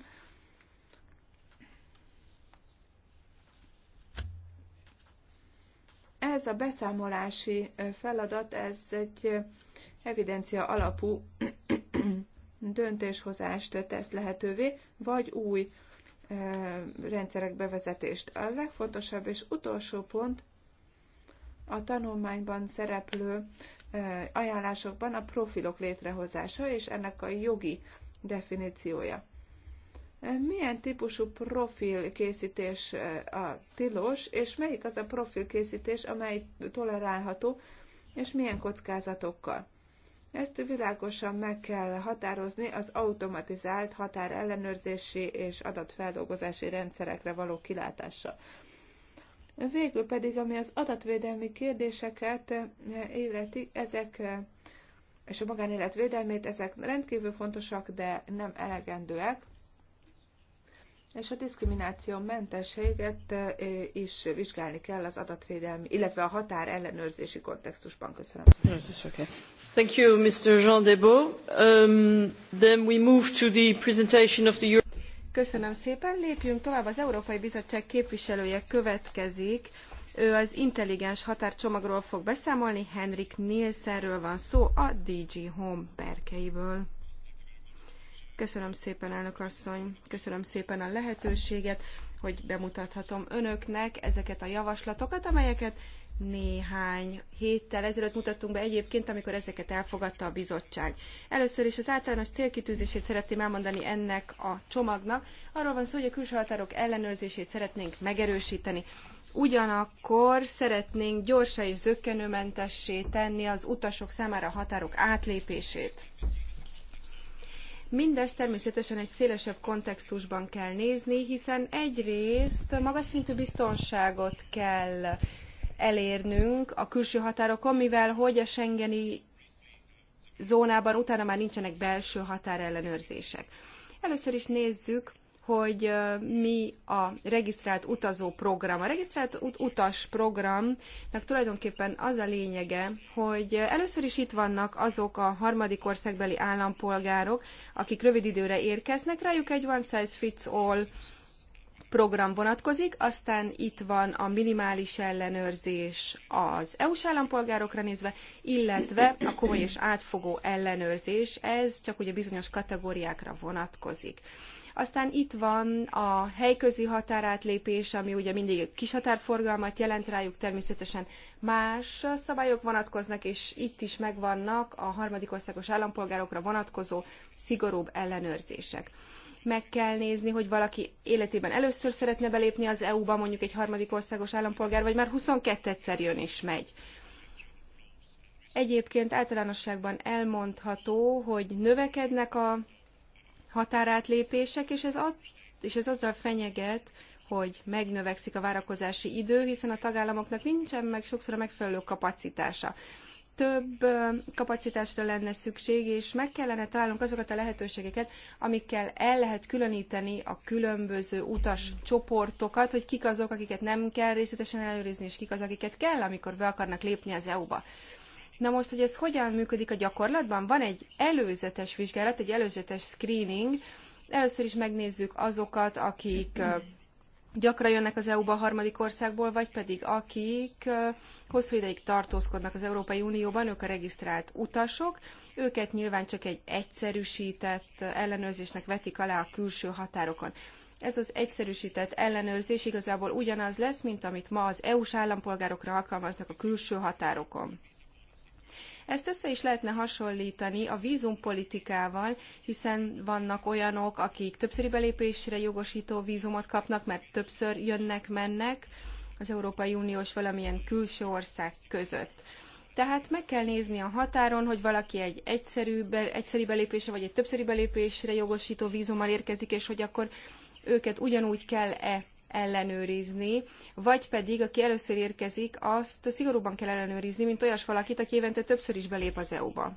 Ez a beszámolási feladat, ez egy evidencia alapú döntéshozást tesz lehetővé, vagy új eh, rendszerek bevezetést. A legfontosabb és utolsó pont a tanulmányban szereplő ajánlásokban a profilok létrehozása és ennek a jogi definíciója. Milyen típusú profilkészítés a tilos, és melyik az a profilkészítés, amely tolerálható, és milyen kockázatokkal? Ezt világosan meg kell határozni az automatizált határellenőrzési és adatfeldolgozási rendszerekre való kilátással. Végül pedig, ami az adatvédelmi kérdéseket életi, eh, ezek eh, és a magánélet védelmét, ezek rendkívül fontosak, de nem elegendőek. És a diszkrimináció mentességet eh, is vizsgálni kell az adatvédelmi, illetve a határ ellenőrzési kontextusban. Köszönöm. Thank you, Mr. Jean Debo. Um, then we move to the presentation of the Köszönöm szépen. Lépjünk tovább. Az Európai Bizottság képviselője következik. Ő az intelligens határcsomagról fog beszámolni. Henrik Nielsenről van szó a DG Home berkeiből. Köszönöm szépen, elnök asszony. Köszönöm szépen a lehetőséget, hogy bemutathatom önöknek ezeket a javaslatokat, amelyeket néhány héttel ezelőtt mutattunk be egyébként, amikor ezeket elfogadta a bizottság. Először is az általános célkitűzését szeretném elmondani ennek a csomagnak. Arról van szó, hogy a külső határok ellenőrzését szeretnénk megerősíteni. Ugyanakkor szeretnénk gyorsan és zöggenőmentessé tenni az utasok számára a határok átlépését. Mindezt természetesen egy szélesebb kontextusban kell nézni, hiszen egyrészt magas szintű biztonságot kell elérnünk a külső határokon, mivel hogy a Schengeni zónában utána már nincsenek belső határellenőrzések. Először is nézzük, hogy mi a regisztrált utazó program. A regisztrált utas programnak tulajdonképpen az a lényege, hogy először is itt vannak azok a harmadik országbeli állampolgárok, akik rövid időre érkeznek, rájuk egy one size fits all program vonatkozik, aztán itt van a minimális ellenőrzés az EU-s állampolgárokra nézve, illetve a komoly és átfogó ellenőrzés, ez csak ugye bizonyos kategóriákra vonatkozik. Aztán itt van a helyközi határátlépés, ami ugye mindig kis határforgalmat jelent rájuk, természetesen más szabályok vonatkoznak, és itt is megvannak a harmadik országos állampolgárokra vonatkozó szigorúbb ellenőrzések meg kell nézni, hogy valaki életében először szeretne belépni az EU-ba, mondjuk egy harmadik országos állampolgár, vagy már 22-szer jön és megy. Egyébként általánosságban elmondható, hogy növekednek a határátlépések, és ez, ad, és ez azzal fenyeget, hogy megnövekszik a várakozási idő, hiszen a tagállamoknak nincsen meg sokszor a megfelelő kapacitása több kapacitásra lenne szükség, és meg kellene találnunk azokat a lehetőségeket, amikkel el lehet különíteni a különböző utas csoportokat, hogy kik azok, akiket nem kell részletesen előrizni, és kik az, akiket kell, amikor be akarnak lépni az EU-ba. Na most, hogy ez hogyan működik a gyakorlatban? Van egy előzetes vizsgálat, egy előzetes screening. Először is megnézzük azokat, akik gyakran jönnek az EU-ba a harmadik országból, vagy pedig akik hosszú ideig tartózkodnak az Európai Unióban, ők a regisztrált utasok, őket nyilván csak egy egyszerűsített ellenőrzésnek vetik alá a külső határokon. Ez az egyszerűsített ellenőrzés igazából ugyanaz lesz, mint amit ma az EU-s állampolgárokra alkalmaznak a külső határokon. Ezt össze is lehetne hasonlítani a vízumpolitikával, hiszen vannak olyanok, akik többszöri belépésre jogosító vízumot kapnak, mert többször jönnek-mennek az Európai Uniós valamilyen külső ország között. Tehát meg kell nézni a határon, hogy valaki egy egyszerű, be, egyszerű belépésre vagy egy többszöri belépésre jogosító vízummal érkezik, és hogy akkor őket ugyanúgy kell-e ellenőrizni, vagy pedig aki először érkezik, azt szigorúban kell ellenőrizni, mint olyas valakit, aki évente többször is belép az EU-ba.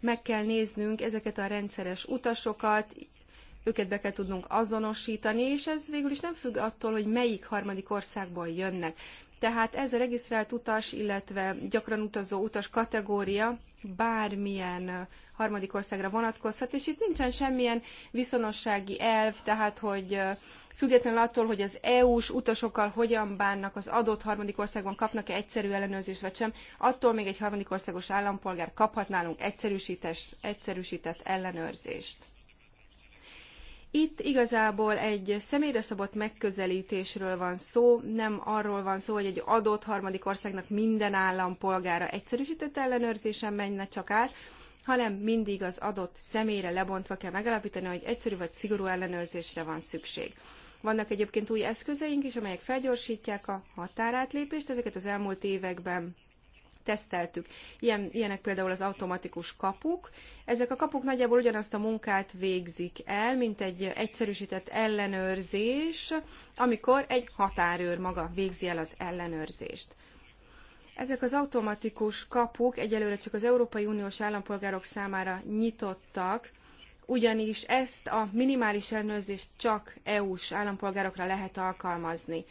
Meg kell néznünk ezeket a rendszeres utasokat, őket be kell tudnunk azonosítani, és ez végül is nem függ attól, hogy melyik harmadik országból jönnek. Tehát ez a regisztrált utas, illetve gyakran utazó utas kategória bármilyen harmadik országra vonatkozhat, és itt nincsen semmilyen viszonossági elv, tehát hogy függetlenül attól, hogy az EU-s utasokkal hogyan bánnak az adott harmadik országban, kapnak-e egyszerű ellenőrzést vagy sem, attól még egy harmadik országos állampolgár kaphat nálunk egyszerűsített ellenőrzést. Itt igazából egy személyre szabott megközelítésről van szó, nem arról van szó, hogy egy adott harmadik országnak minden állampolgára egyszerűsített ellenőrzésen menne csak át, hanem mindig az adott személyre lebontva kell megállapítani, hogy egyszerű vagy szigorú ellenőrzésre van szükség. Vannak egyébként új eszközeink is, amelyek felgyorsítják a határátlépést, ezeket az elmúlt években teszteltük. Ilyen, ilyenek például az automatikus kapuk. Ezek a kapuk nagyjából ugyanazt a munkát végzik el, mint egy egyszerűsített ellenőrzés, amikor egy határőr maga végzi el az ellenőrzést. Ezek az automatikus kapuk egyelőre csak az Európai Uniós állampolgárok számára nyitottak, ugyanis ezt a minimális ellenőrzést csak EU-s állampolgárokra lehet alkalmazni.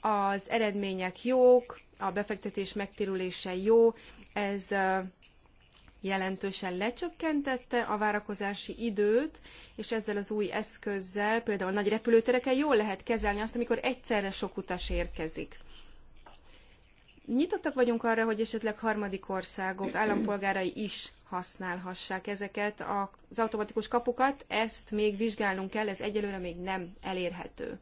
Az eredmények jók, a befektetés megtérülése jó, ez jelentősen lecsökkentette a várakozási időt, és ezzel az új eszközzel, például a nagy repülőtereken jól lehet kezelni azt, amikor egyszerre sok utas érkezik. Nyitottak vagyunk arra, hogy esetleg harmadik országok állampolgárai is használhassák ezeket az automatikus kapukat, ezt még vizsgálnunk kell, ez egyelőre még nem elérhető.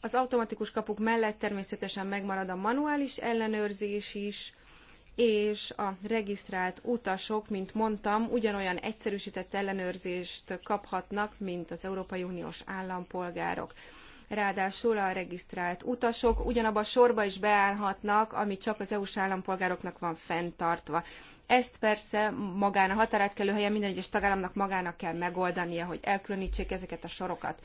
Az automatikus kapuk mellett természetesen megmarad a manuális ellenőrzés is, és a regisztrált utasok, mint mondtam, ugyanolyan egyszerűsített ellenőrzést kaphatnak, mint az Európai Uniós állampolgárok. Ráadásul a regisztrált utasok ugyanabba a sorba is beállhatnak, ami csak az EU-s állampolgároknak van fenntartva. Ezt persze magán a határátkelő helyen minden egyes tagállamnak magának kell megoldania, hogy elkülönítsék ezeket a sorokat.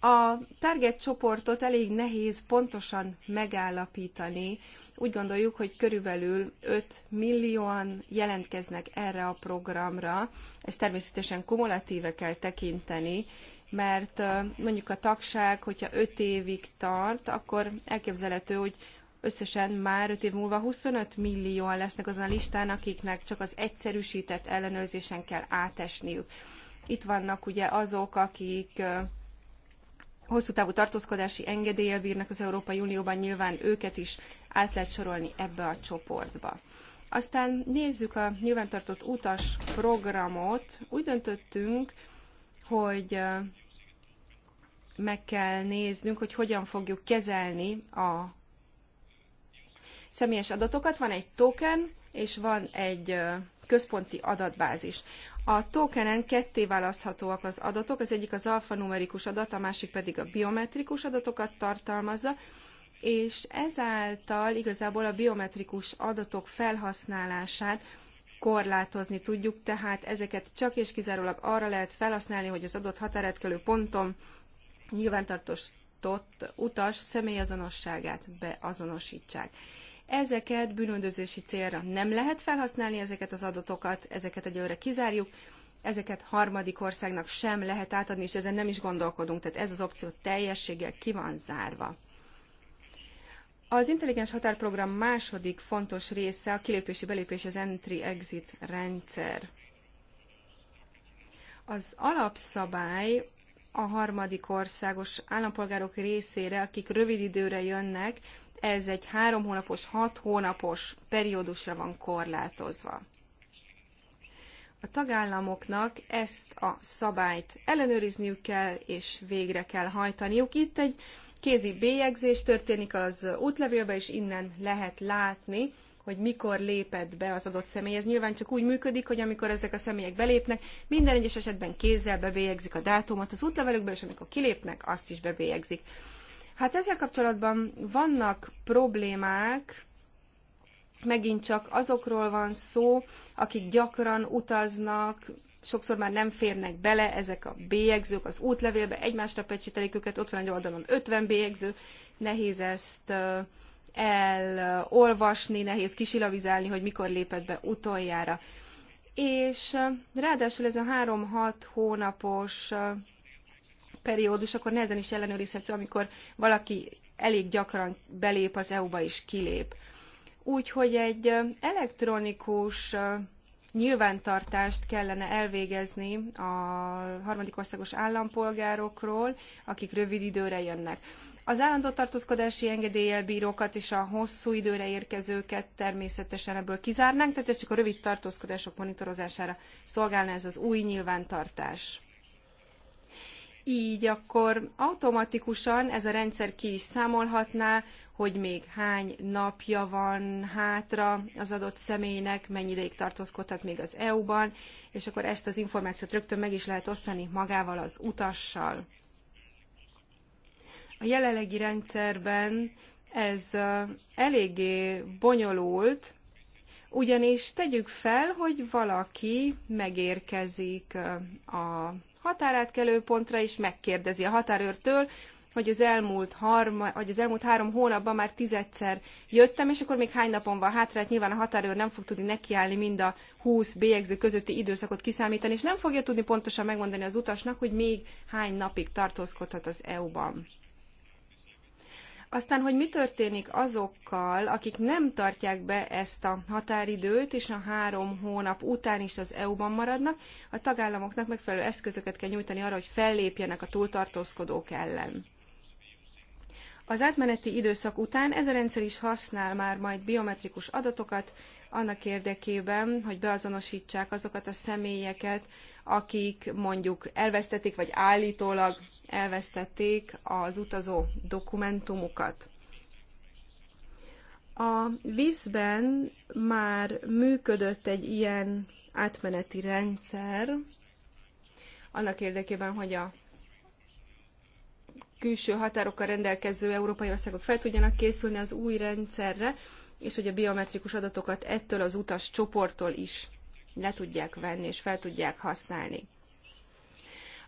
A target csoportot elég nehéz pontosan megállapítani. Úgy gondoljuk, hogy körülbelül 5 millióan jelentkeznek erre a programra. Ezt természetesen kumulatíve kell tekinteni, mert mondjuk a tagság, hogyha 5 évig tart, akkor elképzelhető, hogy összesen már 5 év múlva 25 millióan lesznek azon a listán, akiknek csak az egyszerűsített ellenőrzésen kell átesniük. Itt vannak ugye azok, akik hosszú távú tartózkodási engedéllyel bírnak az Európai Unióban, nyilván őket is át lehet sorolni ebbe a csoportba. Aztán nézzük a nyilvántartott utas programot. Úgy döntöttünk, hogy meg kell néznünk, hogy hogyan fogjuk kezelni a személyes adatokat. Van egy token, és van egy központi adatbázis. A tokenen ketté választhatóak az adatok, az egyik az alfanumerikus adat, a másik pedig a biometrikus adatokat tartalmazza, és ezáltal igazából a biometrikus adatok felhasználását korlátozni tudjuk, tehát ezeket csak és kizárólag arra lehet felhasználni, hogy az adott határátkelő ponton nyilvántartott utas személyazonosságát beazonosítsák. Ezeket bűnöldözési célra nem lehet felhasználni, ezeket az adatokat, ezeket egyelőre kizárjuk, ezeket harmadik országnak sem lehet átadni, és ezen nem is gondolkodunk, tehát ez az opció teljességgel ki van zárva. Az intelligens határprogram második fontos része a kilépési-belépés az entry-exit rendszer. Az alapszabály a harmadik országos állampolgárok részére, akik rövid időre jönnek, ez egy három hónapos, hat hónapos periódusra van korlátozva. A tagállamoknak ezt a szabályt ellenőrizniük kell, és végre kell hajtaniuk. Itt egy kézi bélyegzés történik az útlevélbe, és innen lehet látni, hogy mikor lépett be az adott személy. Ez nyilván csak úgy működik, hogy amikor ezek a személyek belépnek, minden egyes esetben kézzel bebélyegzik a dátumot az útlevelükből, és amikor kilépnek, azt is bebélyegzik. Hát ezzel kapcsolatban vannak problémák, megint csak azokról van szó, akik gyakran utaznak, sokszor már nem férnek bele ezek a bélyegzők az útlevélbe, egymásra pecsételik őket, ott van egy oldalon 50 bélyegző, nehéz ezt elolvasni, nehéz kisilavizálni, hogy mikor lépett be utoljára. És ráadásul ez a három-hat hónapos periódus akkor nehezen is ellenőrizhető, amikor valaki elég gyakran belép az EU-ba és kilép. Úgyhogy egy elektronikus nyilvántartást kellene elvégezni a harmadik országos állampolgárokról, akik rövid időre jönnek. Az állandó tartózkodási engedéllyel brókat és a hosszú időre érkezőket természetesen ebből kizárnánk, tehát ez csak a rövid tartózkodások monitorozására szolgálna ez az új nyilvántartás. Így akkor automatikusan ez a rendszer ki is számolhatná, hogy még hány napja van hátra az adott személynek, mennyi ideig tartózkodhat még az EU-ban, és akkor ezt az információt rögtön meg is lehet osztani magával az utassal. A jelenlegi rendszerben ez eléggé bonyolult, ugyanis tegyük fel, hogy valaki megérkezik a határátkelő pontra, és megkérdezi a határőrtől, hogy az elmúlt, harma, hogy az elmúlt három hónapban már tizedszer jöttem, és akkor még hány napon van hátra, hát nyilván a határőr nem fog tudni nekiállni mind a 20 bélyegző közötti időszakot kiszámítani, és nem fogja tudni pontosan megmondani az utasnak, hogy még hány napig tartózkodhat az EU-ban. Aztán, hogy mi történik azokkal, akik nem tartják be ezt a határidőt, és a három hónap után is az EU-ban maradnak, a tagállamoknak megfelelő eszközöket kell nyújtani arra, hogy fellépjenek a túltartózkodók ellen. Az átmeneti időszak után ez a rendszer is használ már majd biometrikus adatokat, annak érdekében, hogy beazonosítsák azokat a személyeket, akik mondjuk elvesztették, vagy állítólag elvesztették az utazó dokumentumukat. A vízben már működött egy ilyen átmeneti rendszer, annak érdekében, hogy a külső határokkal rendelkező európai országok fel tudjanak készülni az új rendszerre, és hogy a biometrikus adatokat ettől az utas csoporttól is le tudják venni és fel tudják használni.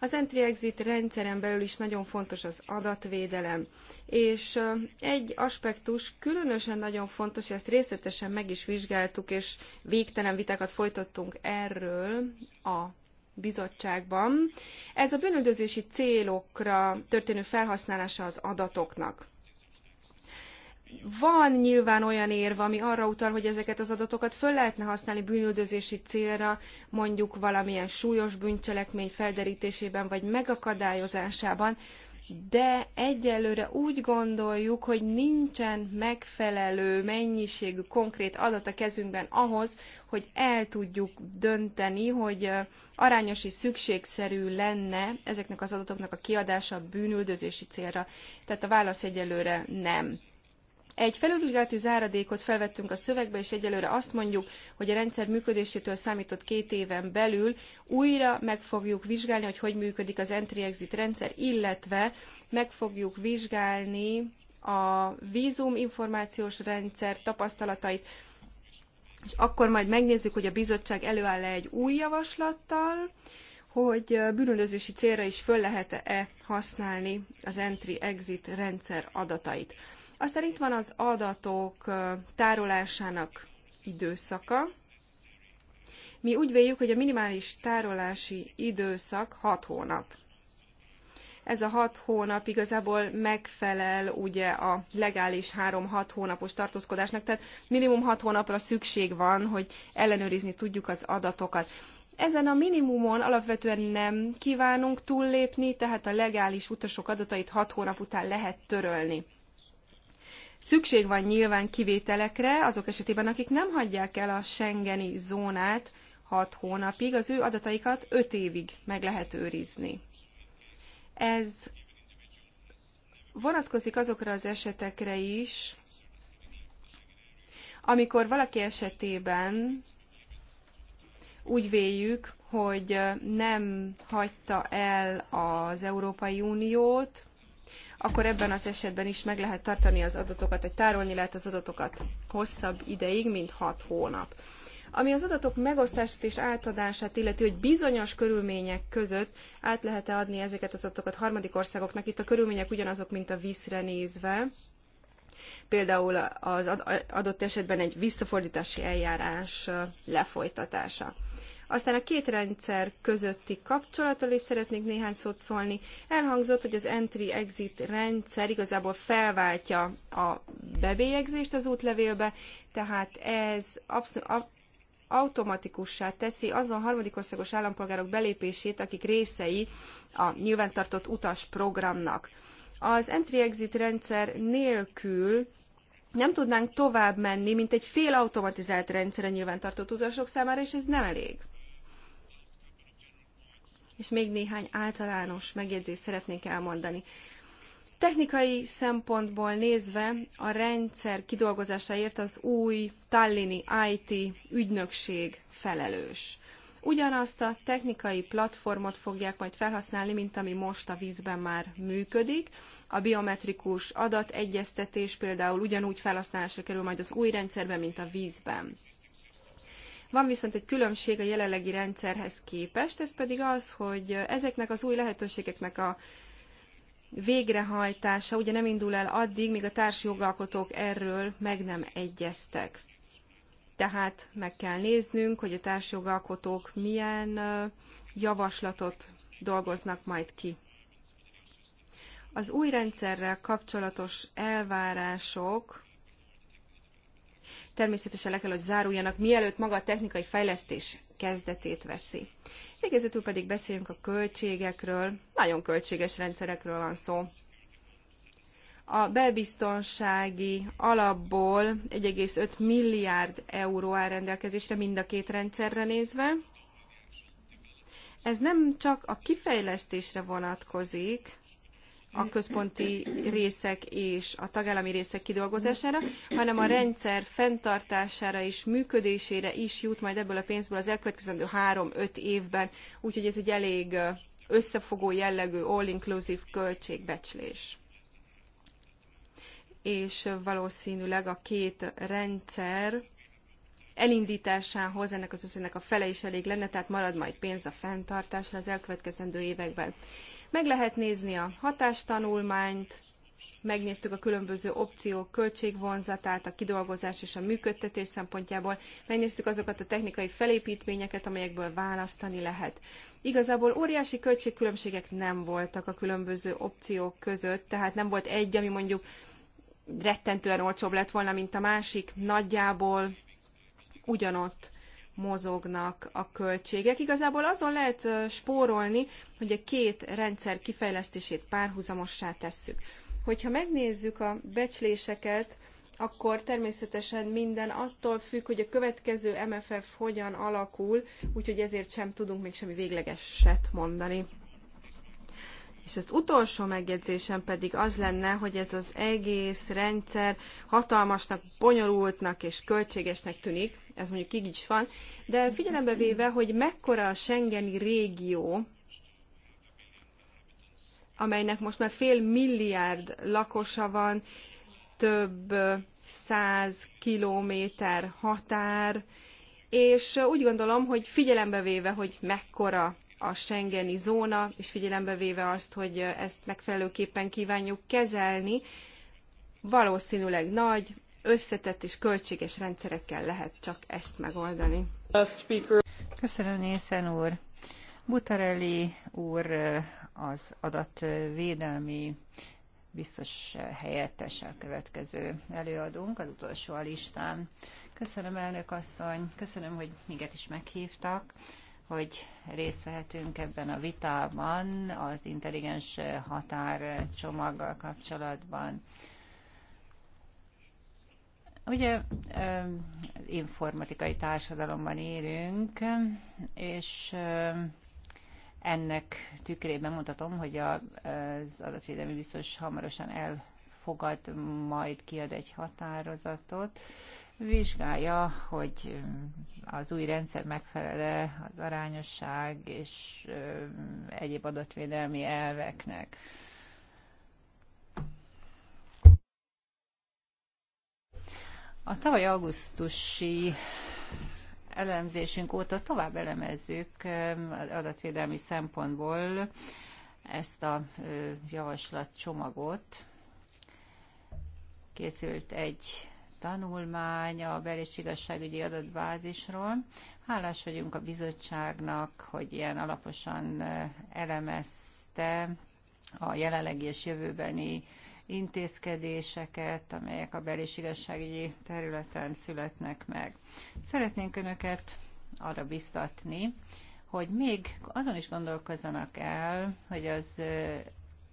Az entry-exit rendszeren belül is nagyon fontos az adatvédelem, és egy aspektus különösen nagyon fontos, ezt részletesen meg is vizsgáltuk, és végtelen vitákat folytattunk erről a bizottságban. Ez a bűnöldözési célokra történő felhasználása az adatoknak van nyilván olyan érv, ami arra utal, hogy ezeket az adatokat föl lehetne használni bűnüldözési célra, mondjuk valamilyen súlyos bűncselekmény felderítésében vagy megakadályozásában, de egyelőre úgy gondoljuk, hogy nincsen megfelelő mennyiségű konkrét adat a kezünkben ahhoz, hogy el tudjuk dönteni, hogy arányos és szükségszerű lenne ezeknek az adatoknak a kiadása bűnüldözési célra. Tehát a válasz egyelőre nem. Egy felülvizsgálati záradékot felvettünk a szövegbe, és egyelőre azt mondjuk, hogy a rendszer működésétől számított két éven belül újra meg fogjuk vizsgálni, hogy hogy működik az entry-exit rendszer, illetve meg fogjuk vizsgálni a vízum információs rendszer tapasztalatait, és akkor majd megnézzük, hogy a bizottság előáll-e egy új javaslattal, hogy bűnöldözési célra is föl lehet-e használni az entry-exit rendszer adatait. Aztán itt van az adatok tárolásának időszaka. Mi úgy véljük, hogy a minimális tárolási időszak 6 hónap. Ez a 6 hónap igazából megfelel ugye a legális 3-6 hónapos tartózkodásnak, tehát minimum 6 hónapra szükség van, hogy ellenőrizni tudjuk az adatokat. Ezen a minimumon alapvetően nem kívánunk túllépni, tehát a legális utasok adatait 6 hónap után lehet törölni. Szükség van nyilván kivételekre azok esetében, akik nem hagyják el a Schengeni zónát 6 hónapig, az ő adataikat 5 évig meg lehet őrizni. Ez vonatkozik azokra az esetekre is, amikor valaki esetében úgy véljük, hogy nem hagyta el az Európai Uniót, akkor ebben az esetben is meg lehet tartani az adatokat, vagy tárolni lehet az adatokat hosszabb ideig, mint 6 hónap. Ami az adatok megosztását és átadását illeti, hogy bizonyos körülmények között át lehet-e adni ezeket az adatokat harmadik országoknak, itt a körülmények ugyanazok, mint a vízre nézve, például az adott esetben egy visszafordítási eljárás lefolytatása. Aztán a két rendszer közötti kapcsolatról is szeretnék néhány szót szólni. Elhangzott, hogy az entry-exit rendszer igazából felváltja a bebélyegzést az útlevélbe, tehát ez automatikussá teszi azon harmadik országos állampolgárok belépését, akik részei a nyilvántartott utas programnak. Az entry-exit rendszer nélkül nem tudnánk tovább menni, mint egy félautomatizált rendszer a nyilvántartott utasok számára, és ez nem elég és még néhány általános megjegyzést szeretnék elmondani. Technikai szempontból nézve a rendszer kidolgozásáért az új Tallini IT ügynökség felelős. Ugyanazt a technikai platformot fogják majd felhasználni, mint ami most a vízben már működik. A biometrikus adategyeztetés például ugyanúgy felhasználásra kerül majd az új rendszerben, mint a vízben. Van viszont egy különbség a jelenlegi rendszerhez képest, ez pedig az, hogy ezeknek az új lehetőségeknek a végrehajtása ugye nem indul el addig, míg a társi jogalkotók erről meg nem egyeztek. Tehát meg kell néznünk, hogy a társi jogalkotók milyen javaslatot dolgoznak majd ki. Az új rendszerrel kapcsolatos elvárások természetesen le kell, hogy záruljanak, mielőtt maga a technikai fejlesztés kezdetét veszi. Végezetül pedig beszéljünk a költségekről. Nagyon költséges rendszerekről van szó. A belbiztonsági alapból 1,5 milliárd euró áll rendelkezésre mind a két rendszerre nézve. Ez nem csak a kifejlesztésre vonatkozik, a központi részek és a tagállami részek kidolgozására, hanem a rendszer fenntartására és működésére is jut majd ebből a pénzből az elkövetkezendő három-öt évben, úgyhogy ez egy elég összefogó jellegű all-inclusive költségbecslés és valószínűleg a két rendszer elindításához ennek az összegnek a fele is elég lenne, tehát marad majd pénz a fenntartásra az elkövetkezendő években. Meg lehet nézni a hatástanulmányt, megnéztük a különböző opciók költségvonzatát, a kidolgozás és a működtetés szempontjából, megnéztük azokat a technikai felépítményeket, amelyekből választani lehet. Igazából óriási költségkülönbségek nem voltak a különböző opciók között, tehát nem volt egy, ami mondjuk rettentően olcsóbb lett volna, mint a másik, nagyjából ugyanott mozognak a költségek. Igazából azon lehet spórolni, hogy a két rendszer kifejlesztését párhuzamossá tesszük. Hogyha megnézzük a becsléseket, akkor természetesen minden attól függ, hogy a következő MFF hogyan alakul, úgyhogy ezért sem tudunk még semmi véglegeset mondani. És az utolsó megjegyzésem pedig az lenne, hogy ez az egész rendszer hatalmasnak, bonyolultnak és költségesnek tűnik, ez mondjuk így is van, de figyelembe véve, hogy mekkora a Schengeni régió, amelynek most már fél milliárd lakosa van, több száz kilométer határ, és úgy gondolom, hogy figyelembe véve, hogy mekkora a Schengeni zóna, és figyelembe véve azt, hogy ezt megfelelőképpen kívánjuk kezelni, valószínűleg nagy összetett és költséges rendszerekkel lehet csak ezt megoldani. Köszönöm, Nészen úr. Butarelli úr az adatvédelmi biztos helyettes a következő előadónk, az utolsó a listán. Köszönöm, elnök asszony, köszönöm, hogy minket is meghívtak, hogy részt vehetünk ebben a vitában az intelligens határcsomaggal kapcsolatban. Ugye informatikai társadalomban élünk, és ennek tükrében mondhatom, hogy az adatvédelmi biztos hamarosan elfogad, majd kiad egy határozatot, vizsgálja, hogy az új rendszer megfelele az arányosság és egyéb adatvédelmi elveknek. A tavaly augusztusi elemzésünk óta tovább elemezzük adatvédelmi szempontból ezt a javaslatcsomagot. Készült egy tanulmány a bel- igazságügyi adatbázisról. Hálás vagyunk a bizottságnak, hogy ilyen alaposan elemezte a jelenlegi és jövőbeni intézkedéseket, amelyek a bel- és igazságügyi területen születnek meg. Szeretnénk Önöket arra biztatni, hogy még azon is gondolkozzanak el, hogy az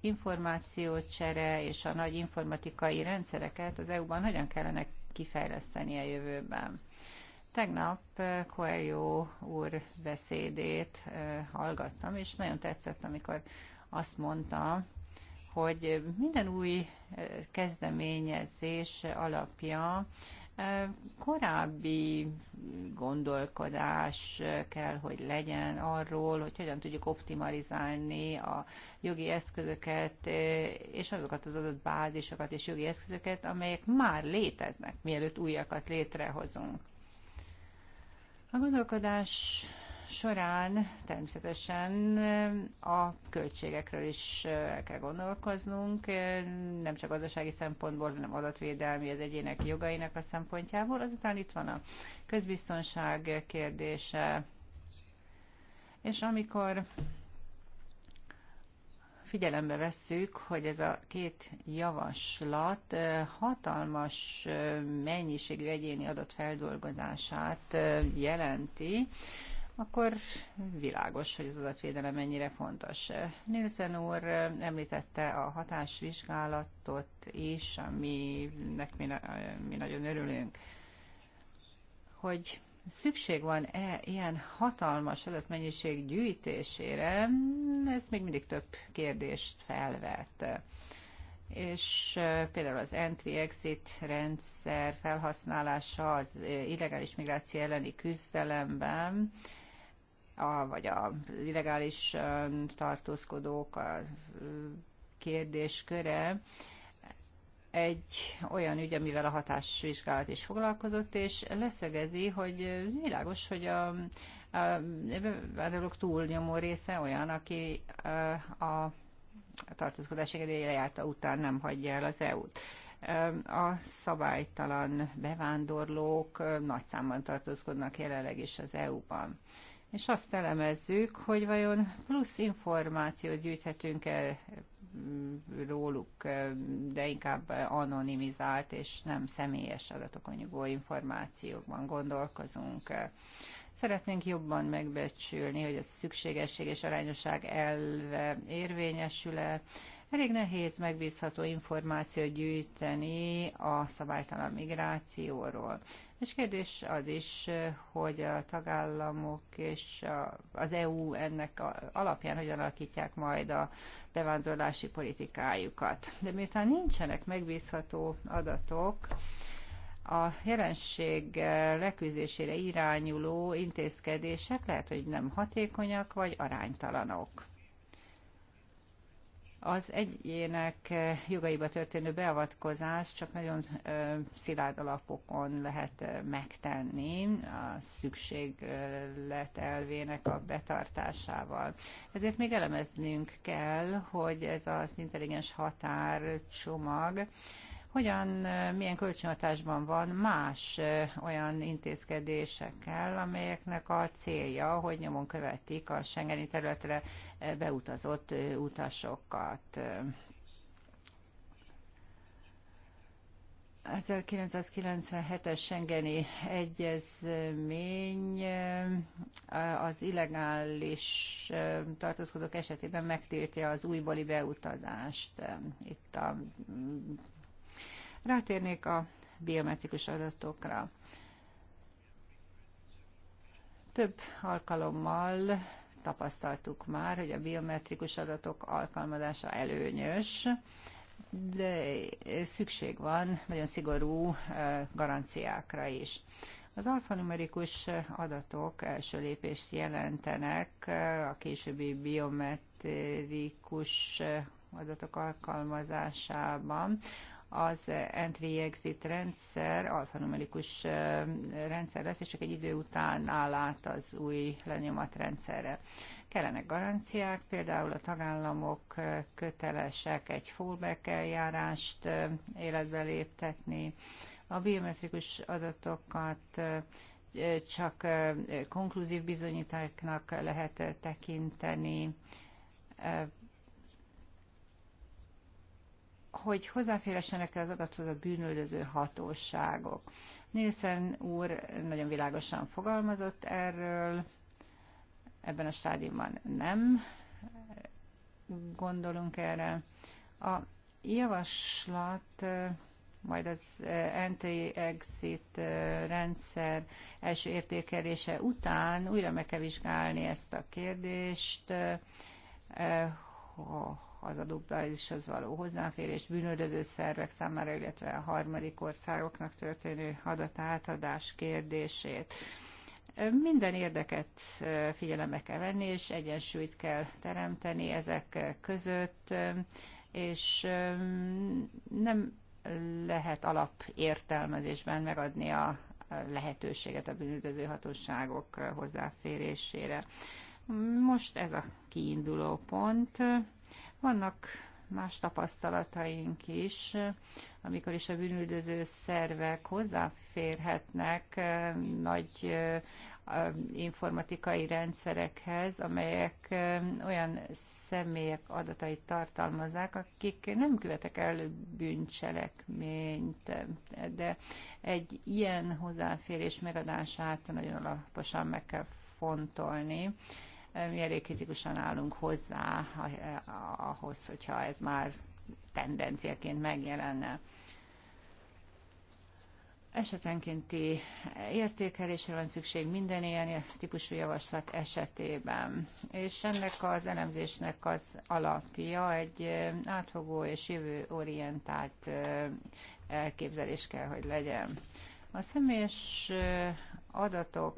információcsere és a nagy informatikai rendszereket az EU-ban hogyan kellene kifejleszteni a jövőben. Tegnap Coelho úr beszédét hallgattam, és nagyon tetszett, amikor azt mondta, hogy minden új eh, kezdeményezés alapja eh, korábbi gondolkodás eh, kell, hogy legyen arról, hogy hogyan tudjuk optimalizálni a jogi eszközöket, és azokat az adott bázisokat és jogi eszközöket, amelyek már léteznek, mielőtt újakat létrehozunk. A gondolkodás során természetesen a költségekről is eh, kell gondolkoznunk, eh, nem csak gazdasági szempontból, hanem adatvédelmi az egyének jogainak a szempontjából. Azután itt van a közbiztonság kérdése, és amikor figyelembe vesszük, hogy ez a két javaslat eh, hatalmas mennyiségű egyéni adatfeldolgozását jelenti, akkor világos, hogy az adatvédelem mennyire fontos. Nielsen úr említette a hatásvizsgálatot is, aminek mi, mi nagyon örülünk, hogy szükség van-e ilyen hatalmas adatmennyiség gyűjtésére, ez még mindig több kérdést felvet és például az entry-exit rendszer felhasználása az illegális migráció elleni küzdelemben a, vagy a illegális tartózkodók a kérdésköre egy olyan ügy, amivel a hatásvizsgálat is foglalkozott, és leszögezi, hogy világos, hogy a a bevándorlók túlnyomó része olyan, aki a tartózkodás engedélye lejárta után nem hagyja el az EU-t. A szabálytalan bevándorlók nagy számban tartózkodnak jelenleg is az EU-ban és azt elemezzük, hogy vajon plusz információt gyűjthetünk el mm, róluk, de inkább anonimizált és nem személyes adatokon nyugvó információkban gondolkozunk. Szeretnénk jobban megbecsülni, hogy a szükségesség és arányosság elve érvényesül-e, Elég nehéz megbízható információt gyűjteni a szabálytalan migrációról. És kérdés az is, hogy a tagállamok és az EU ennek alapján hogyan alakítják majd a bevándorlási politikájukat. De miután nincsenek megbízható adatok, a jelenség leküzdésére irányuló intézkedések lehet, hogy nem hatékonyak vagy aránytalanok. Az egyének eh, jogaiba történő beavatkozás csak nagyon eh, szilárd alapokon lehet eh, megtenni a szükséglet elvének a betartásával. Ezért még elemeznünk kell, hogy ez az intelligens határcsomag hogyan, milyen kölcsönhatásban van más olyan intézkedésekkel, amelyeknek a célja, hogy nyomon követik a Schengeni területre beutazott utasokat. 1997-es Schengeni egyezmény az illegális tartózkodók esetében megtiltja az újbóli beutazást. Itt a Rátérnék a biometrikus adatokra. Több alkalommal tapasztaltuk már, hogy a biometrikus adatok alkalmazása előnyös, de szükség van nagyon szigorú garanciákra is. Az alfanumerikus adatok első lépést jelentenek a későbbi biometrikus adatok alkalmazásában az entry-exit rendszer alfanumerikus rendszer lesz, és csak egy idő után áll át az új lenyomatrendszerre. Kellenek garanciák, például a tagállamok kötelesek egy fallback eljárást életbe léptetni, a biometrikus adatokat csak konkluzív bizonyítáknak lehet tekinteni, hogy hozzáférhessenek az adathoz a bűnöldöző hatóságok. Nielsen úr nagyon világosan fogalmazott erről, ebben a stádiumban nem gondolunk erre. A javaslat majd az anti-exit rendszer első értékelése után újra meg kell vizsgálni ezt a kérdést, eh, az az való hozzáférés bűnöröző szervek számára, illetve a harmadik országoknak történő adatátadás kérdését. Minden érdeket figyelembe kell venni, és egyensúlyt kell teremteni ezek között, és nem lehet alapértelmezésben megadni a lehetőséget a bűnüldöző hatóságok hozzáférésére. Most ez a kiinduló pont. Vannak más tapasztalataink is, amikor is a bűnüldöző szervek hozzáférhetnek eh, nagy eh, informatikai rendszerekhez, amelyek eh, olyan személyek adatait tartalmazzák, akik nem követek el bűncselekményt, de egy ilyen hozzáférés megadását nagyon alaposan meg kell fontolni mi elég kritikusan állunk hozzá eh, ahhoz, hogyha ez már tendenciaként megjelenne esetenkénti értékelésre van szükség minden ilyen típusú javaslat esetében. És ennek az elemzésnek az alapja egy eh, átfogó és jövőorientált eh, elképzelés kell, hogy legyen. A személyes adatok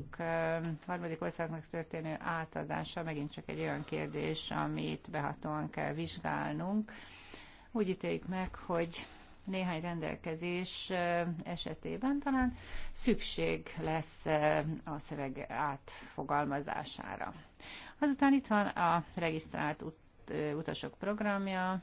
harmadik országnak történő átadása megint csak egy olyan kérdés, amit behatóan kell vizsgálnunk. Úgy ítéljük meg, hogy néhány rendelkezés esetében talán szükség lesz a szöveg átfogalmazására. Azután itt van a regisztrált ut- utasok programja,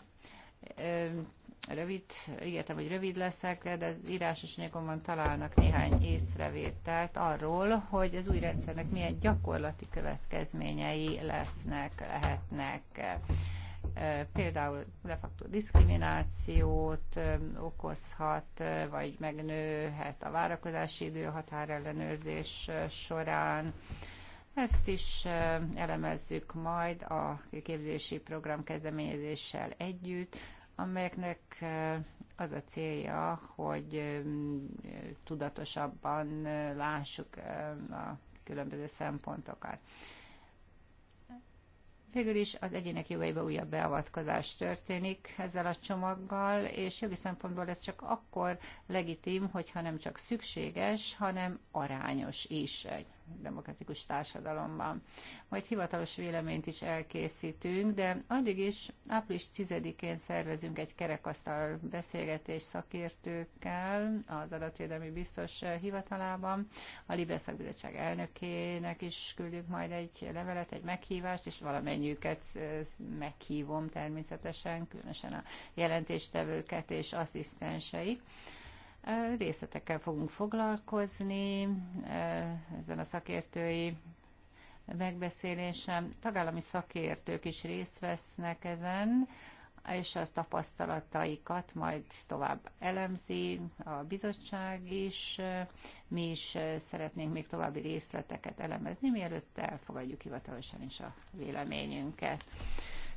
rövid, ígértem, hogy rövid leszek, de az írásos nyakomban találnak néhány észrevételt arról, hogy az új rendszernek milyen gyakorlati következményei lesznek, lehetnek például de facto diszkriminációt okozhat, vagy megnőhet a várakozási idő határellenőrzés során. Ezt is elemezzük majd a képzési program kezdeményezéssel együtt, amelyeknek az a célja, hogy tudatosabban lássuk a különböző szempontokat. Végül is az egyének jogaiba újabb beavatkozás történik ezzel a csomaggal, és jogi szempontból ez csak akkor legitim, hogyha nem csak szükséges, hanem arányos is egy demokratikus társadalomban. Majd hivatalos véleményt is elkészítünk, de addig is április 10-én szervezünk egy kerekasztal beszélgetés szakértőkkel az adatvédelmi biztos hivatalában. A Libes Szakbizottság elnökének is küldünk majd egy levelet, egy meghívást, és valamennyiüket meghívom természetesen, különösen a jelentéstevőket és asszisztenseit Részletekkel fogunk foglalkozni ezen a szakértői megbeszélésem. Tagállami szakértők is részt vesznek ezen, és a tapasztalataikat majd tovább elemzi a bizottság is. Mi is szeretnénk még további részleteket elemezni, mielőtt elfogadjuk hivatalosan is a véleményünket.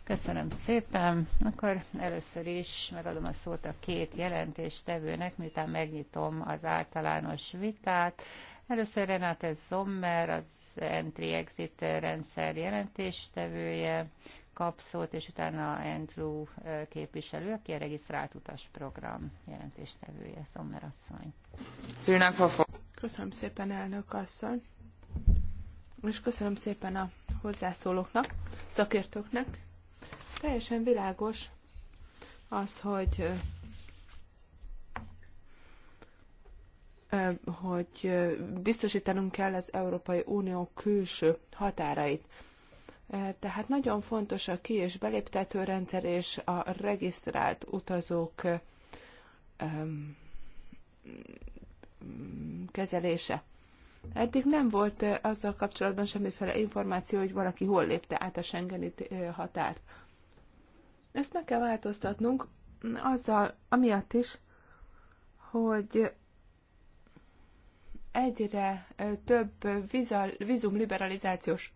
Köszönöm szépen. Akkor először is megadom a szót a két jelentéstevőnek, miután megnyitom az általános vitát. Először Renate Zommer, az Entry-Exit rendszer jelentéstevője kap szót, és utána Andrew képviselő, aki a regisztrált utas program jelentéstevője, Zommer asszony. Köszönöm szépen, elnök asszony, és köszönöm szépen a hozzászólóknak, szakértőknek, Teljesen világos az, hogy hogy biztosítanunk kell az Európai Unió külső határait. Tehát nagyon fontos a ki- és beléptető rendszer és a regisztrált utazók kezelése. Eddig nem volt azzal kapcsolatban semmiféle információ, hogy valaki hol lépte át a Schengeni határt. Ezt meg kell változtatnunk azzal, amiatt is, hogy egyre több vízumliberalizációs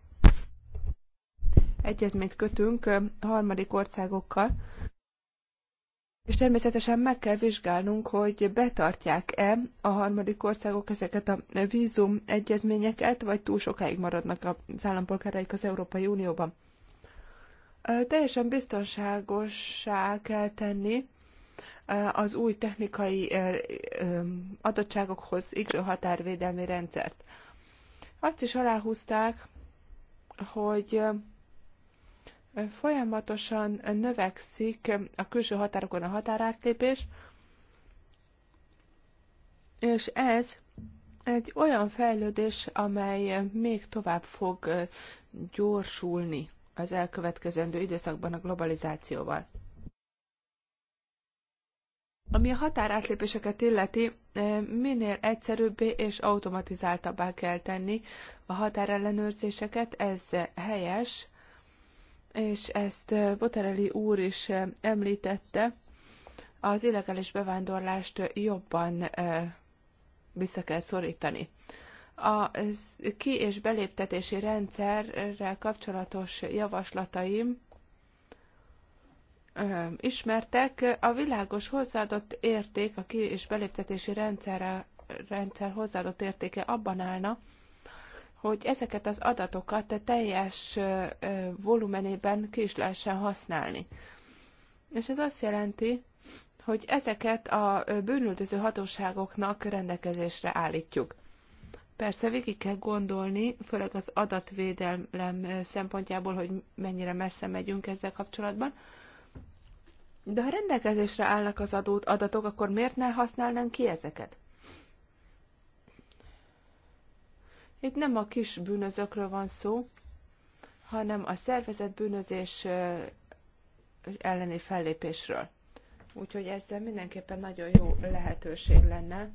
egyezményt kötünk harmadik országokkal, és természetesen meg kell vizsgálnunk, hogy betartják-e a harmadik országok ezeket a vízum egyezményeket, vagy túl sokáig maradnak az állampolgáraik az Európai Unióban. Teljesen biztonságosá kell tenni az új technikai adottságokhoz igző határvédelmi rendszert. Azt is aláhúzták, hogy Folyamatosan növekszik a külső határokon a határátlépés, és ez egy olyan fejlődés, amely még tovább fog gyorsulni az elkövetkezendő időszakban a globalizációval. Ami a határátlépéseket illeti, minél egyszerűbbé és automatizáltabbá kell tenni a határellenőrzéseket, ez helyes, és ezt Botereli úr is említette, az illegális bevándorlást jobban vissza kell szorítani. A ki- és beléptetési rendszerrel kapcsolatos javaslataim ismertek. A világos hozzáadott érték, a ki- és beléptetési rendszerre, rendszer hozzáadott értéke abban állna, hogy ezeket az adatokat a teljes volumenében ki is lehessen használni. És ez azt jelenti, hogy ezeket a bűnüldöző hatóságoknak rendelkezésre állítjuk. Persze végig kell gondolni, főleg az adatvédelem szempontjából, hogy mennyire messze megyünk ezzel kapcsolatban. De ha rendelkezésre állnak az adót, adatok, akkor miért ne használnánk ki ezeket? Itt nem a kis bűnözökről van szó, hanem a szervezet bűnözés elleni fellépésről. Úgyhogy ezzel mindenképpen nagyon jó lehetőség lenne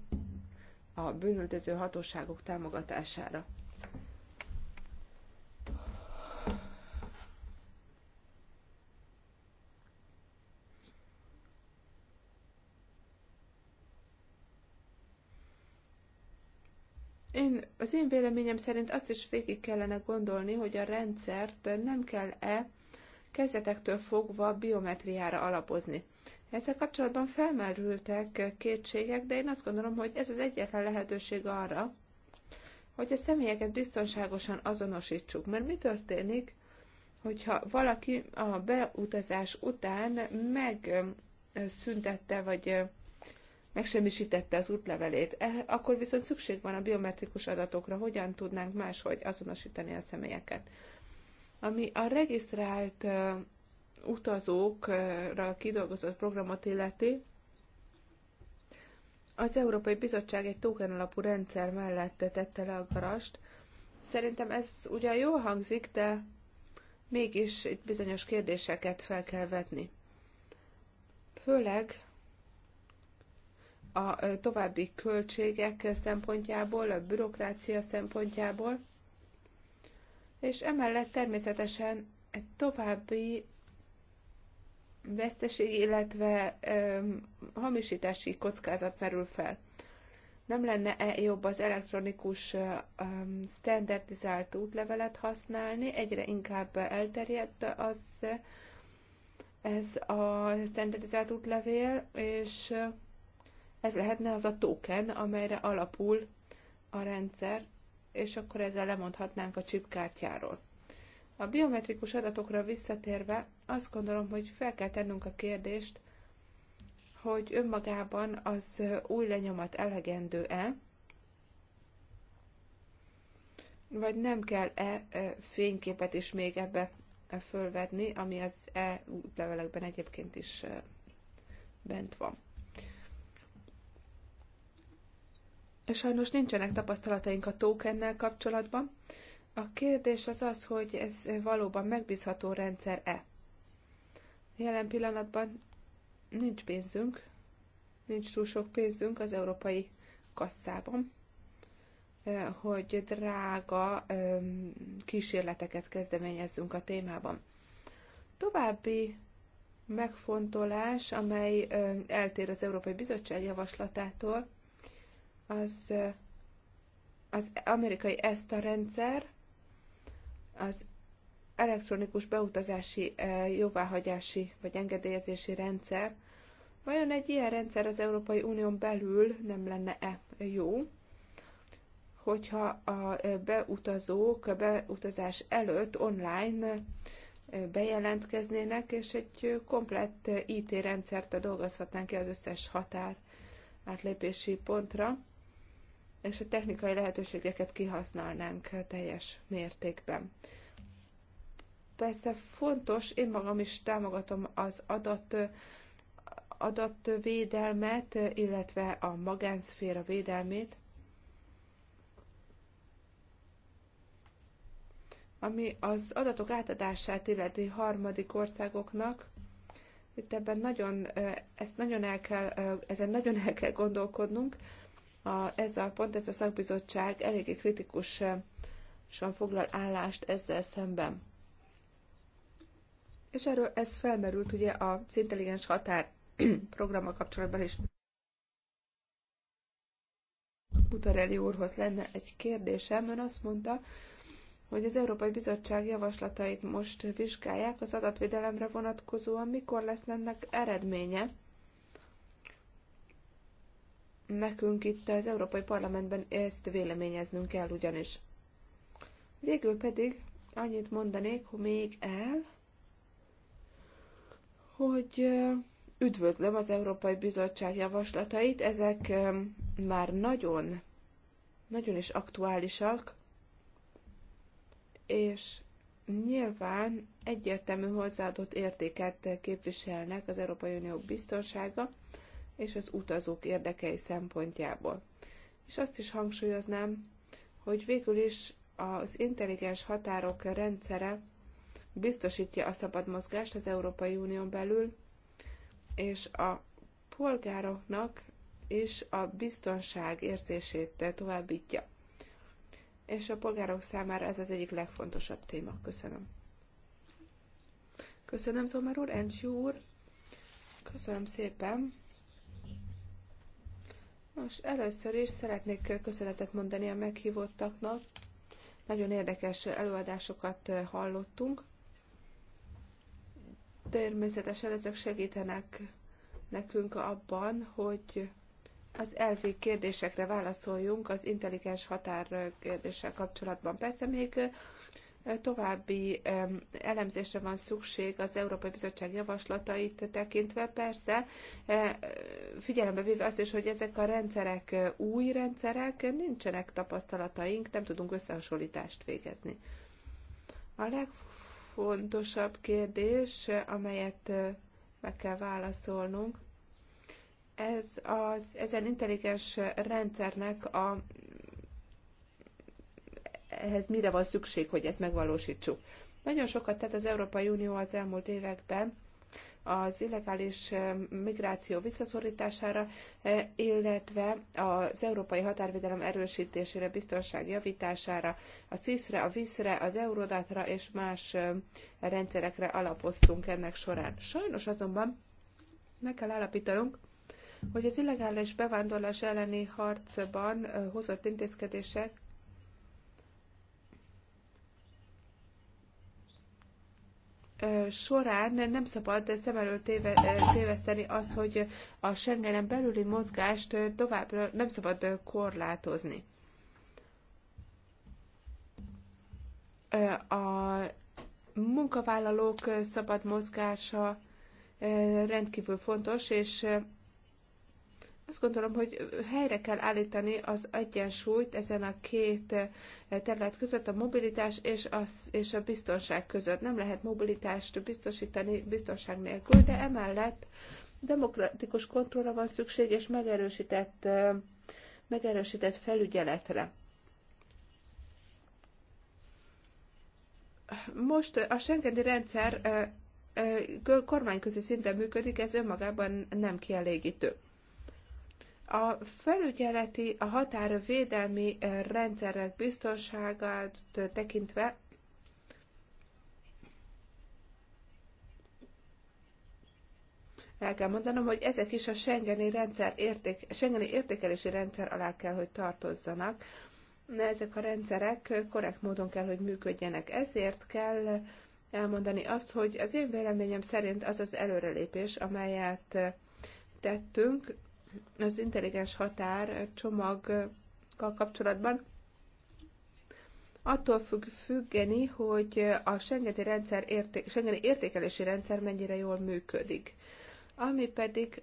a bűnöldöző hatóságok támogatására. Én, az én véleményem szerint azt is végig kellene gondolni, hogy a rendszert nem kell-e kezdetektől fogva biometriára alapozni. Ezzel kapcsolatban felmerültek kétségek, de én azt gondolom, hogy ez az egyetlen lehetőség arra, hogy a személyeket biztonságosan azonosítsuk. Mert mi történik, hogyha valaki a beutazás után megszüntette, vagy megsemmisítette az útlevelét, e, akkor viszont szükség van a biometrikus adatokra, hogyan tudnánk máshogy azonosítani a személyeket. Ami a regisztrált utazókra kidolgozott programot illeti, az Európai Bizottság egy token alapú rendszer mellett tette le a garast. Szerintem ez ugyan jól hangzik, de mégis itt bizonyos kérdéseket fel kell vetni. Főleg a további költségek szempontjából, a bürokrácia szempontjából, és emellett természetesen egy további veszteség, illetve öm, hamisítási kockázat merül fel. Nem lenne -e jobb az elektronikus öm, standardizált útlevelet használni, egyre inkább elterjedt az ez a standardizált útlevél, és ez lehetne az a token, amelyre alapul a rendszer, és akkor ezzel lemondhatnánk a csipkártyáról. A biometrikus adatokra visszatérve azt gondolom, hogy fel kell tennünk a kérdést, hogy önmagában az új lenyomat elegendő-e, vagy nem kell-e e, fényképet is még ebbe e, fölvedni, ami az e útlevelekben egyébként is e, bent van. Sajnos nincsenek tapasztalataink a tokennel kapcsolatban. A kérdés az az, hogy ez valóban megbízható rendszer-e. Jelen pillanatban nincs pénzünk, nincs túl sok pénzünk az európai kasszában, eh, hogy drága kísérleteket kezdeményezzünk a témában. További megfontolás, amely eltér az Európai Bizottság javaslatától, az, az amerikai ESTA rendszer, az elektronikus beutazási eh, jóváhagyási vagy engedélyezési rendszer, vajon egy ilyen rendszer az Európai Unión belül nem lenne-e jó? hogyha a eh, beutazók a beutazás előtt online eh, bejelentkeznének, és egy komplett IT rendszert dolgozhatnánk ki az összes határ átlépési pontra és a technikai lehetőségeket kihasználnánk teljes mértékben. Persze fontos, én magam is támogatom az adat, adatvédelmet, illetve a magánszféra védelmét, ami az adatok átadását illeti harmadik országoknak, itt ebben nagyon, ezt nagyon el kell, ezen nagyon el kell gondolkodnunk, a, ez a pont, ez a szakbizottság eléggé kritikusan foglal állást ezzel szemben. És erről ez felmerült ugye a intelligens határ programmal kapcsolatban is. Utareli úrhoz lenne egy kérdésem. Ön azt mondta, hogy az Európai Bizottság javaslatait most vizsgálják az adatvédelemre vonatkozóan. Mikor lesz ennek eredménye? Nekünk itt az Európai Parlamentben ezt véleményeznünk kell ugyanis. Végül pedig annyit mondanék hogy még el, hogy üdvözlöm az Európai Bizottság javaslatait, ezek már nagyon, nagyon is aktuálisak, és nyilván egyértelmű hozzáadott értéket képviselnek az Európai Unió biztonsága és az utazók érdekei szempontjából. És azt is hangsúlyoznám, hogy végül is az intelligens határok rendszere biztosítja a szabad mozgást az Európai Unión belül, és a polgároknak és a biztonság érzését továbbítja. És a polgárok számára ez az egyik legfontosabb téma. Köszönöm. Köszönöm, Zomar úr, Encsi úr. Köszönöm szépen. Most először is szeretnék köszönetet mondani a meghívottaknak. Nagyon érdekes előadásokat hallottunk. Természetesen ezek segítenek nekünk abban, hogy az elvi kérdésekre válaszoljunk az intelligens határ kérdéssel kapcsolatban. Persze még további elemzésre van szükség az Európai Bizottság javaslatait tekintve. Persze e, figyelembe véve azt is, hogy ezek a rendszerek e, új rendszerek, nincsenek tapasztalataink, nem tudunk összehasonlítást végezni. A legfontosabb kérdés, amelyet e, meg kell válaszolnunk, ez az, ezen intelligens rendszernek a ehhez mire van szükség, hogy ezt megvalósítsuk. Nagyon sokat tett az Európai Unió az elmúlt években az illegális migráció visszaszorítására, illetve az európai határvédelem erősítésére, biztonság javítására, a CISZ-re, a VISZ-re, az Eurodatra és más rendszerekre alapoztunk ennek során. Sajnos azonban meg kell állapítanunk, hogy az illegális bevándorlás elleni harcban hozott intézkedések során nem szabad szem előtt téveszteni azt, hogy a Schengenen belüli mozgást továbbra nem szabad korlátozni. A munkavállalók szabad mozgása rendkívül fontos, és azt gondolom, hogy helyre kell állítani az egyensúlyt ezen a két eh, terület között, a mobilitás és, az, és a biztonság között. Nem lehet mobilitást biztosítani biztonság nélkül, de emellett demokratikus kontrollra van szükség, és megerősített, eh, megerősített felügyeletre. Most a Schengeni rendszer eh, kormányközi szinten működik, ez önmagában nem kielégítő. A felügyeleti, a határvédelmi eh, rendszerek biztonságát eh, tekintve el kell mondanom, hogy ezek is a Schengeni, rendszer érték, Schengeni értékelési rendszer alá kell, hogy tartozzanak. Ezek a rendszerek eh, korrekt módon kell, hogy működjenek. Ezért kell elmondani azt, hogy az én véleményem szerint az az előrelépés, amelyet tettünk, az intelligens határ csomaggal kapcsolatban attól függ függeni, hogy a Schengeni, rendszer érté- Schengeni értékelési rendszer mennyire jól működik. Ami pedig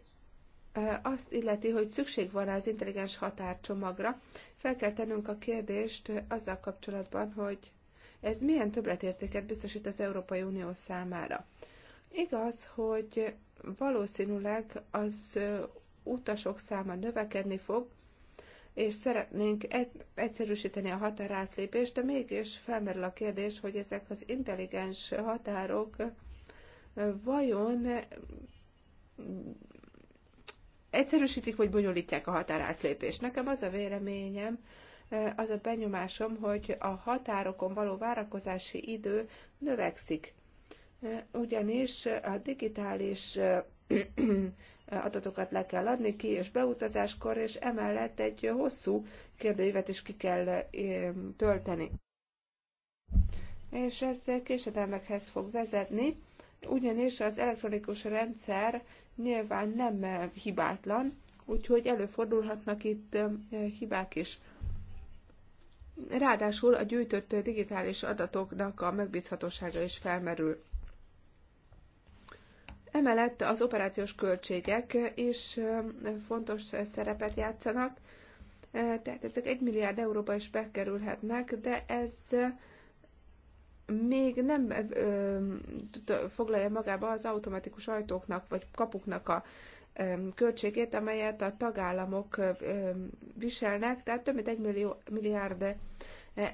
azt illeti, hogy szükség van az intelligens határcsomagra, fel kell tennünk a kérdést azzal kapcsolatban, hogy ez milyen többletértéket biztosít az Európai Unió számára. Igaz, hogy valószínűleg az utasok száma növekedni fog, és szeretnénk egyszerűsíteni a határátlépést, de mégis felmerül a kérdés, hogy ezek az intelligens határok vajon egyszerűsítik vagy bonyolítják a határátlépést. Nekem az a véleményem, az a benyomásom, hogy a határokon való várakozási idő növekszik. Ugyanis a digitális adatokat le kell adni ki és beutazáskor, és emellett egy hosszú kérdőívet is ki kell tölteni. És ez késedelmekhez fog vezetni, ugyanis az elektronikus rendszer nyilván nem hibátlan, úgyhogy előfordulhatnak itt hibák is. Ráadásul a gyűjtött digitális adatoknak a megbízhatósága is felmerül. Emellett az operációs költségek is fontos szerepet játszanak, tehát ezek 1 milliárd euróba is bekerülhetnek, de ez még nem foglalja magába az automatikus ajtóknak vagy kapuknak a költségét, amelyet a tagállamok viselnek, tehát több mint 1 millió, milliárd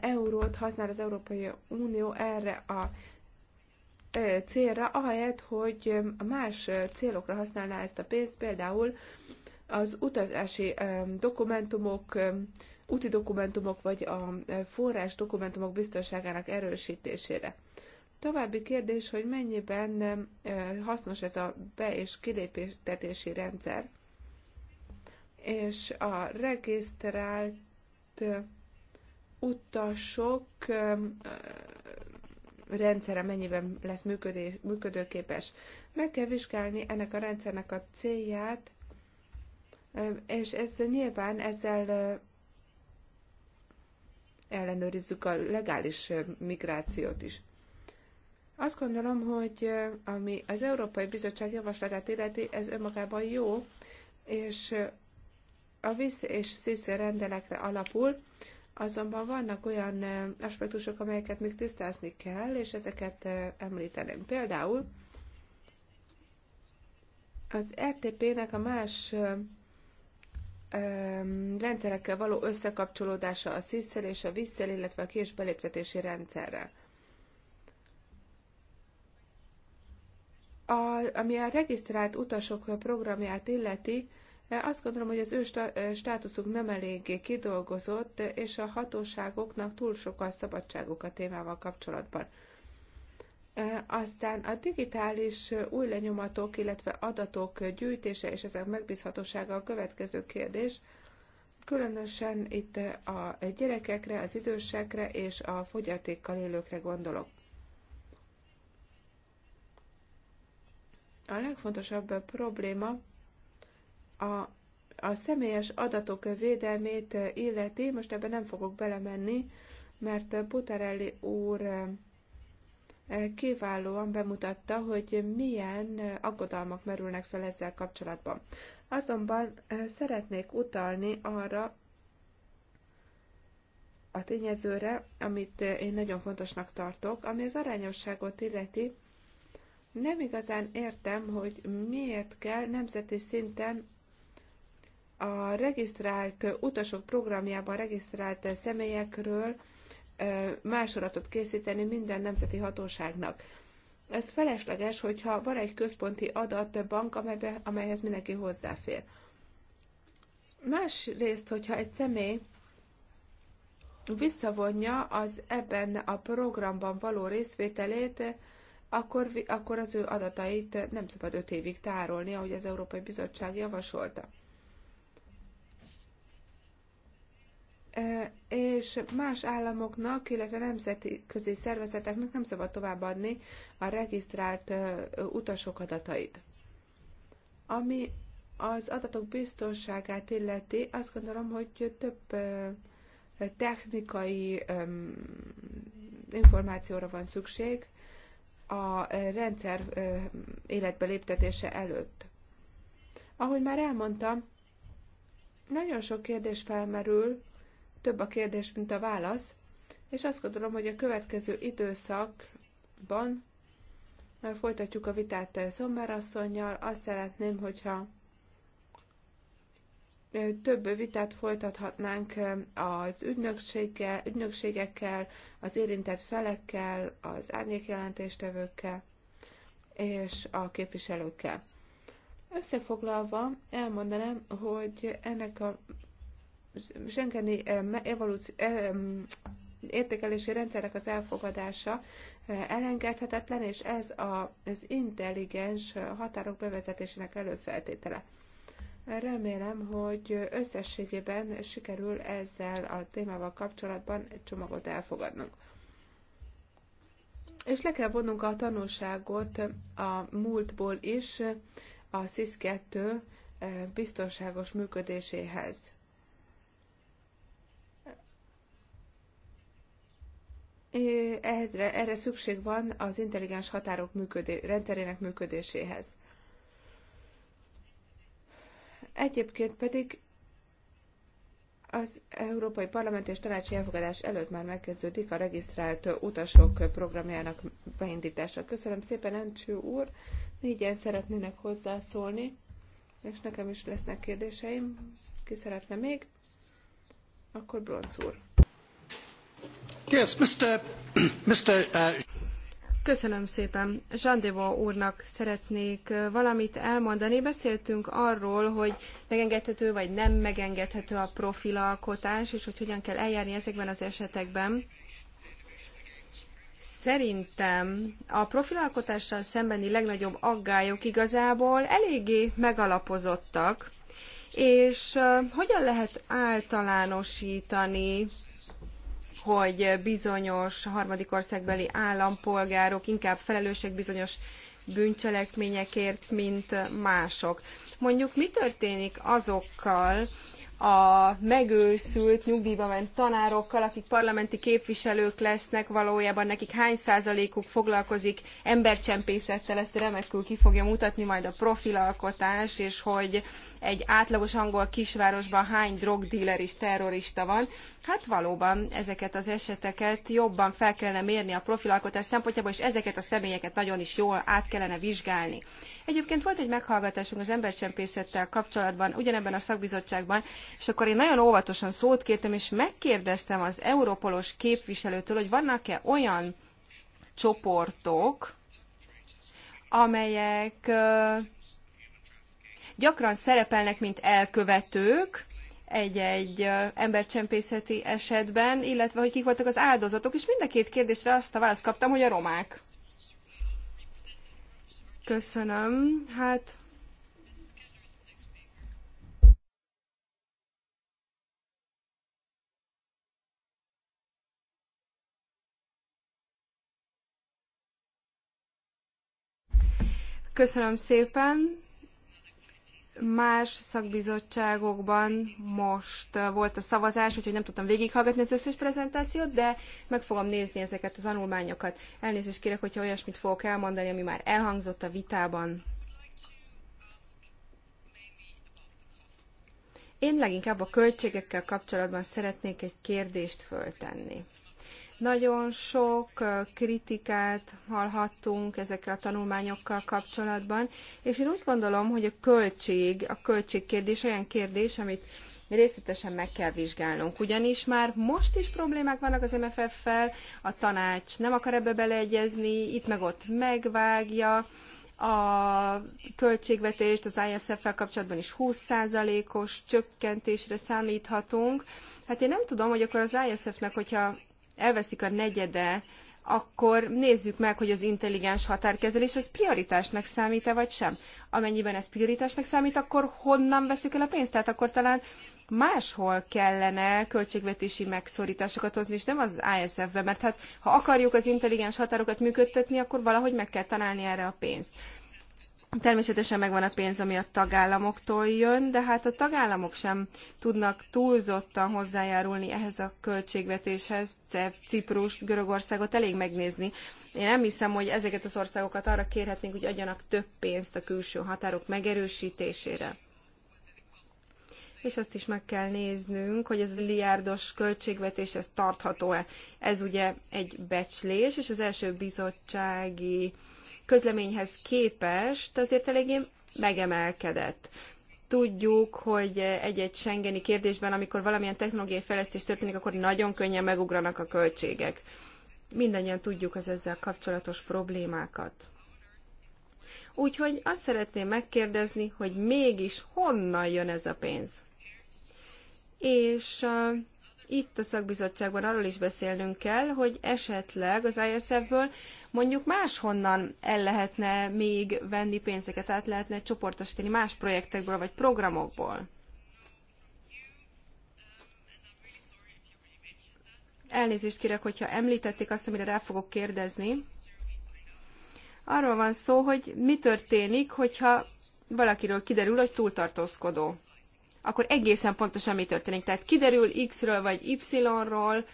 eurót használ az Európai Unió erre a célra, ahelyett, hogy más célokra használná ezt a pénzt, például az utazási dokumentumok, úti dokumentumok vagy a forrás dokumentumok biztonságának erősítésére. További kérdés, hogy mennyiben hasznos ez a be- és kilépítetési rendszer, és a regisztrált utasok rendszere mennyiben lesz működő működőképes. Meg kell vizsgálni ennek a rendszernek a célját, és ez nyilván ezzel ellenőrizzük a legális migrációt is. Azt gondolom, hogy ami az Európai Bizottság javaslatát illeti, ez önmagában jó, és a VISZ és sziszi rendelekre alapul, Azonban vannak olyan aspektusok, amelyeket még tisztázni kell, és ezeket említeném. Például az RTP-nek a más rendszerekkel való összekapcsolódása a sziszel és a visszel, illetve a kés beléptetési rendszerre. A, ami a regisztrált utasok programját illeti, azt gondolom, hogy az ő státuszuk nem eléggé kidolgozott, és a hatóságoknak túl sok a szabadságuk a témával kapcsolatban. Aztán a digitális új lenyomatok, illetve adatok gyűjtése és ezek megbízhatósága a következő kérdés. Különösen itt a gyerekekre, az idősekre és a fogyatékkal élőkre gondolok. A legfontosabb probléma a, a személyes adatok védelmét illeti, most ebben nem fogok belemenni, mert Butarelli úr eh, kiválóan bemutatta, hogy milyen eh, aggodalmak merülnek fel ezzel kapcsolatban. Azonban eh, szeretnék utalni arra a tényezőre, amit én nagyon fontosnak tartok, ami az arányosságot illeti. Nem igazán értem, hogy miért kell nemzeti szinten a regisztrált utasok programjában regisztrált személyekről másolatot készíteni minden nemzeti hatóságnak. Ez felesleges, hogyha van egy központi adatbank, amelybe, amelyhez mindenki hozzáfér. Másrészt, hogyha egy személy visszavonja az ebben a programban való részvételét, akkor, akkor az ő adatait nem szabad öt évig tárolni, ahogy az Európai Bizottság javasolta. és más államoknak, illetve nemzetközi szervezeteknek nem szabad továbbadni a regisztrált utasok adatait. Ami az adatok biztonságát illeti, azt gondolom, hogy több technikai információra van szükség a rendszer életbe léptetése előtt. Ahogy már elmondtam, nagyon sok kérdés felmerül, több a kérdés, mint a válasz, és azt gondolom, hogy a következő időszakban folytatjuk a vitát eh, Szomber asszonynal. Azt szeretném, hogyha több vitát folytathatnánk eh, az ügynökséggel, ügynökségekkel, az érintett felekkel, az árnyékjelentéstevőkkel és a képviselőkkel. Összefoglalva elmondanám, hogy ennek a Schengeni eh, eh, értékelési rendszerek az elfogadása eh, elengedhetetlen, és ez a, az intelligens határok bevezetésének előfeltétele. Remélem, hogy összességében sikerül ezzel a témával kapcsolatban egy csomagot elfogadnunk. És le kell vonnunk a tanulságot a múltból is a SZIS-2 biztonságos működéséhez. erre, erre szükség van az intelligens határok működé, rendszerének működéséhez. Egyébként pedig az Európai Parlament és Tanácsi elfogadás előtt már megkezdődik a regisztrált utasok programjának beindítása. Köszönöm szépen, Encső úr! Négyen szeretnének hozzászólni, és nekem is lesznek kérdéseim. Ki szeretne még? Akkor Bronz úr. Yes, Mr. Mr. Uh, Köszönöm szépen. úrnak szeretnék uh, valamit elmondani. Beszéltünk arról, hogy megengedhető vagy nem megengedhető a profilalkotás, és hogy hogyan kell eljárni ezekben az esetekben. Szerintem a profilalkotással szembeni legnagyobb aggályok igazából eléggé megalapozottak, és uh, hogyan lehet általánosítani hogy bizonyos harmadik országbeli állampolgárok inkább felelősek bizonyos bűncselekményekért, mint mások. Mondjuk mi történik azokkal, a megőszült nyugdíjba ment tanárokkal, akik parlamenti képviselők lesznek, valójában nekik hány százalékuk foglalkozik embercsempészettel, ezt remekül ki fogja mutatni majd a profilalkotás, és hogy egy átlagos angol kisvárosban hány drogdíler és terrorista van. Hát valóban ezeket az eseteket jobban fel kellene mérni a profilalkotás szempontjából, és ezeket a személyeket nagyon is jól át kellene vizsgálni. Egyébként volt egy meghallgatásunk az embercsempészettel kapcsolatban, ugyanebben a szakbizottságban, és akkor én nagyon óvatosan szót kértem, és megkérdeztem az európolos képviselőtől, hogy vannak-e olyan csoportok, amelyek gyakran szerepelnek, mint elkövetők, egy-egy embercsempészeti esetben, illetve hogy kik voltak az áldozatok, és mind a két kérdésre azt a választ kaptam, hogy a romák. Köszönöm. Hát... Köszönöm szépen más szakbizottságokban most eh, volt a szavazás, úgyhogy nem tudtam végighallgatni az összes prezentációt, de meg fogom nézni ezeket az tanulmányokat. Elnézést kérek, hogyha olyasmit fogok elmondani, ami már elhangzott a vitában. Én leginkább a költségekkel kapcsolatban szeretnék egy kérdést föltenni. Nagyon sok kritikát hallhattunk ezekkel a tanulmányokkal kapcsolatban, és én úgy gondolom, hogy a költség, a költségkérdés olyan kérdés, amit részletesen meg kell vizsgálnunk. Ugyanis már most is problémák vannak az MFF-fel, a tanács nem akar ebbe beleegyezni, itt meg ott megvágja, a költségvetést az ISF-fel kapcsolatban is 20%-os csökkentésre számíthatunk. Hát én nem tudom, hogy akkor az ISF-nek, hogyha elveszik a negyede, akkor nézzük meg, hogy az intelligens határkezelés az prioritásnak számít-e vagy sem. Amennyiben ez prioritásnak számít, akkor honnan veszük el a pénzt? Tehát akkor talán máshol kellene költségvetési megszorításokat hozni, és nem az ISF-be, mert hát ha akarjuk az intelligens határokat működtetni, akkor valahogy meg kell találni erre a pénzt. Természetesen megvan a pénz, ami a tagállamoktól jön, de hát a tagállamok sem tudnak túlzottan hozzájárulni ehhez a költségvetéshez, Ciprus, Görögországot elég megnézni. Én nem hiszem, hogy ezeket az országokat arra kérhetnénk, hogy adjanak több pénzt a külső határok megerősítésére. És azt is meg kell néznünk, hogy ez a liárdos költségvetés, ez tartható-e. Ez ugye egy becslés, és az első bizottsági közleményhez képest azért eléggé megemelkedett. Tudjuk, hogy egy-egy Schengeni kérdésben, amikor valamilyen technológiai fejlesztés történik, akkor nagyon könnyen megugranak a költségek. Mindannyian tudjuk az ezzel kapcsolatos problémákat. Úgyhogy azt szeretném megkérdezni, hogy mégis honnan jön ez a pénz? És itt a szakbizottságban arról is beszélnünk kell, hogy esetleg az ISF-ből mondjuk máshonnan el lehetne még venni pénzeket, át lehetne csoportosítani más projektekből vagy programokból. Elnézést kérek, hogyha említették azt, amire rá fogok kérdezni. Arról van szó, hogy mi történik, hogyha valakiről kiderül, hogy túltartózkodó akkor egészen pontosan mi történik. Tehát kiderül X-ről vagy Y-ról,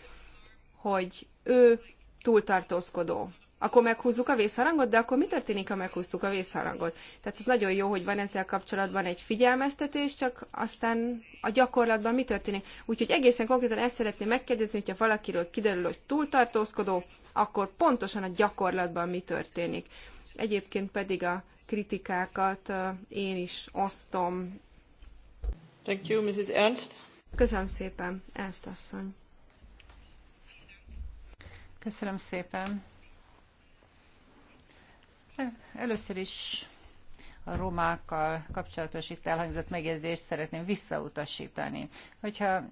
hogy ő túltartózkodó. Akkor meghúzzuk a vészharangot, de akkor mi történik, ha meghúztuk a vészharangot? Tehát ez nagyon jó, hogy van ezzel kapcsolatban egy figyelmeztetés, csak aztán a gyakorlatban mi történik. Úgyhogy egészen konkrétan ezt szeretném megkérdezni, hogyha valakiről kiderül, hogy túltartózkodó, akkor pontosan a gyakorlatban mi történik. Egyébként pedig a kritikákat én is osztom Köszönöm szépen, Ernst asszony. Köszönöm szépen. Először is a romákkal kapcsolatos itt elhangzott megjegyzést szeretném visszautasítani. Hogyha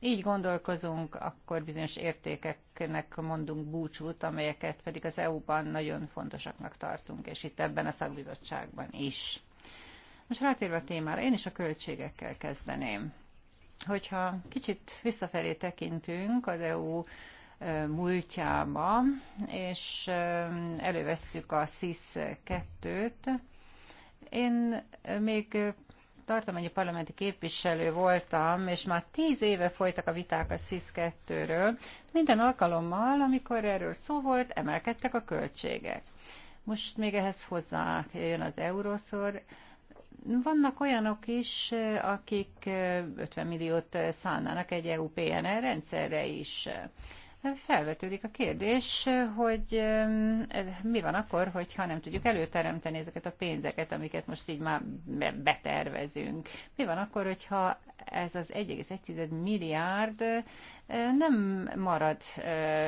így gondolkozunk, akkor bizonyos értékeknek mondunk búcsút, amelyeket pedig az EU-ban nagyon fontosaknak tartunk, és itt ebben a szakbizottságban is. Most rátérve a témára, én is a költségekkel kezdeném. Hogyha kicsit visszafelé tekintünk az EU múltjába, és elővesszük a SIS-2-t, én még tartományi parlamenti képviselő voltam, és már tíz éve folytak a viták a SIS 2 ről Minden alkalommal, amikor erről szó volt, emelkedtek a költségek. Most még ehhez hozzá jön az euroszor, vannak olyanok is, akik 50 milliót szállnának egy EU PNR rendszerre is. Felvetődik a kérdés, hogy mi van akkor, hogyha nem tudjuk előteremteni ezeket a pénzeket, amiket most így már betervezünk. Mi van akkor, hogyha ez az 1,1 milliárd nem marad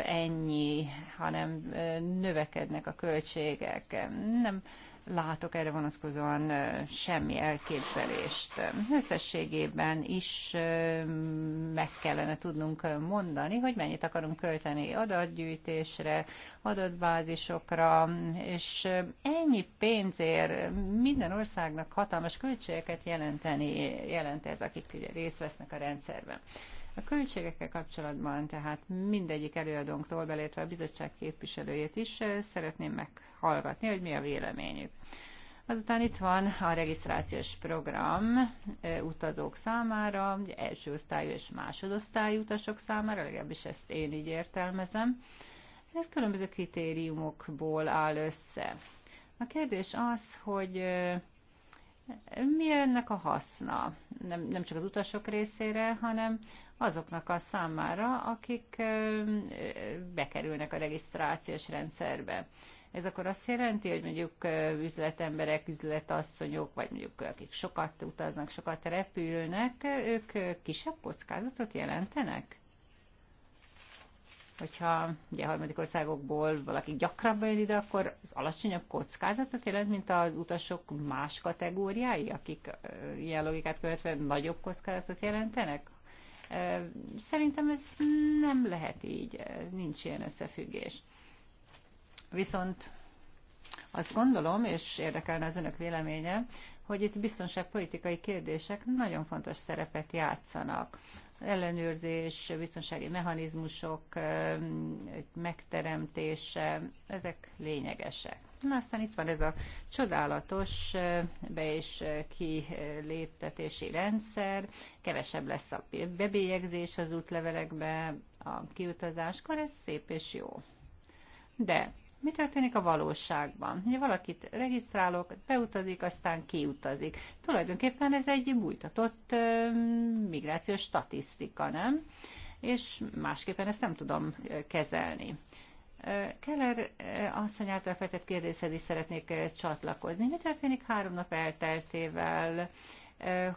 ennyi, hanem növekednek a költségek. Nem, látok erre vonatkozóan semmi elképzelést. Összességében is meg kellene tudnunk mondani, hogy mennyit akarunk költeni adatgyűjtésre, adatbázisokra, és ennyi pénzért minden országnak hatalmas költségeket jelenteni, jelent ez, akik részt vesznek a rendszerben. A költségekkel kapcsolatban tehát mindegyik előadónktól, belétve a bizottság képviselőjét is eh, szeretném meghallgatni, hogy mi a véleményük. Azután itt van a regisztrációs program eh, utazók számára, első osztályú és másodosztályú utasok számára, legalábbis ezt én így értelmezem. Ez különböző kritériumokból áll össze. A kérdés az, hogy eh, mi ennek a haszna? Nem, nem csak az utasok részére, hanem azoknak a számára, akik bekerülnek a regisztrációs rendszerbe. Ez akkor azt jelenti, hogy mondjuk üzletemberek, üzletasszonyok, vagy mondjuk akik sokat utaznak, sokat repülnek, ők kisebb kockázatot jelentenek? Hogyha ugye harmadik országokból valaki gyakrabban jön ide, akkor az alacsonyabb kockázatot jelent, mint az utasok más kategóriái, akik ilyen logikát követve nagyobb kockázatot jelentenek? Szerintem ez nem lehet így, nincs ilyen összefüggés. Viszont azt gondolom, és érdekelne az önök véleménye, hogy itt biztonságpolitikai kérdések nagyon fontos szerepet játszanak. Ellenőrzés, biztonsági mechanizmusok megteremtése, ezek lényegesek. Na aztán itt van ez a csodálatos be- és kiléptetési rendszer, kevesebb lesz a bebélyegzés az útlevelekbe, a kiutazáskor, ez szép és jó. De mi történik a valóságban? Ugye valakit regisztrálok, beutazik, aztán kiutazik. Tulajdonképpen ez egy bújtatott migrációs statisztika, nem? És másképpen ezt nem tudom kezelni. Keller eh, asszony által feltett kérdésed is szeretnék eh, csatlakozni. Mi történik három nap elteltével? Eh,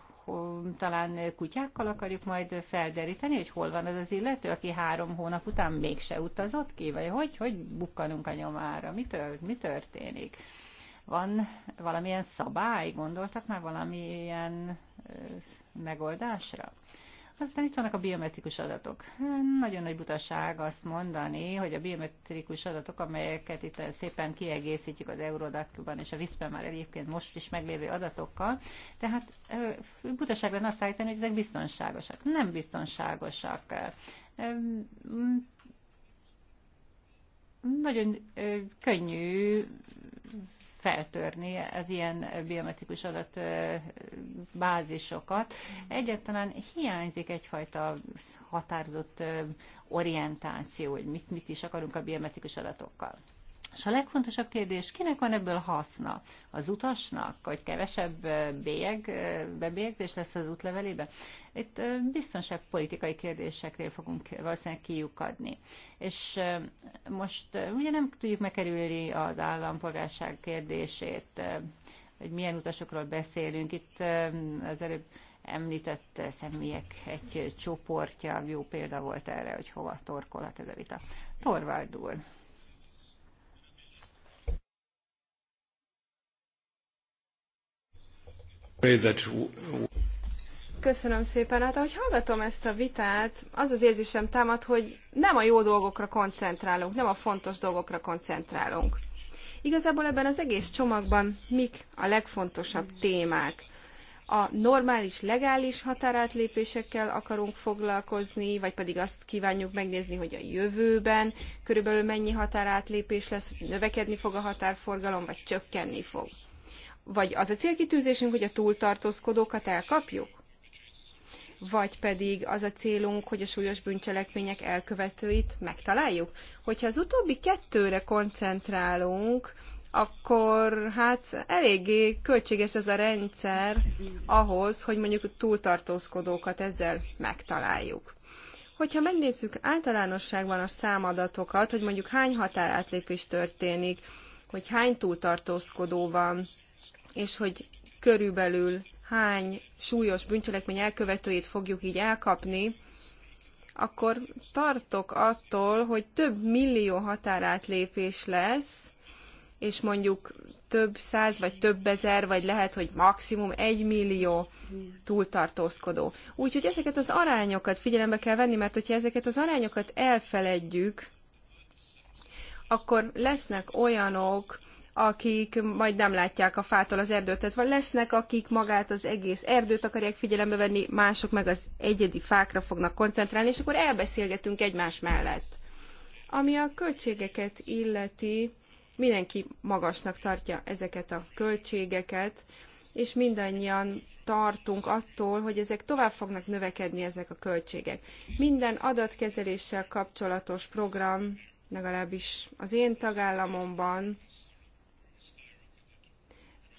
talán kutyákkal akarjuk majd felderíteni, hogy hol van az az illető, aki három hónap után mégse utazott ki, vagy hogy, hogy bukkanunk a nyomára, mi, tört, mi történik? Van valamilyen szabály, gondoltak már valamilyen megoldásra? Aztán itt vannak a biometrikus adatok. Nagyon nagy butaság azt mondani, hogy a biometrikus adatok, amelyeket itt szépen kiegészítjük az Eurodacban és a viszben már egyébként most is meglévő adatokkal, tehát butaság lenne azt állítani, hogy ezek biztonságosak. Nem biztonságosak nagyon könnyű feltörni az ilyen biometrikus adatbázisokat. Egyáltalán hiányzik egyfajta határozott orientáció, hogy mit, mit is akarunk a biometrikus adatokkal. És a legfontosabb kérdés, kinek van ebből haszna? Az utasnak, hogy kevesebb bélyeg, bebélyegzés lesz az útlevelébe? Itt politikai kérdésekről fogunk valószínűleg kiukadni. És most ugye nem tudjuk megkerülni az állampolgárság kérdését, hogy milyen utasokról beszélünk. Itt az előbb említett személyek egy csoportja jó példa volt erre, hogy hova torkolhat ez a vita. Torvald úr. Köszönöm szépen. Hát ahogy hallgatom ezt a vitát, az az érzésem támad, hogy nem a jó dolgokra koncentrálunk, nem a fontos dolgokra koncentrálunk. Igazából ebben az egész csomagban mik a legfontosabb témák? a normális, legális határátlépésekkel akarunk foglalkozni, vagy pedig azt kívánjuk megnézni, hogy a jövőben körülbelül mennyi határátlépés lesz, növekedni fog a határforgalom, vagy csökkenni fog. Vagy az a célkitűzésünk, hogy a túltartózkodókat elkapjuk? Vagy pedig az a célunk, hogy a súlyos bűncselekmények elkövetőit megtaláljuk? Hogyha az utóbbi kettőre koncentrálunk, akkor hát eléggé költséges ez a rendszer ahhoz, hogy mondjuk a túltartózkodókat ezzel megtaláljuk. Hogyha megnézzük általánosságban a számadatokat, hogy mondjuk hány határátlépés történik, hogy hány túltartózkodó van, és hogy körülbelül hány súlyos bűncselekmény elkövetőjét fogjuk így elkapni, akkor tartok attól, hogy több millió határátlépés lesz, és mondjuk több száz, vagy több ezer, vagy lehet, hogy maximum egy millió túltartózkodó. Úgyhogy ezeket az arányokat figyelembe kell venni, mert hogyha ezeket az arányokat elfeledjük, akkor lesznek olyanok, akik majd nem látják a fától az erdőt. Tehát van lesznek, akik magát az egész erdőt akarják figyelembe venni, mások meg az egyedi fákra fognak koncentrálni, és akkor elbeszélgetünk egymás mellett. Ami a költségeket illeti, mindenki magasnak tartja ezeket a költségeket, és mindannyian tartunk attól, hogy ezek tovább fognak növekedni, ezek a költségek. Minden adatkezeléssel kapcsolatos program, legalábbis az én tagállamomban,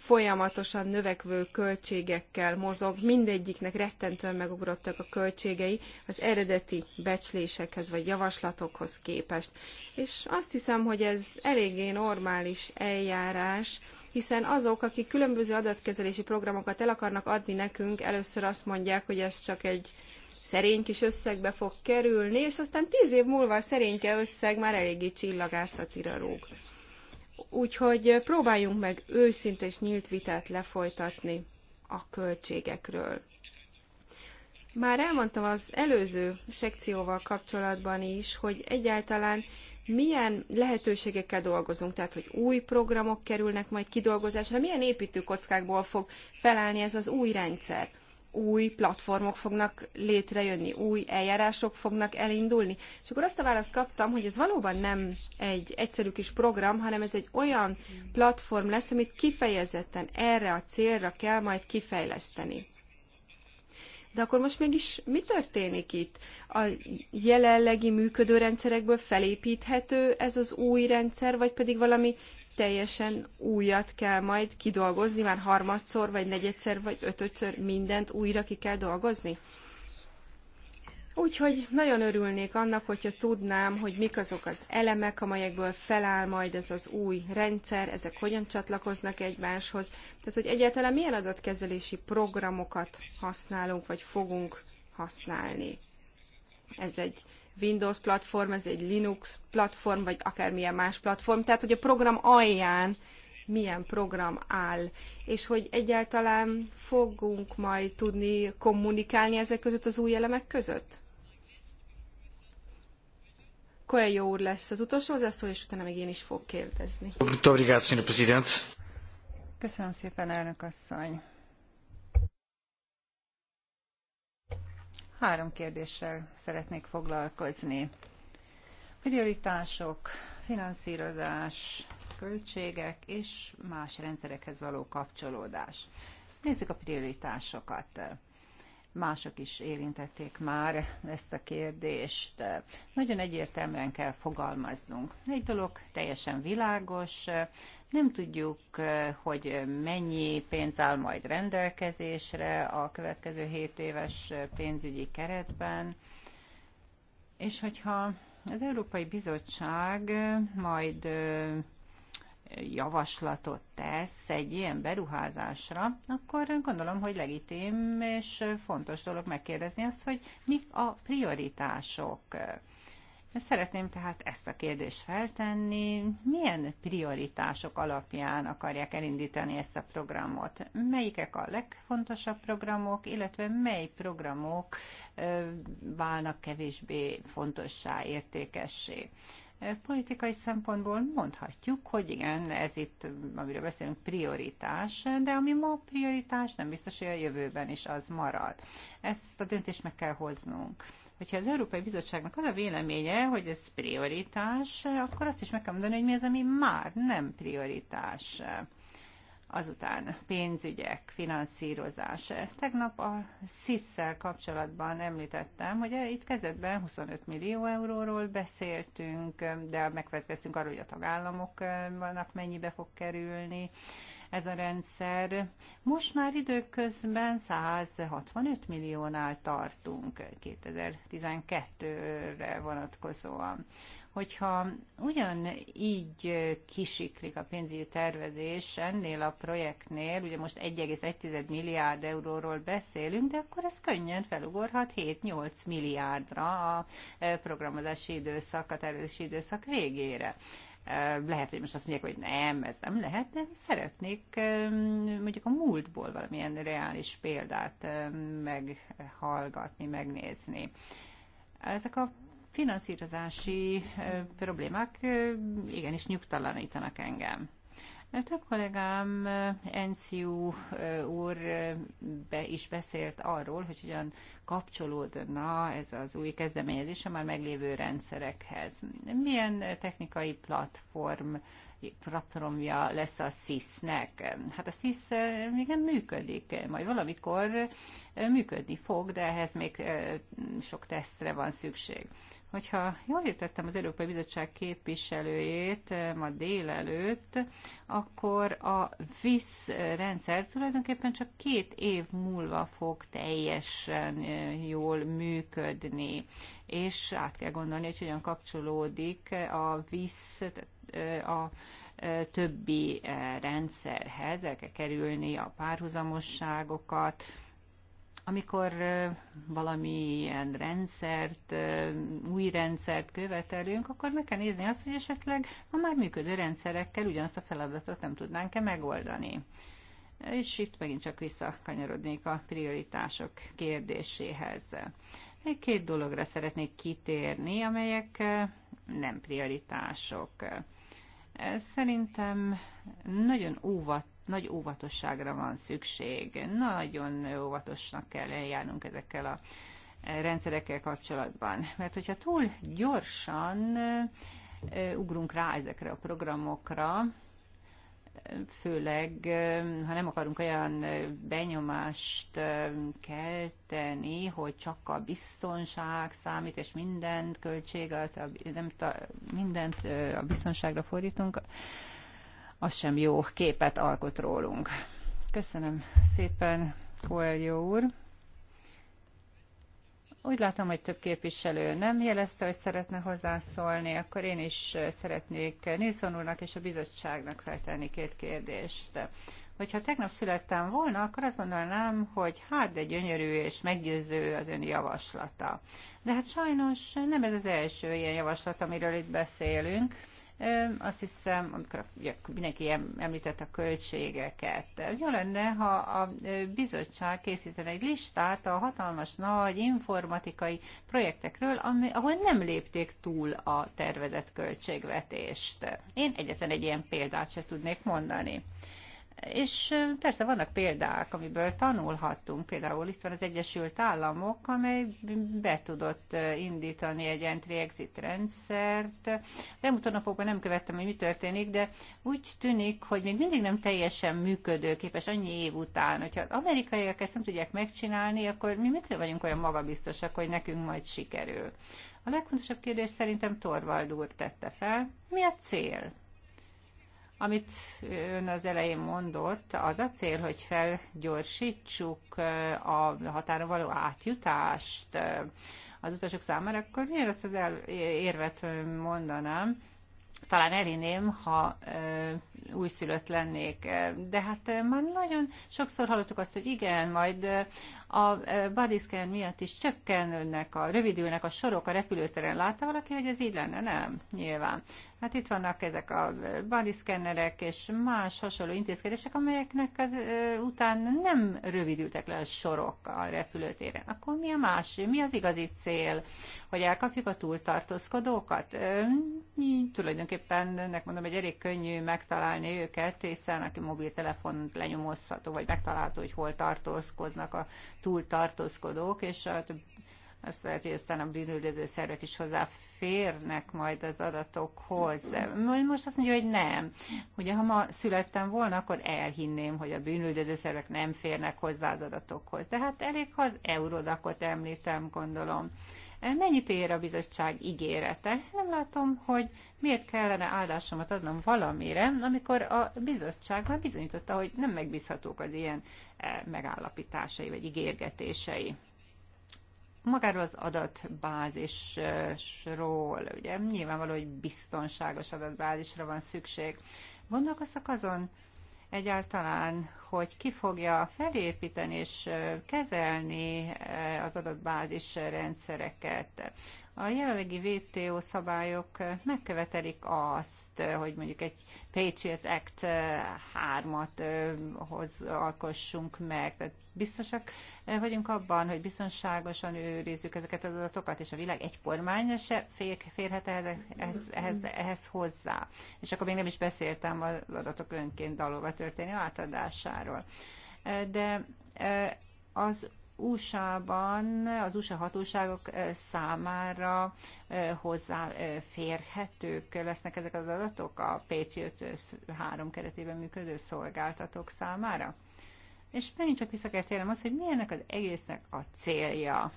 folyamatosan növekvő költségekkel mozog, mindegyiknek rettentően megugrottak a költségei az eredeti becslésekhez vagy javaslatokhoz képest. És azt hiszem, hogy ez eléggé normális eljárás, hiszen azok, akik különböző adatkezelési programokat el akarnak adni nekünk, először azt mondják, hogy ez csak egy szerény kis összegbe fog kerülni, és aztán tíz év múlva a szerényke összeg már eléggé csillagászatira rúg. Úgyhogy próbáljunk meg őszinte és nyílt vitát lefolytatni a költségekről. Már elmondtam az előző szekcióval kapcsolatban is, hogy egyáltalán milyen lehetőségekkel dolgozunk, tehát hogy új programok kerülnek majd kidolgozásra, milyen építőkockákból fog felállni ez az új rendszer új platformok fognak létrejönni, új eljárások fognak elindulni. És akkor azt a választ kaptam, hogy ez valóban nem egy egyszerű kis program, hanem ez egy olyan platform lesz, amit kifejezetten erre a célra kell majd kifejleszteni. De akkor most mégis mi történik itt? A jelenlegi működő rendszerekből felépíthető ez az új rendszer, vagy pedig valami teljesen újat kell majd kidolgozni, már harmadszor, vagy negyedszer, vagy ötödször mindent újra ki kell dolgozni. Úgyhogy nagyon örülnék annak, hogyha tudnám, hogy mik azok az elemek, amelyekből feláll majd ez az új rendszer, ezek hogyan csatlakoznak egymáshoz. Tehát, hogy egyáltalán milyen adatkezelési programokat használunk, vagy fogunk használni. Ez egy Windows platform, ez egy Linux platform, vagy akármilyen más platform, tehát hogy a program alján milyen program áll, és hogy egyáltalán fogunk majd tudni kommunikálni ezek között az új elemek között? jó úr lesz az utolsó hozzászó, és utána még én is fog kérdezni. Köszönöm szépen, elnök asszony. Három kérdéssel szeretnék foglalkozni. Prioritások, finanszírozás, költségek és más rendszerekhez való kapcsolódás. Nézzük a prioritásokat mások is érintették már ezt a kérdést. Nagyon egyértelműen kell fogalmaznunk. Egy dolog teljesen világos, nem tudjuk, hogy mennyi pénz áll majd rendelkezésre a következő 7 éves pénzügyi keretben, és hogyha az Európai Bizottság majd javaslatot tesz egy ilyen beruházásra, akkor gondolom, hogy legitim és fontos dolog megkérdezni azt, hogy mik a prioritások. Szeretném tehát ezt a kérdést feltenni, milyen prioritások alapján akarják elindítani ezt a programot? Melyikek a legfontosabb programok, illetve mely programok válnak kevésbé fontossá, értékessé? Politikai szempontból mondhatjuk, hogy igen, ez itt, amiről beszélünk, prioritás, de ami ma prioritás, nem biztos, hogy a jövőben is az marad. Ezt a döntést meg kell hoznunk hogyha az Európai Bizottságnak az a véleménye, hogy ez prioritás, akkor azt is meg kell mondani, hogy mi az, ami már nem prioritás. Azután pénzügyek, finanszírozás. Tegnap a SZISZ-szel kapcsolatban említettem, hogy itt kezdetben 25 millió euróról beszéltünk, de megfelelkeztünk arról, hogy a tagállamoknak mennyibe fog kerülni ez a rendszer. Most már időközben 165 milliónál tartunk 2012-re vonatkozóan hogyha ugyan így kisiklik a pénzügyi tervezés ennél a projektnél, ugye most 1,1 milliárd euróról beszélünk, de akkor ez könnyen felugorhat 7-8 milliárdra a e, programozási időszak, a tervezési időszak végére e, lehet, hogy most azt mondják, hogy nem, ez nem lehet, de szeretnék e, mondjuk a múltból valamilyen reális példát meghallgatni, megnézni. Ezek a finanszírozási problémák igenis nyugtalanítanak engem. Több kollégám, Enciu úr be is beszélt arról, hogy hogyan kapcsolódna ez az új kezdeményezés a már meglévő rendszerekhez. Milyen technikai platform platformja lesz a SZISZ-nek. Hát a SZISZ eh, még nem működik, majd valamikor eh, működni fog, de ehhez még eh, sok tesztre van szükség. Hogyha jól értettem az Európai Bizottság képviselőjét ma délelőtt, akkor a VISZ rendszer tulajdonképpen csak két év múlva fog teljesen jól működni, és át kell gondolni, hogy hogyan kapcsolódik a VISZ, tehát a többi rendszerhez, el kell kerülni a párhuzamosságokat, amikor valamilyen rendszert, új rendszert követelünk, akkor meg kell nézni azt, hogy esetleg a már működő rendszerekkel ugyanazt a feladatot nem tudnánk-e megoldani. És itt megint csak visszakanyarodnék a prioritások kérdéséhez. Még két dologra szeretnék kitérni, amelyek nem prioritások. Szerintem nagyon óvat, nagy óvatosságra van szükség. Nagyon óvatosnak kell eljárnunk ezekkel a rendszerekkel kapcsolatban. Mert hogyha túl gyorsan ugrunk rá ezekre a programokra, főleg ha nem akarunk olyan benyomást kelteni, hogy csak a biztonság számít, és mindent költséget, nem, mindent a biztonságra fordítunk, az sem jó képet alkot rólunk. Köszönöm szépen, Coelho úr! Úgy látom, hogy több képviselő nem jelezte, hogy szeretne hozzászólni, akkor én is szeretnék Nilsson úrnak és a bizottságnak feltenni két kérdést. Hogyha tegnap születtem volna, akkor azt gondolnám, hogy hát de gyönyörű és meggyőző az ön javaslata. De hát sajnos nem ez az első ilyen javaslat, amiről itt beszélünk azt hiszem, amikor mindenki említett a költségeket, jó lenne, ha a bizottság készítene egy listát a hatalmas nagy informatikai projektekről, ami, ahol nem lépték túl a tervezett költségvetést. Én egyetlen egy ilyen példát se tudnék mondani. És persze vannak példák, amiből tanulhattunk. Például itt van az Egyesült Államok, amely be tudott indítani egy entry-exit rendszert. Nem elmúlt napokban nem követtem, hogy mi történik, de úgy tűnik, hogy még mindig nem teljesen működőképes annyi év után. Hogyha az amerikaiak ezt nem tudják megcsinálni, akkor mi mitől vagyunk olyan magabiztosak, hogy nekünk majd sikerül? A legfontosabb kérdés szerintem Torvald úr tette fel. Mi a cél? Amit ön az elején mondott, az a cél, hogy felgyorsítsuk eh, a határon való átjutást eh, az utasok számára, akkor miért azt az érvet mondanám, talán elinném, ha ö, eh, újszülött lennék. De hát már nagyon sokszor hallottuk azt, hogy igen, majd a e, body scan miatt is csökkenőnek, a, rövidülnek a sorok a repülőteren. Látta valaki, hogy ez így lenne? Nem, nyilván. Hát itt vannak ezek a e, body scannerek és más hasonló intézkedések, amelyeknek az, e, után nem rövidültek le a sorok a repülőtéren. Akkor mi a más? Mi az igazi cél? Hogy elkapjuk a túltartózkodókat? Mi tulajdonképpen, ennek mondom, egy elég könnyű megtalálni őket, hiszen aki mobiltelefon lenyomozható, vagy megtalálható, hogy hol tartózkodnak a túl tartózkodók, és a, azt lehet, hogy aztán a bűnüldöző szervek is hozzáférnek majd az adatokhoz. Hm, most azt mondja, hogy nem. Ugye, ha ma születtem volna, akkor elhinném, hogy a bűnüldöző szervek nem férnek hozzá az adatokhoz. De hát elég, ha az eurodakot említem, gondolom. Mennyit ér a bizottság ígérete? Nem látom, hogy miért kellene áldásomat adnom valamire, amikor a bizottság már bizonyította, hogy nem megbízhatók az ilyen eh, megállapításai vagy ígérgetései magáról az adatbázisról, ugye nyilvánvaló, hogy biztonságos adatbázisra van szükség. Gondolkoztak azon, egyáltalán, hogy ki fogja felépíteni és kezelni az adatbázis rendszereket. A jelenlegi WTO szabályok megkövetelik azt, hogy mondjuk egy Patriot Act 3-at alkossunk meg, tehát biztosak eh, vagyunk abban, hogy biztonságosan őrizzük ezeket az adatokat, és a világ egy kormány se férhet ehhez, ehhez, ehhez, ehhez hozzá. És akkor még nem is beszéltem az adatok önként dalóba történő átadásáról. Eh, de eh, az USA-ban az USA hatóságok számára hozzáférhetők lesznek ezek az adatok a Pécsi 5 keretében működő szolgáltatók számára? És megint csak vissza kell térnem azt, hogy ennek az egésznek a célja.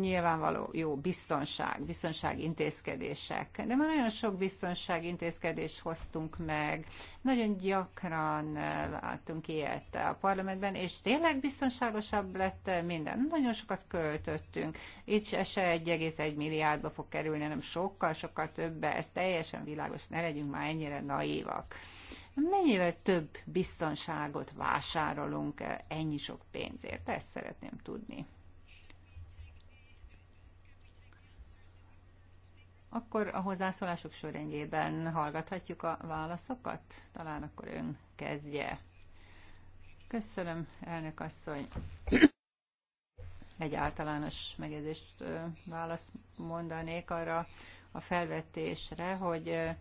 Nyilvánvaló jó biztonság, biztonsági intézkedések, de már nagyon sok biztonsági intézkedést hoztunk meg, nagyon gyakran eh, láttunk ilyet a parlamentben, és tényleg biztonságosabb lett minden. Nagyon sokat költöttünk, Itt se, se 1,1 milliárdba fog kerülni, hanem sokkal-sokkal többe, ez teljesen világos, ne legyünk már ennyire naívak mennyivel több biztonságot vásárolunk eh, ennyi sok pénzért? Ezt szeretném tudni. Akkor a hozzászólások sorrendjében hallgathatjuk a válaszokat? Talán akkor ön kezdje. Köszönöm, elnök asszony. Egy általános megjegyzést választ mondanék arra a felvetésre, hogy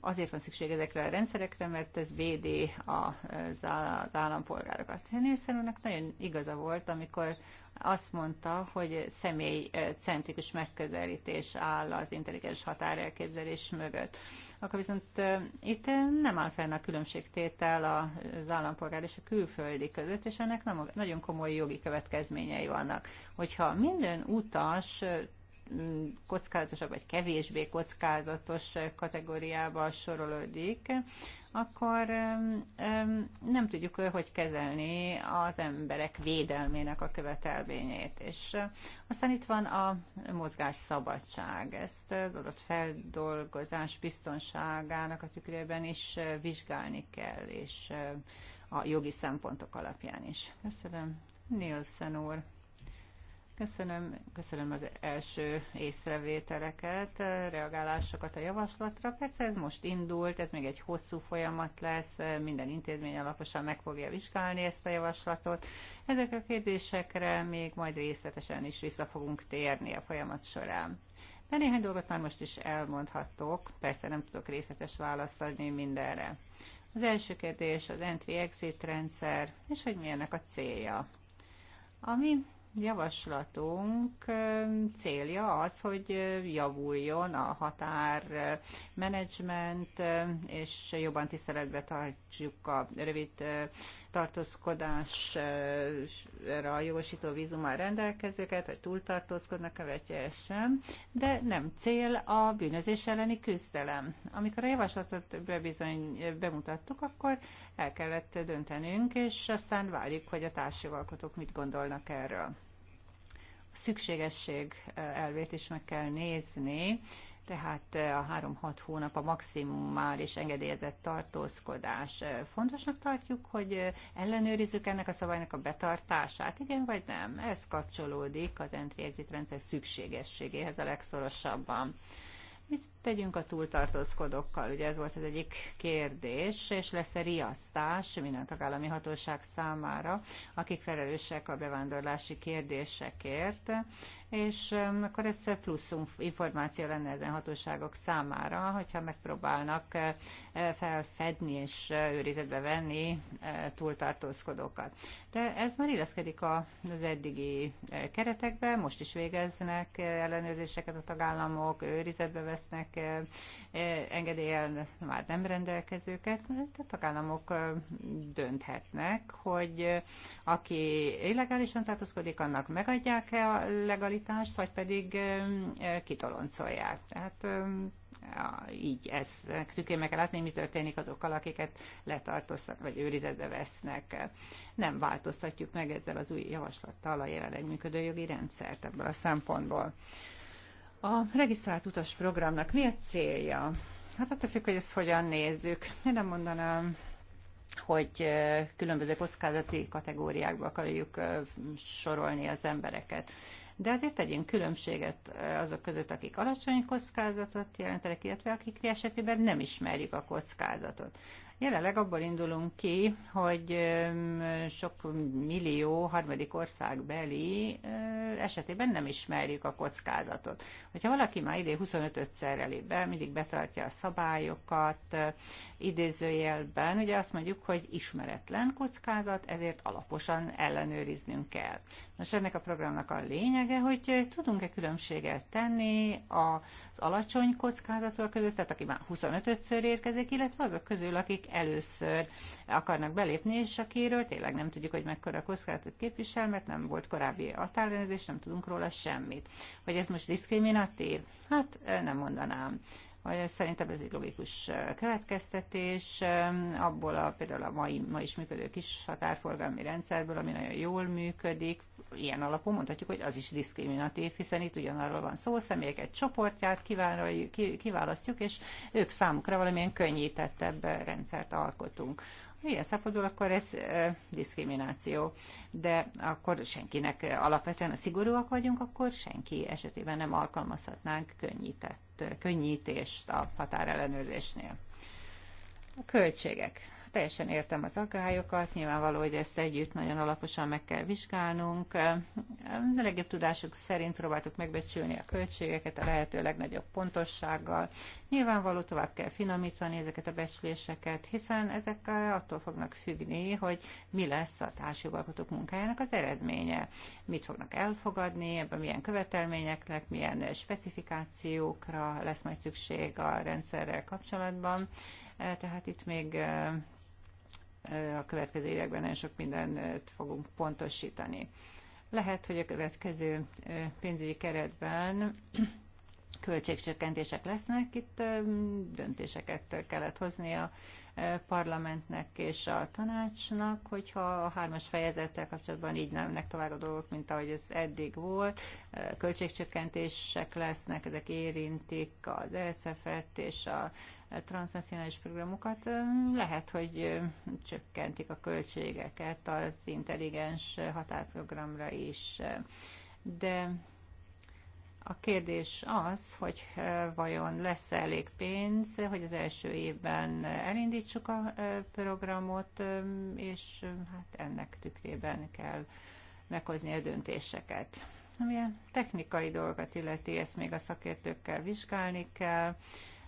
azért van szükség ezekre a rendszerekre, mert ez védi az állampolgárokat. Nielsen úrnak nagyon igaza volt, amikor azt mondta, hogy személycentrikus eh, megközelítés áll az intelligens elképzelés mögött. Akkor viszont eh, itt nem áll fenn a különbségtétel az állampolgár és a külföldi között, és ennek nagyon komoly jogi következményei vannak. Hogyha minden utas eh, kockázatosabb vagy kevésbé kockázatos kategóriába sorolódik, akkor nem tudjuk, hogy kezelni az emberek védelmének a követelményét. És aztán itt van a mozgásszabadság. Ezt az adott feldolgozás biztonságának a tükrében is vizsgálni kell, és a jogi szempontok alapján is. Köszönöm. Nielsen úr. Köszönöm, köszönöm az első észrevételeket, reagálásokat a javaslatra. Persze ez most indult, ez még egy hosszú folyamat lesz, minden intézmény alaposan meg fogja vizsgálni ezt a javaslatot. Ezek a kérdésekre még majd részletesen is vissza fogunk térni a folyamat során. De néhány dolgot már most is elmondhatok, persze nem tudok részletes választ adni mindenre. Az első kérdés az entry-exit rendszer, és hogy milyennek a célja. Ami javaslatunk célja az, hogy javuljon a határ menedzsment, és jobban tiszteletbe tartsuk a rövid tartózkodásra jogosító vízummal rendelkezőket, vagy túltartózkodnak, a sem, de nem cél a bűnözés elleni küzdelem. Amikor a javaslatot bebizony, bemutattuk, akkor el kellett döntenünk, és aztán várjuk, hogy a társjogalkotók mit gondolnak erről szükségesség elvét is meg kell nézni, tehát a 3-6 hónap a maximális engedélyezett tartózkodás. Fontosnak tartjuk, hogy ellenőrizzük ennek a szabálynak a betartását, igen vagy nem. Ez kapcsolódik az entry-exit rendszer szükségességéhez a legszorosabban. Mit tegyünk a túltartózkodókkal? Ugye ez volt az egyik kérdés, és lesz-e riasztás minden tagállami hatóság számára, akik felelősek a bevándorlási kérdésekért, és um, akkor ez plusz információ lenne ezen hatóságok számára, hogyha megpróbálnak uh, uh, felfedni és uh, őrizetbe venni túltartózkodókat. De ez már illeszkedik az eddigi keretekbe, most is végeznek ellenőrzéseket a tagállamok, őrizetbe vesznek engedélyen már nem rendelkezőket, tehát a tagállamok dönthetnek, hogy aki illegálisan tartózkodik, annak megadják-e a legalitást, identitást, vagy pedig kitoloncolják. Tehát ja, így ez tükén meg kell látni, mi történik azokkal, akiket letartóztat, vagy őrizetbe vesznek. Nem változtatjuk meg ezzel az új javaslattal a jelenleg működő jogi rendszert ebből a szempontból. A regisztrált utas programnak mi a célja? Hát attól függ, hogy ezt hogyan nézzük. Én nem mondanám, hogy különböző kockázati kategóriákba akarjuk sorolni az embereket de azért tegyünk különbséget eh, azok között, akik alacsony kockázatot jelentenek, illetve akik esetében nem ismerjük a kockázatot. Jelenleg abból indulunk ki, hogy sok millió harmadik országbeli eh, esetében nem ismerjük a kockázatot. Hogyha valaki már idén 25-öt be, mindig betartja a szabályokat, idézőjelben, ugye azt mondjuk, hogy ismeretlen kockázat, ezért alaposan ellenőriznünk kell. Nos, ennek a programnak a lényege, hogy tudunk-e különbséget tenni az alacsony kockázatok között, tehát aki már 25-ször érkezik, illetve azok közül, akik először akarnak belépni, és akiről tényleg nem tudjuk, hogy mekkora kockázatot képvisel, mert nem volt korábbi határellenőrzés, nem tudunk róla semmit. Hogy ez most diszkriminatív? Hát nem mondanám. Szerintem ez egy logikus következtetés, abból a, például a mai, ma is működő kis határforgalmi rendszerből, ami nagyon jól működik, ilyen alapon mondhatjuk, hogy az is diszkriminatív, hiszen itt ugyanarról van szó, személyek egy csoportját kiválasztjuk, és ők számukra valamilyen könnyítettebb rendszert alkotunk. Ilyen szempontból akkor ez e, diszkrimináció. De akkor senkinek alapvetően, ha szigorúak vagyunk, akkor senki esetében nem alkalmazhatnánk könnyített könnyítést a határellenőrzésnél. A költségek teljesen értem az aggályokat, nyilvánvaló, hogy ezt együtt nagyon alaposan meg kell vizsgálnunk. A legjobb tudásuk szerint próbáltuk megbecsülni a költségeket a lehető legnagyobb pontossággal. Nyilvánvaló tovább kell finomítani ezeket a becsléseket, hiszen ezek eh, attól fognak függni, hogy mi lesz a társjogalkotók munkájának az eredménye. Mit fognak elfogadni, ebben milyen követelményeknek, milyen specifikációkra lesz majd szükség a rendszerrel kapcsolatban. Eh, tehát itt még eh, a következő években nagyon sok mindent fogunk pontosítani. Lehet, hogy a következő pénzügyi keretben költségcsökkentések lesznek, itt döntéseket kellett hozni a parlamentnek és a tanácsnak, hogyha a hármas fejezettel kapcsolatban így nem mennek tovább a dolgok, mint ahogy ez eddig volt. Költségcsökkentések lesznek, ezek érintik az ESF-et és a transnacionális programokat. Lehet, hogy csökkentik a költségeket az intelligens határprogramra is, de a kérdés az, hogy vajon lesz -e elég pénz, hogy az első évben elindítsuk a programot, és hát ennek tükrében kell meghozni a döntéseket. Ami a technikai dolgot illeti, ezt még a szakértőkkel vizsgálni kell,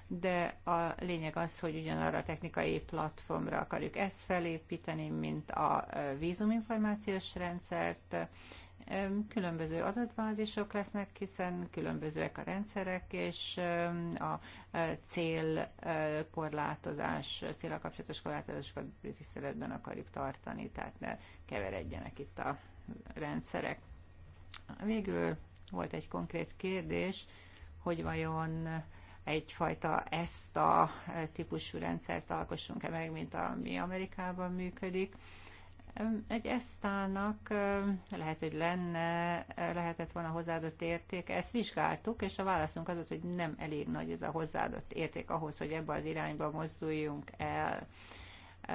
de a lényeg az, hogy ugyanarra a technikai platformra akarjuk ezt felépíteni, mint a vízuminformációs rendszert, Különböző adatbázisok lesznek, hiszen különbözőek a rendszerek, és a e, cél e, korlátozás, célra kapcsolatos korlátozásokat tiszteletben akarjuk tartani, tehát ne keveredjenek itt a rendszerek. Végül volt egy konkrét kérdés, hogy vajon egyfajta ezt a e, típusú rendszert alkossunk-e meg, mint ami Amerikában működik. Egy esztának lehet, hogy lenne, lehetett volna hozzáadott érték. Ezt vizsgáltuk, és a válaszunk az volt, hogy nem elég nagy ez a hozzáadott érték ahhoz, hogy ebbe az irányba mozduljunk el.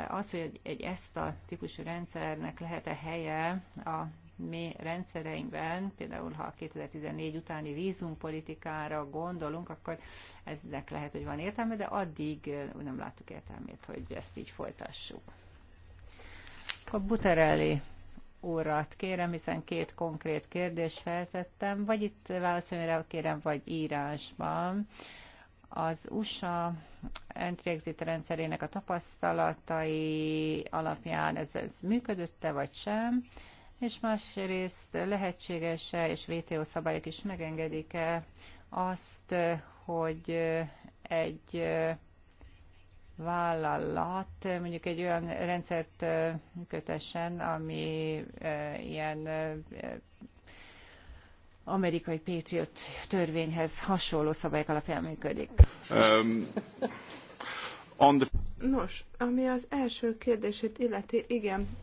Az, hogy egy ezt a típusú rendszernek lehet-e helye a mi rendszereinkben, például ha a 2014 utáni vízumpolitikára gondolunk, akkor eznek lehet, hogy van értelme, de addig nem láttuk értelmét, hogy ezt így folytassuk. A Buterelli urat kérem, hiszen két konkrét kérdést feltettem, vagy itt válaszolni rá, kérem, vagy írásban. Az USA entry-exit rendszerének a tapasztalatai alapján ez, ez működötte, vagy sem, és másrészt lehetséges-e, és VTO szabályok is megengedik-e azt, hogy egy vállalat mondjuk egy olyan rendszert kötessen, ami ilyen amerikai Patriot törvényhez hasonló szabályok alapján működik. Um, on the... Nos, ami az első kérdését illeti, igen,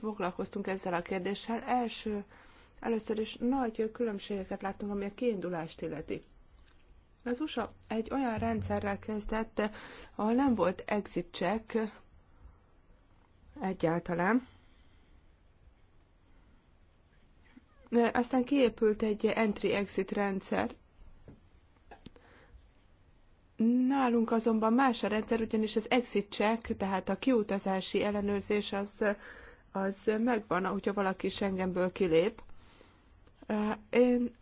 foglalkoztunk ezzel a kérdéssel. Első, először is nagy különbségeket láttunk, ami a kiindulást illeti az USA egy olyan rendszerrel kezdett, ahol nem volt exit check egyáltalán. Aztán kiépült egy entry-exit rendszer. Nálunk azonban más a rendszer, ugyanis az exit check, tehát a kiutazási ellenőrzés az, az megvan, hogyha valaki Schengenből kilép. Én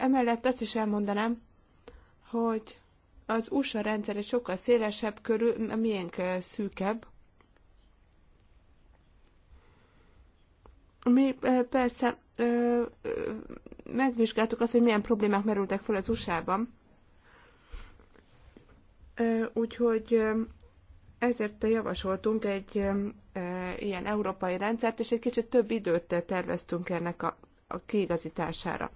Emellett azt is elmondanám, hogy az USA rendszer egy sokkal szélesebb körül, a miénk szűkebb. Mi persze megvizsgáltuk azt, hogy milyen problémák merültek fel az USA-ban. Úgyhogy ezért javasoltunk egy ilyen európai rendszert, és egy kicsit több időt terveztünk ennek a, a kiigazítására.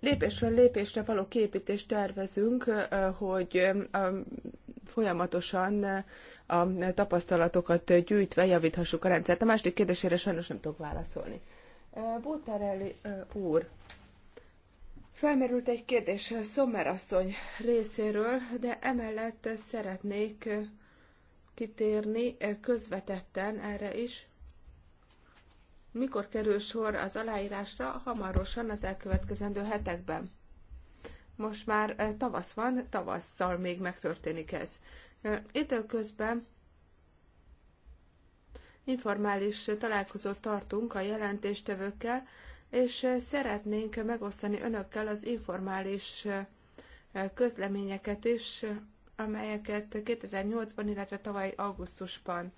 lépésről lépésre való képítést tervezünk, hogy folyamatosan a tapasztalatokat gyűjtve javíthassuk a rendszert. A második kérdésére sajnos nem tudok válaszolni. Bóterelli úr, felmerült egy kérdés a asszony részéről, de emellett szeretnék kitérni közvetetten erre is. Mikor kerül sor az aláírásra? Hamarosan az elkövetkezendő hetekben. Most már eh, tavasz van, tavasszal még megtörténik ez. Eh, időközben informális találkozót tartunk a jelentéstevőkkel, és eh, szeretnénk megosztani önökkel az informális közleményeket is, amelyeket 2008-ban, illetve tavaly augusztusban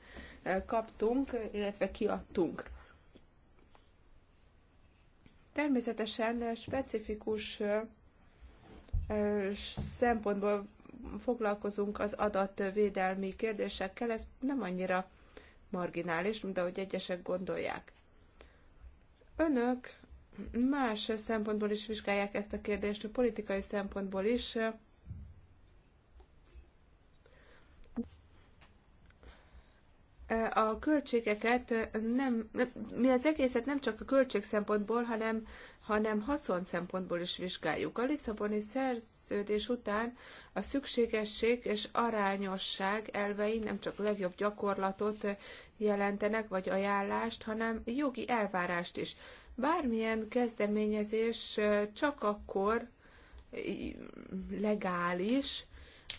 kaptunk, illetve kiadtunk. Természetesen specifikus szempontból foglalkozunk az adatvédelmi kérdésekkel, ez nem annyira marginális, mint ahogy egyesek gondolják. Önök más szempontból is vizsgálják ezt a kérdést, a politikai szempontból is, a költségeket nem, mi az egészet nem csak a költség szempontból, hanem, hanem haszon szempontból is vizsgáljuk. A Lisszaboni szerződés után a szükségesség és arányosság elvei nem csak a legjobb gyakorlatot jelentenek, vagy ajánlást, hanem jogi elvárást is. Bármilyen kezdeményezés csak akkor legális,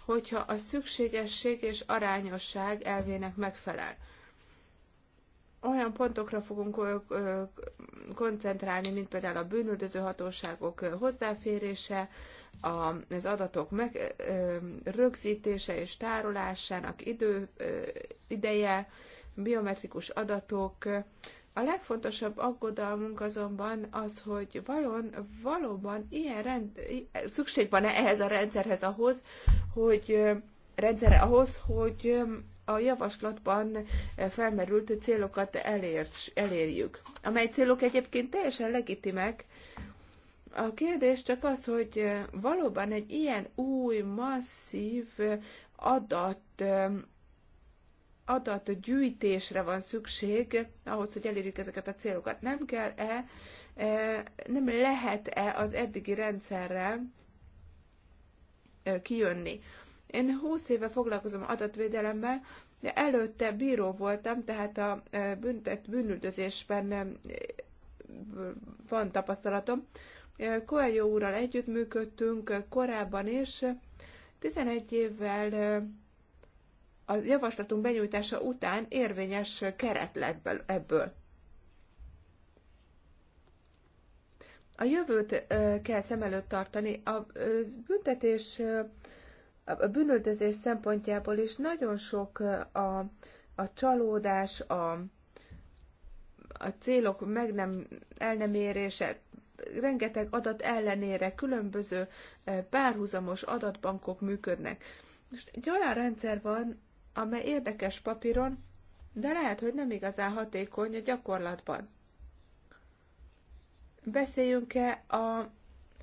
hogyha a szükségesség és arányosság elvének megfelel. Olyan pontokra fogunk koncentrálni, mint például a bűnöldöző hatóságok hozzáférése, az adatok meg, rögzítése és tárolásának idő, ideje, biometrikus adatok, a legfontosabb aggodalmunk azonban az, hogy valon, valóban ilyen rend, szükség van-e ehhez a rendszerhez ahhoz, hogy rendszere ahhoz, hogy a javaslatban felmerült célokat elérts, elérjük, amely célok egyébként teljesen legitimek. A kérdés csak az, hogy valóban egy ilyen új, masszív adat gyűjtésre van szükség ahhoz, hogy elérjük ezeket a célokat. Nem kell-e, e, nem lehet-e az eddigi rendszerrel e, kijönni? Én 20 éve foglalkozom adatvédelemmel, de előtte bíró voltam, tehát a e, büntet, bűnüldözésben van tapasztalatom. Coelho úrral együttműködtünk korábban is, 11 évvel a javaslatunk benyújtása után érvényes keret lett ebből. A jövőt kell szem előtt tartani. A büntetés, a bűnöltözés szempontjából is nagyon sok a, a csalódás, a, a célok meg nem, el nem érése, rengeteg adat ellenére különböző párhuzamos adatbankok működnek. Most egy olyan rendszer van, amely érdekes papíron, de lehet, hogy nem igazán hatékony a gyakorlatban. Beszéljünk-e a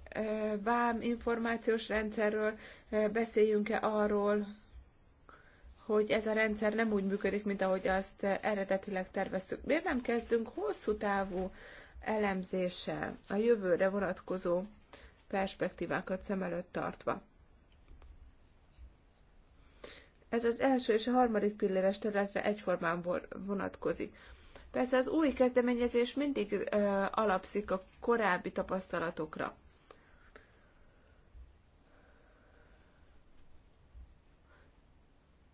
e, vám információs rendszerről, e, beszéljünk-e arról, hogy ez a rendszer nem úgy működik, mint ahogy azt eredetileg terveztük. Miért nem kezdünk hosszú távú elemzéssel, a jövőre vonatkozó perspektívákat szem előtt tartva? Ez az első és a harmadik pilléres területre egyformán vonatkozik. Persze az új kezdeményezés mindig ö, alapszik a korábbi tapasztalatokra.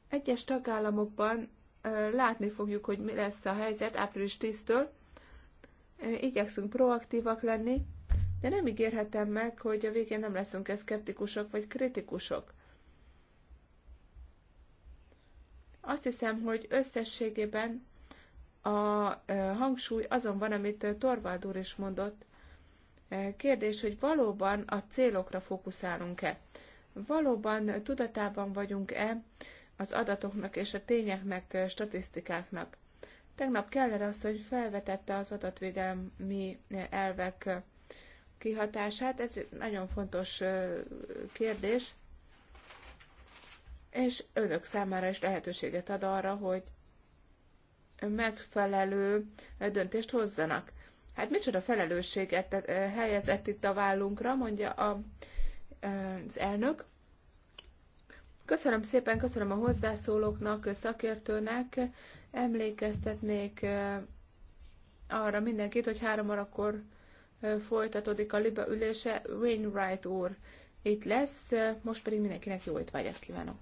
Egyes tagállamokban ö, látni fogjuk, hogy mi lesz a helyzet április 10-től. Igyekszünk proaktívak lenni, de nem ígérhetem meg, hogy a végén nem leszünk-e szkeptikusok vagy kritikusok. Azt hiszem, hogy összességében a hangsúly azon van, amit Torvald úr is mondott. Kérdés, hogy valóban a célokra fókuszálunk-e? Valóban tudatában vagyunk-e az adatoknak és a tényeknek, statisztikáknak? Tegnap Keller asszony felvetette az adatvédelmi elvek kihatását. Ez egy nagyon fontos kérdés és önök számára is lehetőséget ad arra, hogy megfelelő döntést hozzanak. Hát micsoda felelősséget eh, helyezett itt a vállunkra, mondja a, eh, az elnök. Köszönöm szépen, köszönöm a hozzászólóknak, szakértőnek. Emlékeztetnék eh, arra mindenkit, hogy három órakor folytatódik a liba ülése. Wainwright úr itt lesz, most pedig mindenkinek jó étvágyat kívánok!